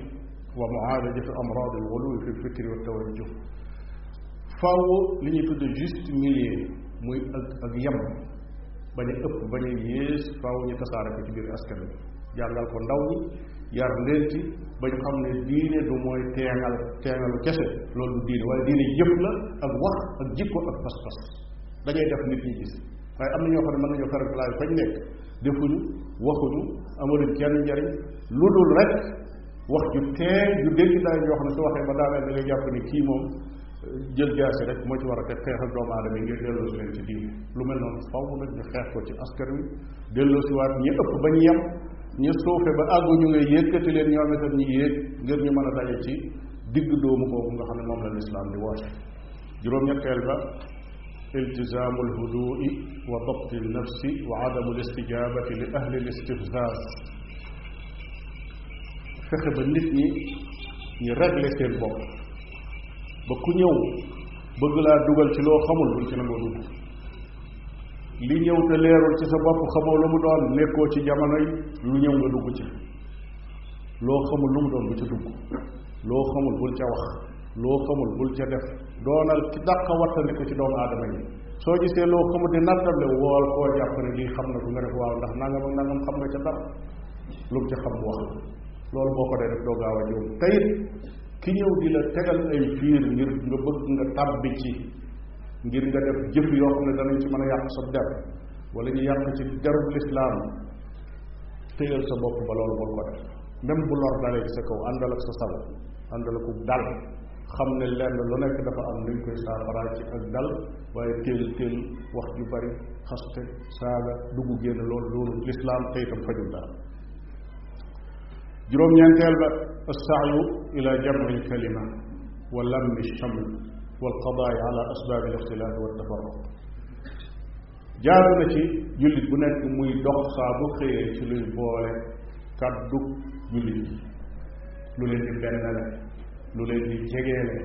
wa muaalajati amraad al xuluwi fi lfikri wa tawajjuh faw li ñuy tudd juste milieu muy ak ak yem bañ a ëpp ba a yées faaw ñu tasaare ko ci biir askan bi jàngal ko ndaw ñi yar leen ba ñu xam ne diine du mooy teengal teengalu kese loolu du diine waaye diine yëpp la ak wax ak jikko ak pas-pas dañuy def nit ñi gis waaye am na ñoo xam ne mën nañoo caractériser fañ nekk defuñu waxuñu amaluñ kenn njariñ lu dul rek wax ju teey ju dégg daay yoo xam ne su waxee ba daaneel da ngay jàpp ne kii moom jël jaasi rek moo ci war a teg xeexal doomu aadama yi ngir delloosi lu mel noonu faw nag ñu xeex ko ci askan wi delloosiwaat ñi ëpp ba ñu yem ñu suufe ba àggu ñu nga yëkkati leen ñoom itam ñu yéeg ngir ñu mën a daje ci digg doomu boobu nga xam ne moom la lislaam di woote juróom-ñetteel ba iltisaamu lhudui wa dabti nafsi wa adamu listijabati li ahli listifzaz fexe ba nit ñi ñu régler seen bopp ba ku ñëw bëgg laa dugal ci loo xamul duñ ci nangoo dugg li ñëw te leerul ci sa bopp xamoo lu mu doon nekkoo ci jamono yi lu ñëw nga dugg ci loo xamul lu mu doon bu ci dugg loo xamul bul ca wax loo xamul bul ca def doonal ci dàqa wattaniku ci doomu aadama yi soo gisee loo xamul di nattable wool koo jàpp ne lii xam na ko nga def waaw ndax nangam ak nangam xam nga ca dara lu mu ca xam wax loolu boo ko dee def doo gaaw a jóom te ki ñëw di la tegal ay fiir ngir nga bëgg nga tàbbi ci ngir nga def jëf yoo xam ne danañ ci mën a yàq sa der wala ñu yàq ci derub lislaam téyal sa bopp ba loolu bul ko def même bu lor dalee sa kaw àndal ak sa sal àndal ak dal xam ne lenn lu nekk dafa am luñ koy saafaraa ci ak dal waaye téel téel wax ju bari xaste saaga dugg génn loolu loolu lislaam tey itam fajul dara juróom-ñeenteel ba assaayu ila jamci lkalima wa lammi chaml walqadaai ala asbaabi alixtilaafi waltafarruq jaar na ci jullit bu nekk muy dox saa bu xëyee ci luy boole kàddu jullit yi lu leen di bennale lu leen di jegeele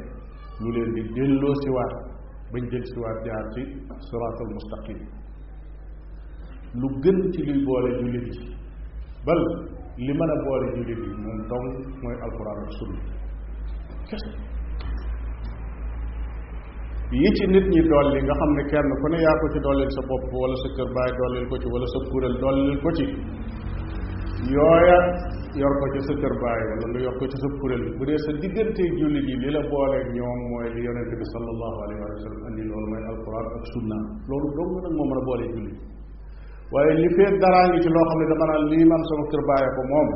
lu leen di delloo siwaat bañ jël siwaat jaar ci siraatul mustaqim lu gën ci luy boole jullit yi bal li mën a boole jullit bi moom dong mooy alxuraan ak sunna kese yi ci nit ñi dolli nga xam ne kenn ku ne yaa ko ci dollil sa bopp wala sa kër baay dollil ko ci wala sa kuréel dollil ko ci yooya yor ko ci sa kër baay wala nga yor ko ci sa kuréel bu dee sa diggante jullit yi li la boole ñoom mooy li yonente bi sallallahu alayhi wa sallam andi loolu mooy alxuraan ak sunna loolu dong nag mën a boole jullit waaye li feet daraa ngi ci loo xam ne dama naan lii man sama kër bàyyi ko moom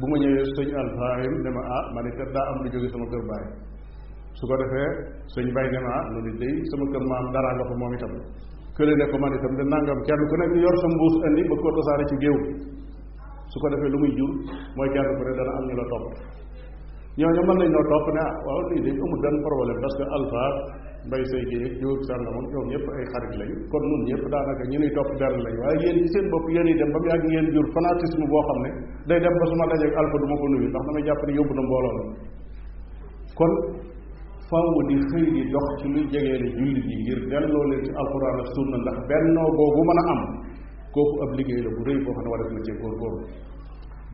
bu ma ñëwee sëñ alfahim ne ma ah ma ne daa am lu jóge sama kër bàyyi su ko defee sëñ bay ne ma ah loolu day sama kër maam daraa nga ko moom itam kële ne ko man itam de nangam kenn ku nekk yor sa mbuus andi ba ko tasaare ci géew su ko defee lu muy jur mooy kenn ku ne dana am ñu la topp ñooñu mën nañ noo topp ne ah waaw lii de amul benn problème parce que alpha mbay say géeg jóg sàngam ak ñoom ñëpp ay xarit lañu kon nun ñëpp daanaka ñu nuy topp benn lañu waaye yéen ci seen bopp yéen yi dem ba mu yàgg ngeen jur fanatisme boo xam ne day dem ba su ma dajeeg alpha du ko nuyu ndax damay jàpp ne yóbbu na mbooloo kon faaw di xëy di dox ci lu jegeele jullit yi ngir delloo leen ci alquran ak sunna ndax bennoo googu mën a am kooku ab liggéey bu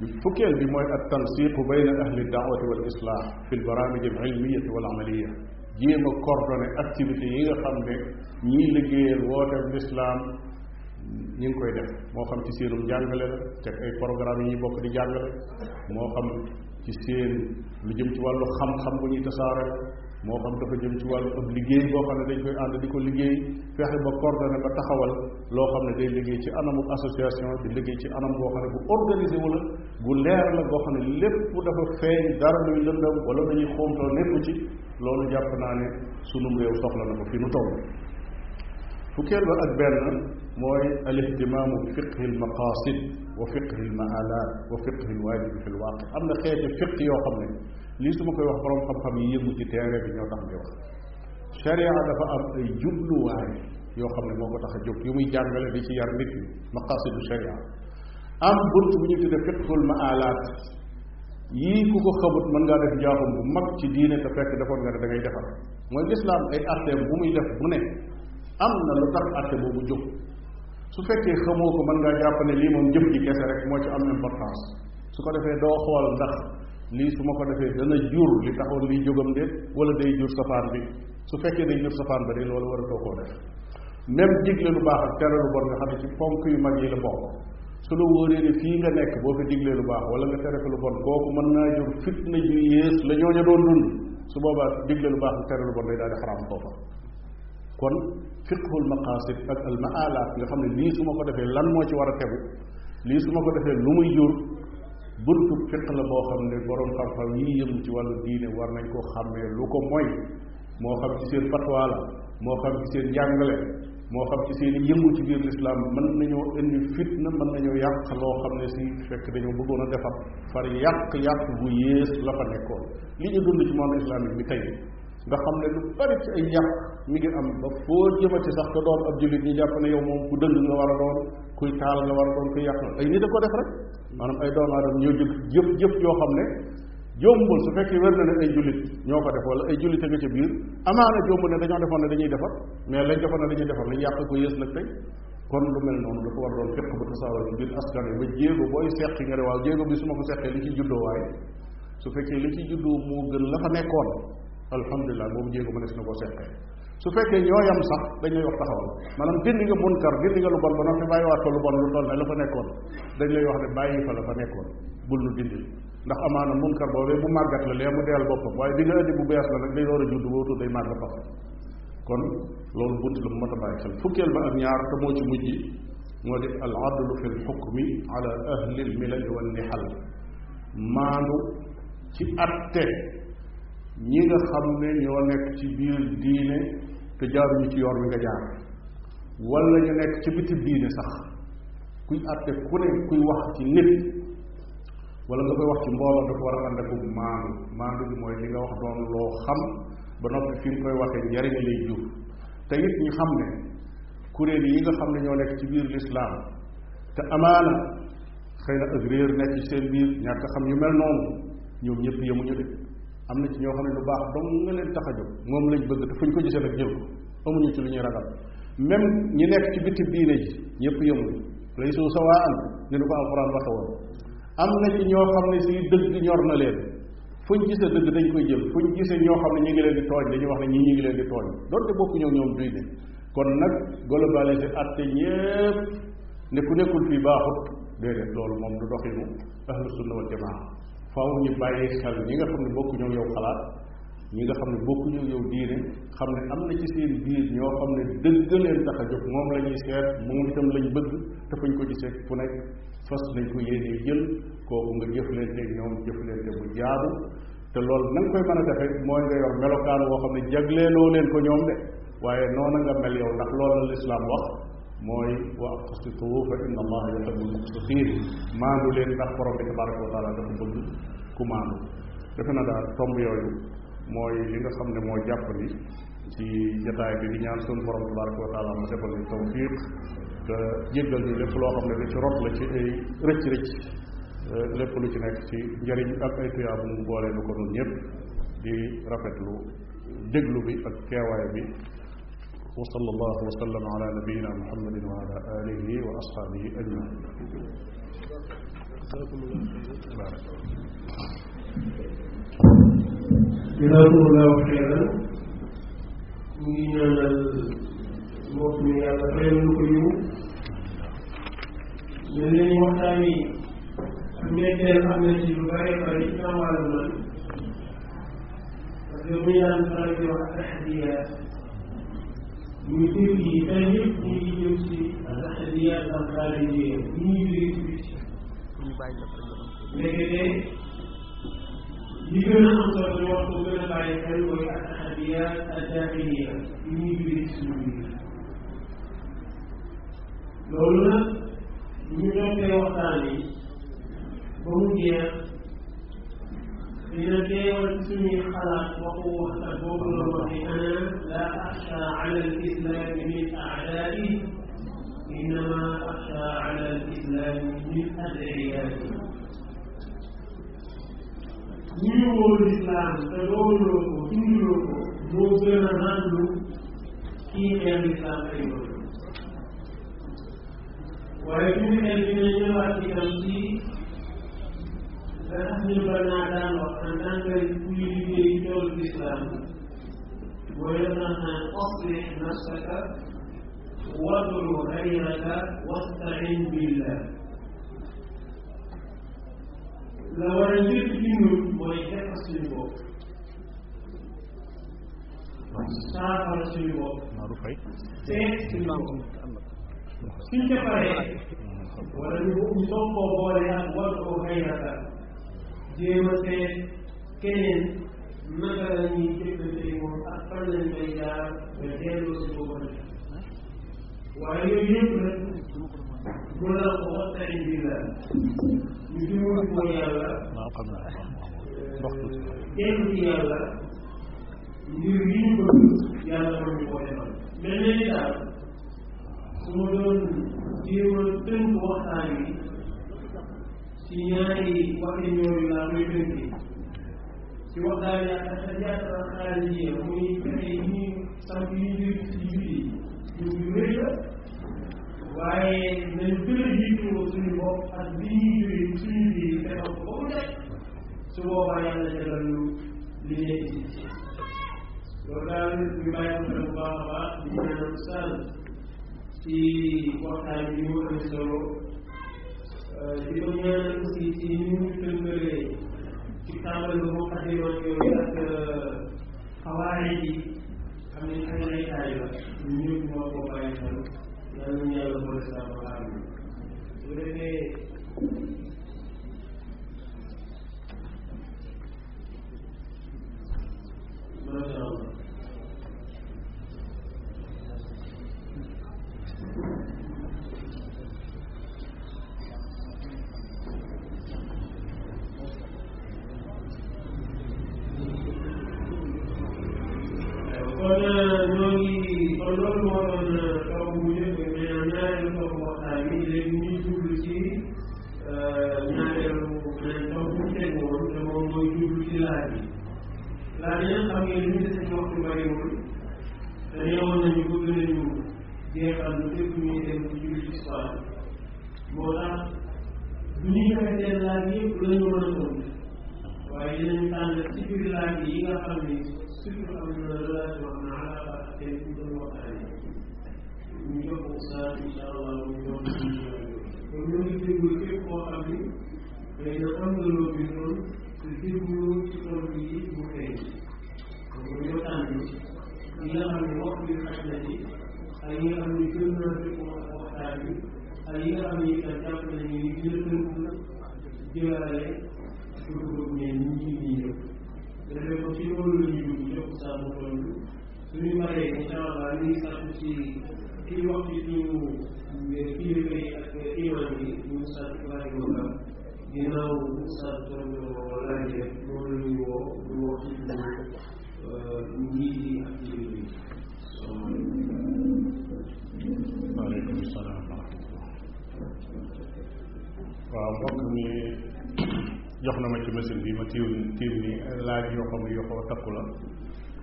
bi fukkeel bi mooy at tansiqu bayna ahli daawati wal islah fi l baramij al ilmiyati wal amaliya jéem a coordonné activité yi nga xam ne ñiy liggéeyal wooteeb lislaam ñi ngi koy def moo xam ci seenum jàngale la teg ay programme yi ñu bokk di jàngale moo xam ci seen lu jëm ci wàllu xam-xam bu ñuy tasaare moo xam dafa jëm ci wàllu ab liggéey boo xam ne dañ koy ànd di ko liggéey fexe ba coordonné ba taxawal loo xam ne day liggéey ci anamu association di liggéey ci anam boo xam ne bu organisé wala bu leer la boo xam ne lépp dafa feeñ dara luy lëndam wala dañuy xomtoo nekku ci loolu jàpp naa ne sunum réew soxla na ko fi nu toll fukkeel ba ak benn mooy al ihtimaamu bi fiqhi al maqasid wa fiqhi al maalaat wa fiqhi al waajib fi al waaqi am na xeeti fiq lii su ma koy wax borom xam-xam yi yëngu ci teere bi ñoo tax di wax sharia dafa am ay jubluwaay yoo xam ne moo ko tax a jóg yu muy jàngale di ci yar nit ñi maqasidu sharia am bunt bu ñu tuddee fiqhul maalaat yii ku ko xamut mën ngaa def njaaxum bu mag ci diine te fekk defoon nga ne da ngay defar mooy lislaam ay atteem bu muy def bu ne am na lu tax atte boobu jóg su fekkee xamoo ko mën ngaa jàpp ne lii moom jëf ji kese rek moo ci am importance su ko defee doo xool ndax lii su ma ko defee dana jur li taxoon lii jógam déet wala day jur safaan bi su fekkee day jur safaan bi day loolu war a too koo def même digle lu baax ak tere lu bon nga xam ci ponk yu mag yi la bokk su la wóoree ne fii nekk boo fi diglee lu baax wala nga ko lu bon kooku mën naa jur fitna ju yées la ñooña doon dund su boobaa digle lu baax ak tere lu bon day daal di xaraam foofa kon fiqhul maqasid ak al maalaat nga xam ne lii su ma ko defee lan moo ci war a tegu lii su ma ko defee lu muy jur buntu fiq la boo xam ne borom xam-xam yi yëngu ci wàllu diine war nañ ko xàmmee lu ko moy moo xam ci seen fatwa la moo xam ci seen njàngale moo xam ci seen yëngu ci biir lislaam mën nañoo indi fitna mën nañoo yàq loo xam ne si fekk dañoo bëggoon a defar far yàq yàq bu yées la fa nekkoon li ñu dund ci monde islamique bi tey nga xam ne lu bari ci ay yàq mi ngi am ba foo ci sax te doon ab jullit ñu jàpp ne yow moom ku dëng nga war a doon kuy taal nga war a doon kuy yàq na ay ko def maanaam ay doomu aadama ñoo jóg jëf jëf yoo xam ne jombul su fekkee wér na ay jullit ñoo ko def wala ay jullit a nga ca biir amaana jomb ne dañoo defoon ne dañuy defar mais lañ defoon ne dañuy defar lañ yàq ko yées nag tey kon lu mel noonu dafa war a doon fekk ba tasaaroo ci biir askan wi ba jéego booy seqi nga ne waaw jéego bi su ma ko seqee li ci juddoo waaye su fekkee li ci juddoo moo gën la fa nekkoon alhamdulilah boobu jéego mënees na koo seqee su fekkee ñoo yam sax dañ lay wax taxawal maanaam dindi nga munkar dindi nga lu bon ba noppi bàyyiwaat fa lu bon lu toll ne la fa nekkoon dañ lay wax ne bàyyi fa la fa nekkoon bul lu dindi ndax amaana munkar boobee bu màggat la lee mu deel boppam waaye di nga indi bu bees la nag day door a judd boobu day màggat ba kon loolu bunt la mu mat a bàyyi xel fukkeel ba ak ñaar te moo ci mujj moo di al adlu fi l xukmi ala ahli l milali wa ñi nga xam ne ñoo nekk ci biir diine te jaaruñu ci yoon wi nga jaar wala ñu nekk ci biti diine sax kuy àtte ku ne kuy wax ci nit wala nga koy wax ci mbooloo dafa war a ànd ak maandu maandu bi mooy li nga wax doon loo xam ba noppi fi nga koy waxee njariñ lay jur te it ñu xam ne kuréel yi nga xam ne ñoo nekk ci biir lislaam te amaana xëy na ak réer nekk ci seen biir ñàkk xam yu mel noonu ñoom ñëpp yemuñu de am na ci ñoo xam ne lu baax dong nga leen tax a jóg moom lañ bëgg te fu ñu ko gisee nag jël ko amuñu ci lu ñuy ragal même ñi nekk ci bitti diine ji ñëpp yëmul lay suu sawaa an ni nu ko alxuraan waxe am na ci ñoo xam ne si dëgg ñor na leen fu ñu gisee dëgg dañ koy jël fu ñu gisee ñoo xam ne ñu ngi leen di tooñ dañuy wax ne ñu ngi leen di tooñ doonte bokku ñoom ñoom duy ne kon nag globalisé atte ñépp ne ku nekkul fii baaxut déedéet loolu moom du doxinu ahlu sunna wal jamaa faaw ñu bàyyi xel ñi nga xam ne bokkuñu yow xalaat ñi nga xam ne bokkuñu yow diine xam ne am na ci seen biir ñoo xam ne dëgg leen tax a jóg moom la ñuy seet moom itam lañ bëgg te fañ ko gisee fu nekk fas nañ ko yéenee jël kooku nga jëflante ñoom jëflante bu jaaru te lool na nga koy mën a defee mooy nga yor melokaan woo xam ne jagleeloo leen ko ñoom de waaye noona nga mel yow ndax loolu la lislaam wax mooy wa aqsitu fa inna allaha yuhibbul muqsitin maandu leen ndax borom bi tabaraka wa taala dafa bëgg ku maandu defe na daal tomb yooyu mooy li nga xam ne moo jàpp ni ci jataay bi di ñaan suñu borom tabaraka wa taala mu defal ñu tawfiq te jéggal ñu lépp loo xam ne lu ci rot la ci ay rëcc-rëcc eh, lépp lu ci nekk ci njëriñ ak ay tuyaa bu mu boolee nu ko noonu ñëpp di rafetlu déglu bi ak teewaay bi wa sallallahu wa sallam ala nabiyina muhammadin wa ala alihi wa ashabihi ajmain jazakumullahu xeyran mu ngi ñaanal mbokk mi yàlla fayal lu ko yiw mel na ni waxtaan yi ak nekkee am na ci lu bari bari ci am wàllu man parce que mu ngi daan faral di wax ak taxadiyaat ñu dégg yi tey ñëpp ñu ngi jëm si alxadiya ak xaalidiya ñu ngi jógee ci biir ndekete li gën a am solo ñu wax ko gën a bàyyi xel mooy alxadiya ak jaahiliya ñu ngi jógee ci suñu biir loolu nag ñu doon waxtaan yi ba mu jeex li na teewal suñuy xalaat waxu waxtaan boobu nga waxe ana la axsha ala al islam min aadaai innama axsha ala al islam min adriyaati ñuy wóor lislaam te dooloo ko indiloo ko moo gën a ràndu kii xeex lislaam ay waaye ñu ne ñëwaat itam ci danax ñu ba naa daan wax en tant que kuy liggéey tool lislaam mooy def na naan aslih nafsaka wadru gayraka wastain billah la war a njëkk ci ñun mooy defar suñu bopp saafara suñu bopp seet suñu bopp suñ ca paree wala ñu soog koo boole ak wadru gayraka jéem a seet keneen naka la ñuy jëfandikoo moom ak fan lañ koy jaar nga delloo si boobu nag waaye yooyu yëpp nag mën na ko waxtaan bi la ñu dimbali ko yàlla dellu ci yàlla ngir yi ñu bëgg yàlla mën ñu koo defal mel na ni daal su ma doon jéem a tënk waxtaan yi ci ñaari waxi ñooñu laa koy tënki ci waxtaan yi ak xajaat ak xaaliya muy fexe yi ñuy samp yi ñuy ci julli ñu yu wér la waaye nañ gën a jiitoo suñu bopp ak li ñuy jóge suñu biir fexe ko ba mu nekk su boobaa yàlla jëlal ñu li nekk ci loolu daal ñu bàyyi ko bu baax a baax di ñaanal sall ci waxtaan yi ñu amee solo di ko ñaan aussi ci ni ñu tënkalee ci tàmbali ba mu xasee woon yooyu ak xawaare yi xam ne ay laytaay la ñu ñëpp moo ko bàyyi xel yal nañu yàlla boole sama amiin bu defee macha allah loolu moo doon taw bu njëkk mais ñaareelu taw bu waxtaan bi léegi ñuy jublu ci ñaareelu maanaam taw bu teg woon te moom mooy jublu ci laaj bi laaj yi xam ngeen li ñu dese ci waxtu bariwul te neewoon nañu bëgg nañu jeexal lu lépp ñuy dem ci julli ci soir moo tax du ñuy fexe seen laaj yëpp la ñu mën a tontu waaye dinañu tànn ci biir laaj yi nga xam ni surtout am na relation ak saa incha allah ñu yomb si ñoom ñoo ngi déglu képp koo xam ni xëy na am nga loo bi noonu te déglu ci tool bi bu feeñ donc ñoo tànn ñi nga xam ne wax bi xaj na ci ak yi nga xam ne gën naa fi waxtaan bi ak yi nga xam ne itam jàpp nañu ni gën a tënku jëlaale bëgg-bëgg ñeen ñi ñi ñi ñëpp defee ko ci loolu la ñuy dugg yokk saa mu toll suñu paree incha allah ñu ngi sàkku ci ki ñu wax ci suñu kilifa yi ak imaam yi ñu Oustaz Ibrahima Ba ginnaaw Oustaz Tongo Laye moom la ñu woo ñu wax ci suñu euh, njiit yi ak jigéen yi salaamaaleykum waaleykum salaam wa rahmatullah waaw mbokk mi jox na ma ci machine bi ma tiim tiim ni laaj yoo xam ne yoo xaw a takku la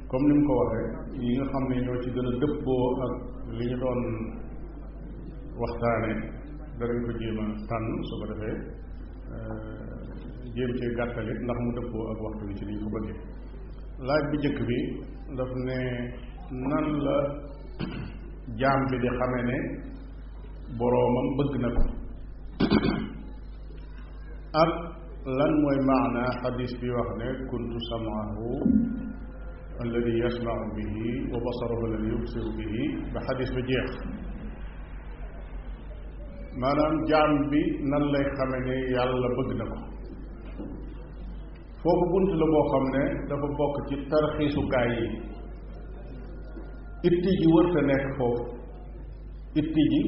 comme ni mu ko waxee yi nga xam ne ñoo ci gën a dëppoo ak li ñu doon waxtaane danañ ko jéem a euh, ndax mu dëppoo ak waxtu bi ci ni ñu ko bëggee laaj bi njëkk bi daf ne nan la jaam bi di xamee ne boroomam bëgg na ko ak lan mooy maana xadis bi wax ne kuntu samaahu alladi yasmau bihi wa basaruhu alladi yubsiru bihi ba xadis ba jeex maanaam jaam bi nan lay xame ne yàlla bëgg na ko foofu bunt la boo xam ne dafa bokk ci tarxiisukaay yi itti ji wërta nekk foofu itti ji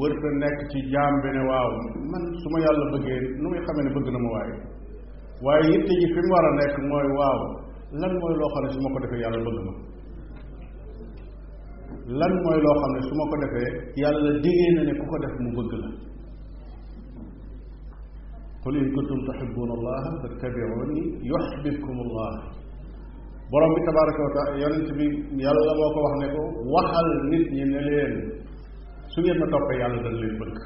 wërta nekk ci jaam bi ne waaw man su ma yàlla bëggee nu muy xamee ne bëgg na ma waaye waaye itti ji fi mu nekk mooy waaw lan mooy loo xam ne su ma ko defee yàlla bëgg ma lan mooy loo xam ne su ma ko defee yàlla digee na ne ku ko def mu bëgg la qul in kuntum tuhibbuna allaha fattabi'uni yuhbibkum allah borom bi tabaraka wa taala yonent bi yàlla moo ko wax ne ko waxal nit ñi ne leen su ngeen ma toppee yàlla dañ leen bëgg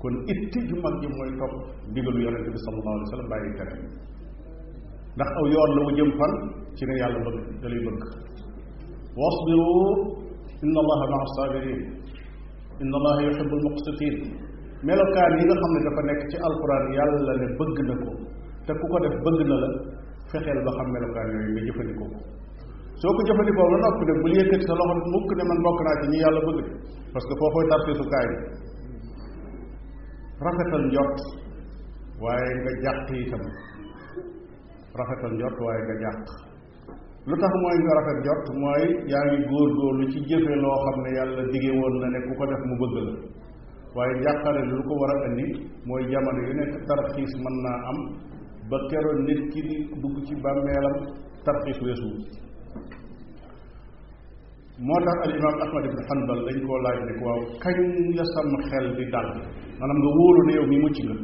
kon itti ju mag ji mooy topp digalu yonent bi sallallahu alayhi wa sallam bàyyi tere ndax aw yoon la wu jëm fan ci ne yàlla bëgg da lay bëgg wasbiru inna allaha maa sabirin inna allaha yuhibu almuqsitin melokaan yi nga xam ne dafa nekk ci alquran yàlla ne bëgg na ko ku ko def bëgg na la fexeel ba xam melokaan yooyu nga jëfandikoo ko soo ko jëfandikoo ba noppi nag bul yëkkati sa loxo mukk ne man ci ñi yàlla bëgg parce que ko tartiisu kaay bi rafetal njort waaye nga jàq itam rafetal njort waaye nga jàq lu tax mooy nga rafet njort mooy yaa ngi góorgóorlu ci jëfe loo xam ne yàlla dige woon na ne ku ko def mu bëgg la waaye njàqare lu ko war a indi mooy jamono yu nekk tarxiis mën naa am ba keroon nit ki di dugg ci bàmmeelam tarxiis weesu moo tax al imaam ahmad ibn hanbal dañ koo laaj ne waaw kañ nga sam xel di dal maanaam nga wóolu ne yow mi mucc nga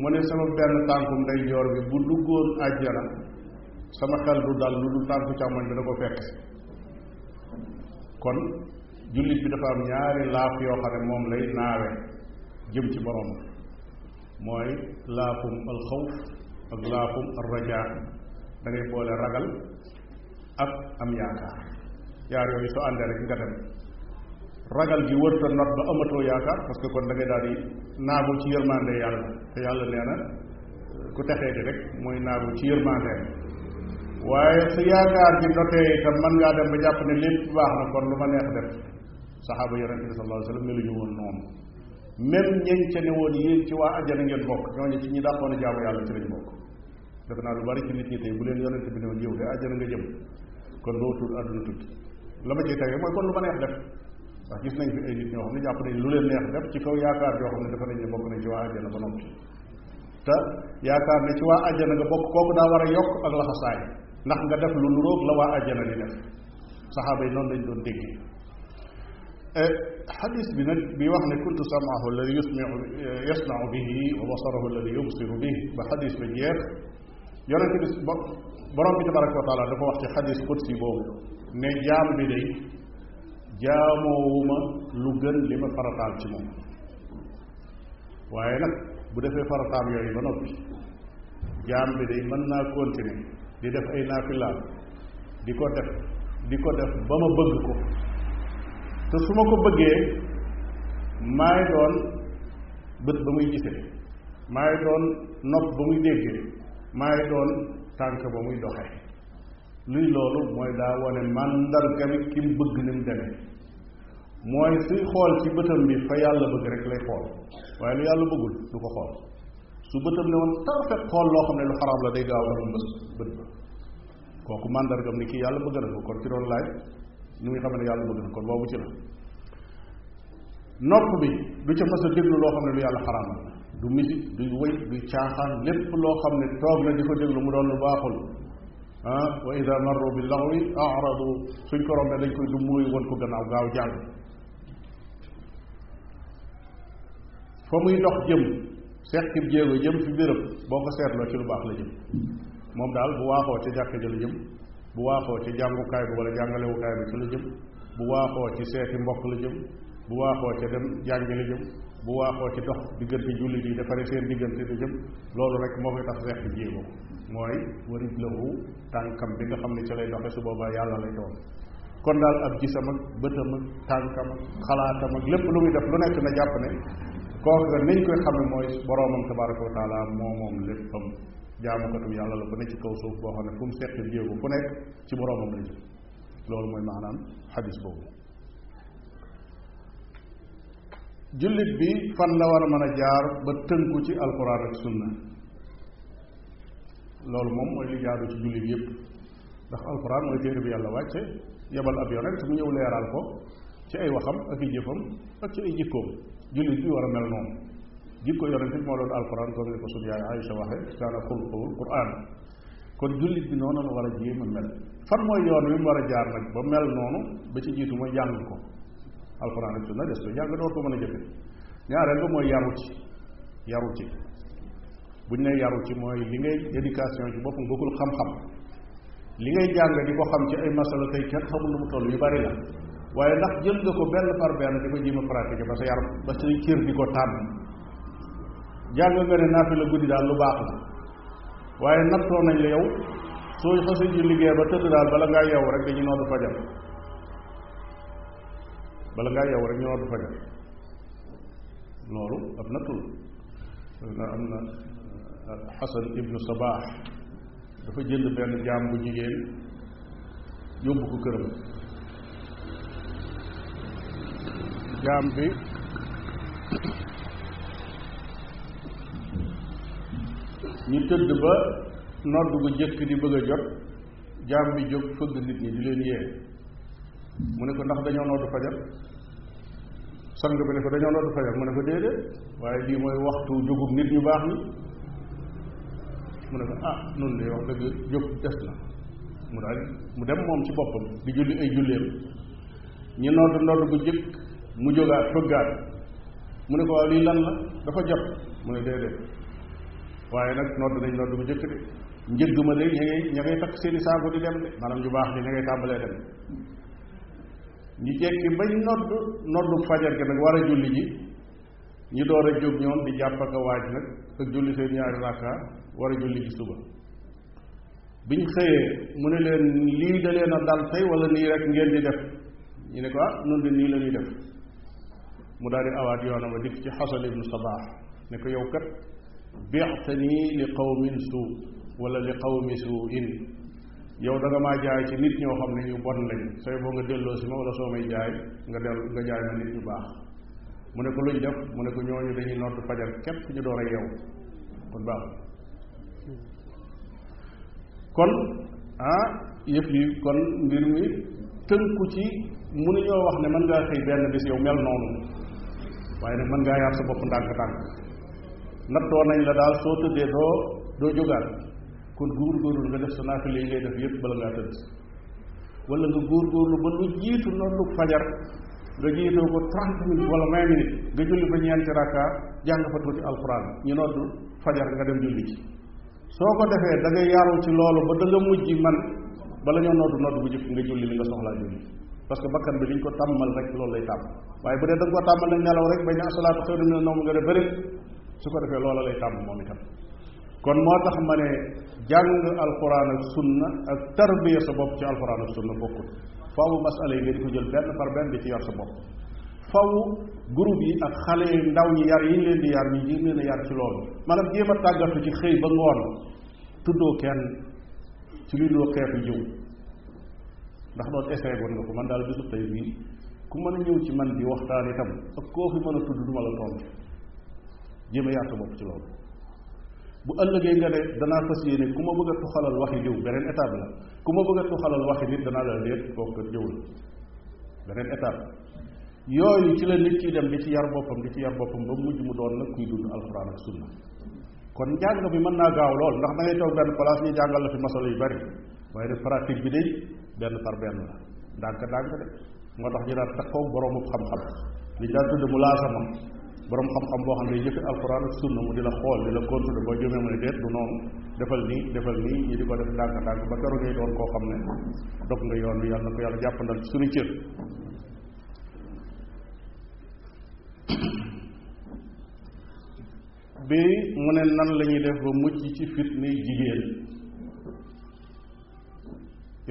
mu ne sama benn tànkum ndeyjoor bi bu duggoon àjjana sama xel du dal lu dul tànku càmmoñ bi da ko fekk si kon jullit bi dafa am ñaari laaf yoo xam ne moom lay naawe jëm ci borom mooy laafum alxawf ak laafum alrajaa da ngay boole ragal ak am yaakaar yaar yooyu soo àndee rek nga dem ragal gi wërta not ba amatoo yaakaar parce que kon da ngay daal di naagu ci yërmande yàlla te yàlla nee ku texee di rek mooy naagu ci yërmandeem waaye su yaakaar ji notee itam mën ngaa dem ba jàpp ne lépp baax na kon lu ma neex def saxaaba yonente bi sallallahu alayhi wasallam meluñu woon noonu même ñeen ca ne woon yéen ci waa ajjana ngeen bokk ñooñu ci ñi dàqoon a yàlla ci lañ bokk defe naa lu bari ci nit ñi tey bu leen yonente bi ne yow de ajjana kon doo tuur àdduna tukki la ndax gis nañ fi ay nit ñoo xam lu leen neex def ci kaw yaakaar yoo xam ne dafa nañ ne bokk nañ ci waa àjjana ba noppi te yaakaar ne ci waa àjjana nga bokk kooku daa war a yokk ak laxasaay ndax nga def lu nuroog la waa àjjana di def saxaaba yi doon déggee eh, xadis bi nag bi wax ne kuntu samaahu alladi yusmiu yasnau bihi wa basarahu alladi yubsiru bihi ba xadis ba jeex yonente bi borom bi tabaraka wa taala dafa wax ci xadis qudsi boobu ne jaam bi day jaamoowuma lu gën li ma farataal ci moom waaye nag bu defee farataal yooyu ba noppi jaam bi day mën naa continuer di def ay naafilaal di ko def di ko def ba ma bëgg ko te su ma ko bëggee maay doon bët ba muy gisee maay doon nopp ba muy déggee maay doon tànk ba muy doxee luy loolu mooy daa wane màndarga ki mu bëgg ni mu demee mooy suy xool ci bëtam bi fa yàlla bëgg rek lay xool waaye lu yàlla bëggul du ko xool su bëtam ne woon tarfet xool loo xam ne lu xaraam la day gaaw dafa mbës bët kooku màndargam ni kii yàlla bëgg na ko kon ci doon laaj ni muy xam ne yàlla bëgg na kon boobu ci la nopp bi du ca mës a déglu loo xam ne lu yàlla xaraamal la du musique du wëy du caaxaan lépp loo xam ne toog na di ko déglu mu doon lu baaxul ah wa ida marru bi laxwi aradu suñ ko rombee dañ koy du muy won ko gannaaw gaaw jàll fa muy dox jëm seqib jéego jëm fi bérëb boo ko seetloo ci lu baax la jëm moom daal bu waaxoo ca jàkka ja la jëm bu waaxoo ci jàngukaay bi wala jàngalewukaay bi la jëm bu waaxoo ci seeti mbokk la jëm bu waaxoo ca dem jàngi la jëm bu waaxoo ci dox diggante jullit yi defaree seen diggante la jëm loolu rek moo koy tax seq bi jéego mooy warit lahu tànkam bi nga xam ne ci lay doxe su boobaa yàlla lay doon kon daal ab gisam ak bëtam ak tànkam ak xalaatam ak lépp lu muy def lu nekk na jàpp ne kooka nañ koy xame mooy boroomam tabaraka wa taala moo moom léppam jaamukatu yàlla la bu ne ci kaw suuf boo xam ne fu mu seq jéego fu nekk ci boroomam lay jëm loolu mooy maanaam xadis boobu bi fan la war a a jaar ba tënku ci loolu moom mooy li jaaru ci jullit yépp ndax alquran mooy téere bi yàlla wàcce yebal ab yonent mu ñëw leeral ko ci ay waxam ak i jëfam ak ci ay jikkoom jullit bi war a mel noonu jikko yonente bi moo doon alquran comme ni ko suñu yaay Aïcha waxe kaana xulquwul quran kon jullit bi noonu la war a jéem a mel fan mooy yoon wi mu war a jaar nag ba mel noonu ba ci jiitu mooy jàng ko alquran ak sunna des ko jàng door ko mën a jëfe ñaareel ba mooy yaru ci yaru ci bu ñu nee yaru ci mooy li ngay éducation ci boppam bokkul xam-xam li ngay jàng di ko xam ci ay masala tey kenn xamul lu mu toll yu bari la waaye ndax jël nga ko benn par benn di ko jéem a pratiquer ba sa yaram ba say cër di ko tànn jàng nga ne naafi la guddi daal lu baax la waaye nattoo nañ la yow soo xasee ji liggéey ba tëdd daal bala ngaa yow rek dañu noddu fajar bala ngaa yow rek ñu noddu fajar loolu ab nattu la am na Xasan eh, ibnu Sabaax dafa jënd benn jaam bu jigéen yóbbu ko këram jaam bi ñu tëdd ba nodd gu jëkk di bëgg a jot jaam bi jóg fëgg nit ñi di leen yee mu ne ko ndax dañoo nodd fajar sang bi ne ko dañoo nodd fajar mu ne ko déedéet waaye lii mooy waxtu jógub nit ñu baax ni mu ne ko ah noonu de wax dëgg jóg des na mu daal mu dem moom ci boppam di julli ay julleem ñu nodd nodd bu jëkk mu jógaat bëggaat mu ne ko waaw lii lan la dafa jot mu ne déedéet waaye nag nodd nañ nodd bu jëkk de njëgguma de ña ngay ña ngay takk seeni saako di dem de maanaam ñu baax ni ña ngay tàmbalee dem ñu jekki bañ nodd noddu fajar gi nag war a julli ji ñu door a jóg ñoom di jàpp ak a waaj nag ak julli seen ñaari rakka war a julli ji suba biñ xëyee mu ne leen lii da leen a dal tey wala nii rek ngeen di def ñu ne ko ah noonu de nii la def mu daal di awaat yoonam a dikk ci xasan ibnu sabaax ne ko yow kat bi'tani li qawmin suu wala li qawmi suu'in yow da nga maa jaay ci nit ñoo xam ne ñu bon lañu sooy boo nga delloo ma wala soo may jaay nga dellu nga jaay ma nit ñu baax mu ne ko luñ def mu ne ko ñooñu dañuy nodd fajar képp ñu door a yow kon baax kon ah yëpp yi kon mbir mi tënku ci mënuñoo wax ne mën ngaa xëy benn bis yow mel noonu waaye nag mën ngaa yar sa bopp ndànk-ndànk nattoo nañ la daal soo tëddee doo doo jógaat kon góor-góorlu nga def sa naafile yi ngay def yépp bala ngaa tëdd wala nga góor-góorlu ba lu jiitu noddu fajar nga jiitoo ko trente minutes wala vingt minutes nga julli ba ñeenti rakka jàng fa tuuti alxuraan ñu noddu fajar nga dem julli ci soo ko defee da ngay ci loolu ba da nga mujj man bala ñoo noddu noddu bu jëkk nga julli li nga parce que bakkan bi liñ ko tàmmal rek loolu lay tàmm waaye bu dee da nga koo tàmmal nag nelaw rek bañ ne asalaatu xëy na noom nga ne bëri su ko defee loola lay tàmm moom itam kon moo tax ma ne jàng alquran ak sunna ak tarbiya sa bopp ci alquran ak sunna bokkul faaw masala yi nga di ko jël benn par benn di ci yar sa bopp faw groupe yi ak xale ndaw ñi yar yi ñu leen di yar ñu leen a yar ci loolu maanaam jéem a tàggatu ci xëy ba ngoon tuddoo kenn ci luy doo jiw ndax loolu essayé woon nga ko man daal bisu tey bii ku mën a ñëw ci man di waxtaan itam ak koo fi mën a tudd du ma la tontu jéem a yar bopp ci loolu bu ëllëgee nga ne danaa fas yéene ku ma bëgg a tuxalal waxi jëw beneen étape la ku ma bëgg ko xalal waxi nit danaa la leet kooku kat jëw la beneen étape yooyu ci la nit ki dem di ci yar boppam di ci yar boppam ba mujj mu doon nag kuy dund alxuraan ak sunna kon njàng bi mën naa gaaw lool ndax da ngay toog benn place ñu jàngal la fi yu bari waaye ne bi benn par benn la ndànk-ndànk de moo tax ñu daan takkoog boroomu xam-xam li ñu daan tudde mu laasama borom xam-xam boo xam ne yëfi alquran ak sunna mu di la xool di la contrôlé boo jëmee mu ne déet du noonu defal nii defal nii ñu di ko def ndànk-ndànk ba keroog ngay doon koo xam ne dog nga yoon bi yàlla na ko yàlla jàppandal ci suñu cër bi mu ne nan la ñuy def ba mucc ci fitna jigéen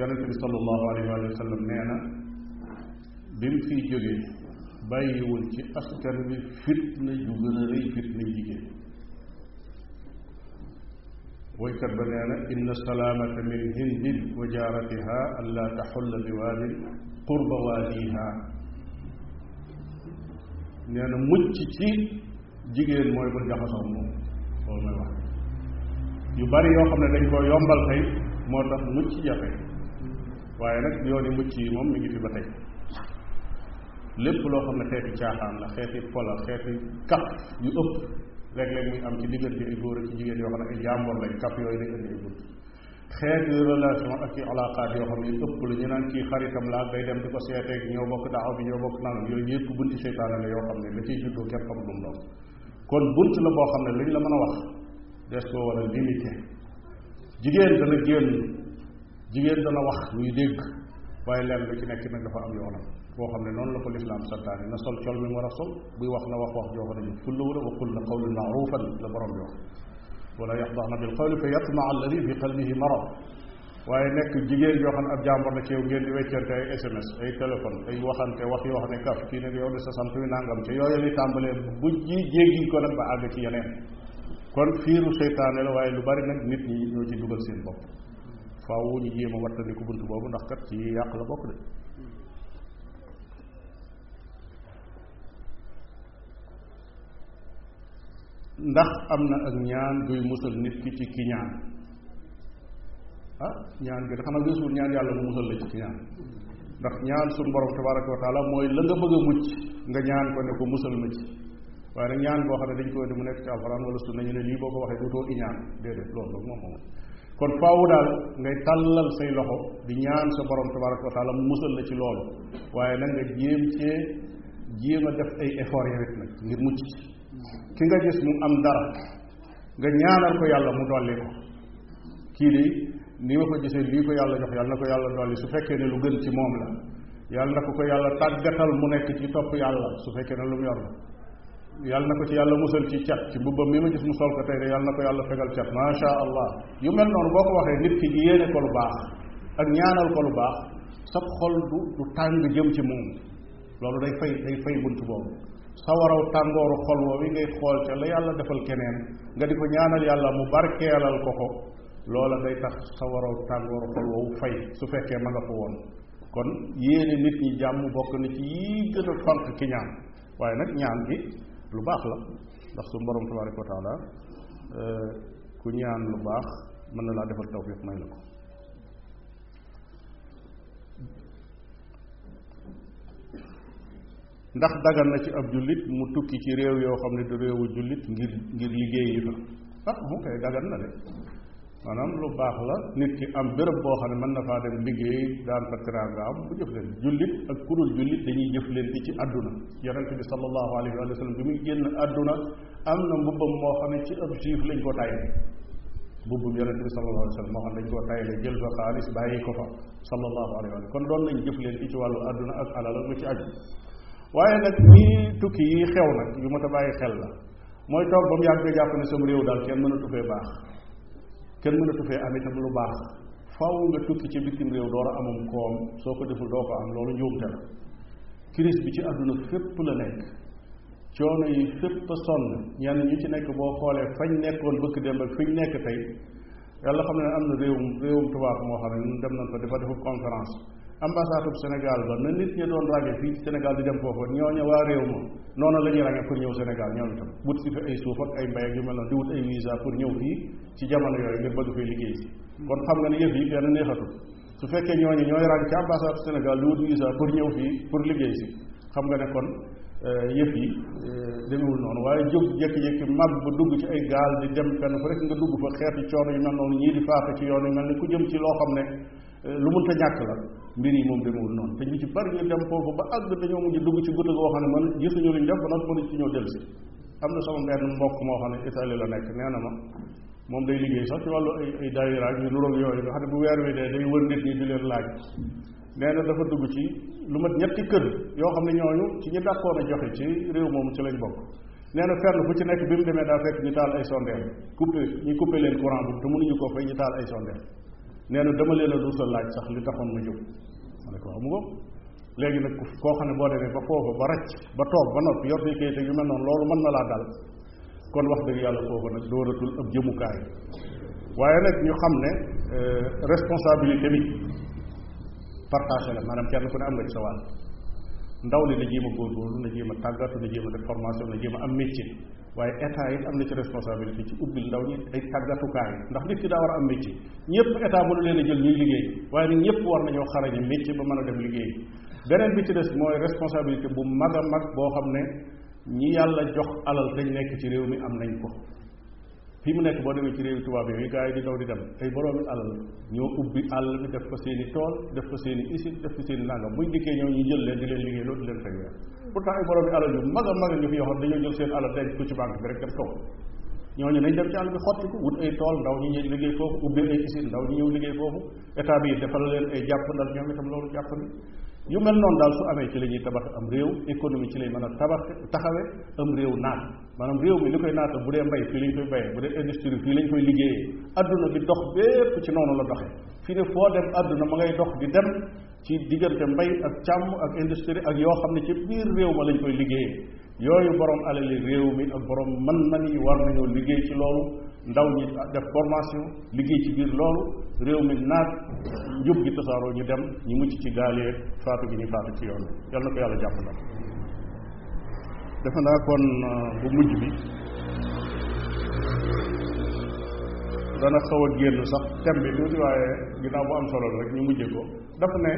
yonente bi sallallahu alayhi wa sallam nee na bi mu fiy jógee bàyyiwul ci askan bi fitna ju gën a rëy fitna jigéen woykat ba nee na inna salaamata min hindin wa jaaratiha an laa taxulla bi waadin qurba waadiha nee na mucc ci jigéen mooy bul jaxasoo moom loolu mooy wax yu bari yoo xam ne dañ koo yombal tey moo tax mucc jafe waaye nag yoon yi mucc yi moom mi ngi fi ba tey lépp loo xam ne xeeti caaxaan la xeeti pola xeeti kaf yu ëpp léeg-léeg muy am ci diggante ay góor ak ci jigéen lañ kaf yooyu day ak i alaakaat yoo xam ne yu ëpp la ñu naan kii xaritam la day dem di ko seeteeg ñoo bokk daaw bi bokk naan yooyu yëpp bunti seytaane la yoo xam ne la ciy juddoo kenn xamul lu mu doon kon la boo xam ne liñ la mën a wax des dana génn jigéen dana wax ñuy dégg waaye lenn lu ci nekk nag dafa am yoonam boo xam ne noonu la ko lislaam santaane na sol col mi mu war sol buy wax na wax wax joo xam ne ñu fullawula wa qul na qawlan maarufan la borom bi wax wala yaxdaxna bil qawli fa yatmaa alladi fi qalbihi marad waaye nekk jigéen yoo xam ne ab jàmbar la ci yow ngeen di weccante ay sms ay téléphone ay waxante wax yoo xam ne kaf kii nag yow sa sant wi nangam ca yooyu li tàmbalee bu ji jéggi ko nag ba àgg ci yeneen kon fiiru seytaane la waaye lu bari nag nit ñi ñoo ci dugal seen bopp faaw ñu jéem a wattandiku bunt boobu ndax kat ci yàq la bokk de ndax am na ak ñaan guy musal nit ki ci ki ñaan ah ñaan gi da xanaa yàlla mu musal la ci ñaan ndax ñaan suñu borom tabaraka wa mooy la nga bëgg ñaan ko ne ko musal ma ci waaye nag ñaan boo xam ne dañ ko mu nekk ci alxuraan wala sunna ñu ne lii boo ko waxee dootoo iñaan déedéet loolu moom moom kon faawu daal ngay tàllal say loxo di ñaan sa borom tabaraka wa taala mu musal na ci loolu waaye nag nga jéem cee jéem a def ay effort yawit nag ngir mucc ki nga gis mu am dara nga ñaanal ko yàlla mu dolli ko kii de ni ma ko gisee lii ko yàlla jox yàlla na ko yàlla dolli su fekkee ne lu gën ci moom la yàlla na ko ko yàlla tàggatal mu nekk ci topp yàlla su fekkee ne lu mu yor la yàlla na ko ci yàlla musal ci cat ci mbubbam mi ma gis mu sol ko tey de yàlla na ko yàlla fegal cat macha allah yu mel noonu boo ko waxee nit ki di yéene ko lu baax ak ñaanal ko lu baax sab xol du du tàng jëm ci moom loolu day fay day fay bunt boobu sa waraw tàngooru xol woowu ngay xool ca la yàlla defal keneen nga di ko ñaanal yàlla mu barkeelal ko ko loola day tax sa waraw tàngooru xol woowu fay su fekkee ma nga ko woon kon yéene nit ñi jàmm bokk na ci lu baax la ndax suñu borom tabaraka wa euh, ku ñaan lu baax mën na laa defal tawfiq may la ko ndax dagan na ci ab jullit mu tukki ci réew yoo xam ne du réewu jullit ngir ngir liggéey yi ah mu koy dagan na de maanaam lu baax la nit ki am béréb boo xam ne mën na faa dem liggéey daan fa teraanga bu jëf leen jullit ak kurul jullit dañuy jëf leen di ci àdduna yonent bi sallallahu alayhi wa sallam bi muy génn àdduna am na mbubbam moo xam ne ci ab lañ ko tay mbubbam yonent bi sallallahu alayhi wa sallam dañ koo tay la jël fa xaalis bàyyi ko fa sallallahu alayhi wa kon doon nañ jëf leen ci wàllu àdduna ak alal ak ci aju waaye nag ñii tukki yi xew nag yu ma ta bàyyi xel la mooy toog ba mu yàgg nga jàpp ne sam réew daal kenn mënatu fee baax kenn mënatu fee am itam lu baax faaw nga tukki ci bitim réew doo a amum koom soo ko deful doo ko am loolu njuumte la crise bi ci àdduna fépp la nekk coono yi fépp a sonn ñenn ñu ci nekk boo xoolee fañ nekkoon bëgg démb ak fiñ nekk tey yàlla xam ne am na réewum réewum tubaab moo xam ne ñun dem nañ fa dafa defub conférence ambassade bu Sénégal ba na nit ñi doon ràññee fii ci Sénégal di dem foofa ñooñu waa réew ma noonu la ñuy ràññee pour ñëw Sénégal ñoom itam wut si fi ay suuf ak ay mbay ak yu mel pour ñëw fii ci jamono yooyu ngir bëgg liggéey si kon xam nga ne yëf su fekkee ñooñu ñooy ràññee ci ambassade bu Sénégal di wut visa pour ñëw fii pour liggéey xam nga ne kon euh, yëf yi euh, demewul noonu waaye jóg jékki-jékki mag ba dugg ci ay gaal di dem fenn fu nga dugg fa xeeti coono yu mel noonu ñii di faatu ci yoon mel ni ku jëm ci loo xam ne euh, lu munta ñàkk la mbir yi moom demewul noonu te ñu ci bari ñu dem foofu ba àgg dañoo mujj dugg ci guddi goo xam ne man gisuñu luñ def ba nag mënu ci ñoo ne Italie la nekk nee na moom day liggéey sax ci wàllu ay ay daayira ak yu nuróog yooyu nga xam ne bu weer wi dee day wër nit ñi di leen laaj nee dafa dugg ci lu mat ñetti kër yoo xam ne ñooñu ci ñi dàqoon a joxe ci réew moom ci lañ bokk nee na fenn fu ci nekk bi mu demee daa fekk ñu taal ay sondeel coupé ñu coupé leen courant bi te mënuñu koo fay ñu taal ay nee na dama leen a duusa laaj sax li taxoon ma jóg ma ne ko waaw mu ngoog léegi nag koo xam ne boo demee ba foofa ba racc ba toog ba noppi yor say kayit yu mel noonu loolu mën na laa dal kon wax dëgg yàlla foofa nag dooratul ab jëmukaay waaye nag ñu xam ne euh, responsabilité bi partagé la maanaam kenn ku ne am na ci sa wàll ndaw li na jéem a góorgóorlu na jéem a tàggatu na jéem a def formation na jéem am métier waaye état it am na ci responsabilité ci ubbil ndaw ñi ay tàggatukaay ndax nit ki daa war a am métier ñëpp état mënu leen jël ñuy liggéey waaye nit ñëpp war nañoo xarañe métier ba mën a dem liggéey beneen bi ci des mooy responsabilité bu mag a mag boo xam ne ñi yàlla jox alal dañu nekk ci réew mi am nañ ko fii mu nekk boo demee ci réewi tubaab yooyu gars yi di daw di dem ay boroomi alal ñoo ubbi àll bi def ko seen i tool def ko seen i usine def ko seen i nangam buñ dikkee ñoo ñu jël leen di leen liggéey loolu di leen fay weer pourtant ay boroomi alal yu mag a mag fi yoo xam dañoo jël seen alal denc ko ci banque bi rek dem toog ñooñu nañ dem ci àll bi xotti wut ay tool ndaw ñu ñëw liggéey foofu ubbi ay usine ndaw ñu ñëw liggéey foofu état bi defal leen ay jàppandal ñoom itam loolu jàppandi yu mel noonu daal su amee ci la ñuy tabax am réew économie ci lay mën a tabax taxawe am réew naat maanaam réew mi li koy naata bu dee mbay fii lañ koy bayee bu dee industrie fii lañ koy liggéeyee adduna bi dox bépp ci noonu la doxee fii ne foo dem adduna ma ngay dox di dem ci diggante mbay ak càmm ak industrie ak yoo xam ne ci biir réew ma lañ koy liggéeyee yooyu borom alali réew mi ak borom man mën yi war nañoo liggéey ci loolu ndaw ñi def formation liggéey ci biir loolu réew mi naat njub gi tasaaroo ñu dem ñu mujj ci gaalee faatu gi ñu faatu ci yoon yal na ko yàlla jàpp na defe euh, bu mujj bi dana xaw a génn sax thème bi tuuti waaye ginnaaw bu am solo la rek ñu mujje ko dafa ne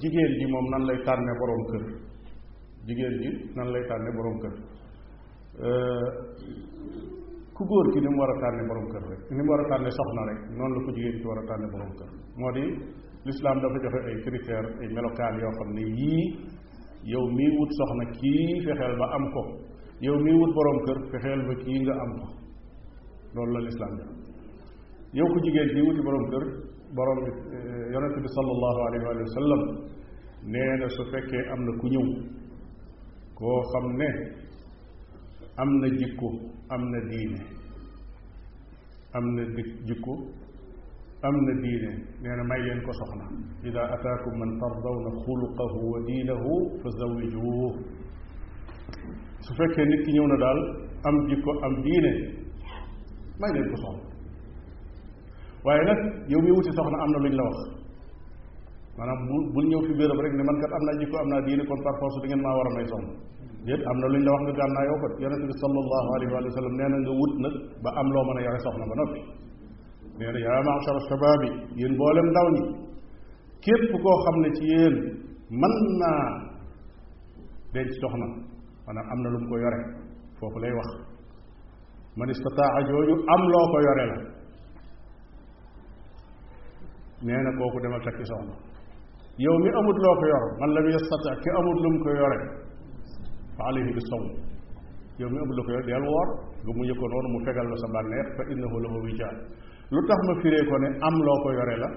jigéen ji moom nan lay tànne boroom kër jigéen ji nan lay tànne boroom kër euh, ku góor ki ni mu war a tànne boroom kër rek ni mu war a tànne soxna rek noonu la ko jigéen ki war a tànne borom kër moo di lislaam dafa joxe ay critères ay melokaan yoo xam ne yii yow mii wut soxna kii fexeel ba am ko yow mii wut borom kër fexeel ba kii nga am ko loolu la lislaam yow ku jigéen kii wuti borom kër borom eh, yonente bi sallallahu alayhi wa sallam nee na su fekkee am na ku ñëw koo xam ne am na jikko am na diine am na dik jikko am na diine nee na may leen ko soxna ida ataakum man tardawna xuluqahu wa diinahu fa zawijuhu su fekkee nit ki ñëw na daal am jikko am diine may leen ko soxna waaye nag yow mi wuti soxna am na luñ la wax maanaam bu bul ñëw fi béréb ne man kat am na jikko am naa diine kon par force da ngeen maa war a may soxna déet na lu ñu wax nga gànnaa yow kat yonente bi sallallahu alayhi wa sallam nee wut nag ba am loo mën a yore soxna ba noppi nee na yaa maachara shabaab yi yéen boolem ndaw ñi képp koo xam ne ci yéen mën naa denc soxna maanaam am na lu mu ko yore foofu lay wax man istataa jooju am loo ko yore la nee na kooku demal takki soxna yow mi amut loo ko yor man lam yastati ki amut lu mu ko yore fa alayhi bi sawm yow mi ëmb la ko yor deel woor bu mu yëg ko noonu mu fegal la sa bànneex fa innahu lahu wijaan lu tax ma firee ko ne am loo ko yore la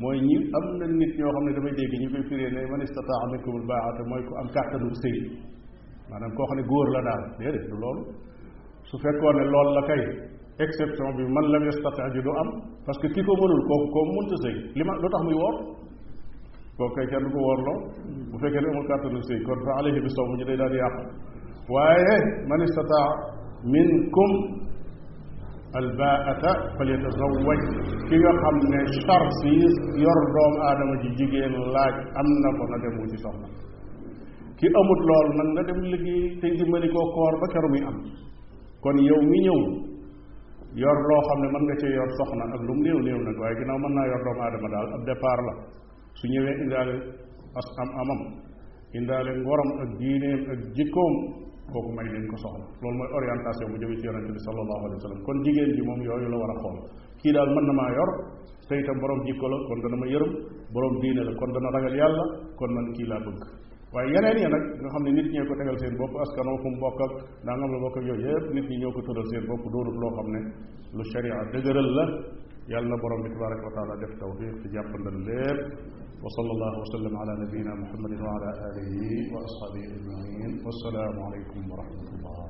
mooy ñi am na nit ñoo xam ne damay dégg ñu koy firee ne man istataa minkumul baata mooy ku am kàttanu sëy maanaam koo xam ne góor la daal déedéet du loolu su fekkoon ne loolu la kay exception bi man lam yastati ji du am parce que ki ko mënul kooku koo mënta sëy li ma lu tax muy woor kooku kay kenn du ko woorloo bu fekkee ne amul kàttanu sëy kon fa alayhi bi sawm ji day daal yàqu waaye man istataa minkum albaata falyatazawaj ki nga xam ne charge yi yor doomu aadama ji jigéen laaj am na ko na dem wuti soxna ki amut lool man nga dem liggéey te dimbali koo koor ba keru muy am kon yow mi ñëw yor loo xam ne man nga cee yor soxna ak lu mu néew néew nag waaye ginnaaw mën naa yor doomu aadama daal ab départ la su ñëwee indaale as am amam indaale ngoram ak diineem ak jikkoom kooku may leen ko soxla loolu mooy orientation bu jëmee ci yonente bi sallallahu alayhi wa sallam kon jigéen ji moom yooyu la war a xool kii daal mën na maa yor te itam borom jikko la kon dana ma yërëm borom diine la kon dana ragal yàlla kon man kii laa bëgg waaye yeneen ya nag nga xam ne nit ñee ko tegal seen bopp askan fu mu bokk ak daa nga am la bokk ak yooyu yëpp nit ñi ñoo ko tëral seen bopp loo xam ne lu sharia la yàlla na borom bi tabaraka wa taala def tawfiq ci jàppandal lépp wa sallallahu wa sallam ala nabiyina muhammadin wa ala alihi wa ashabihi ajmain wassalaamu aleykum wa rahmatullah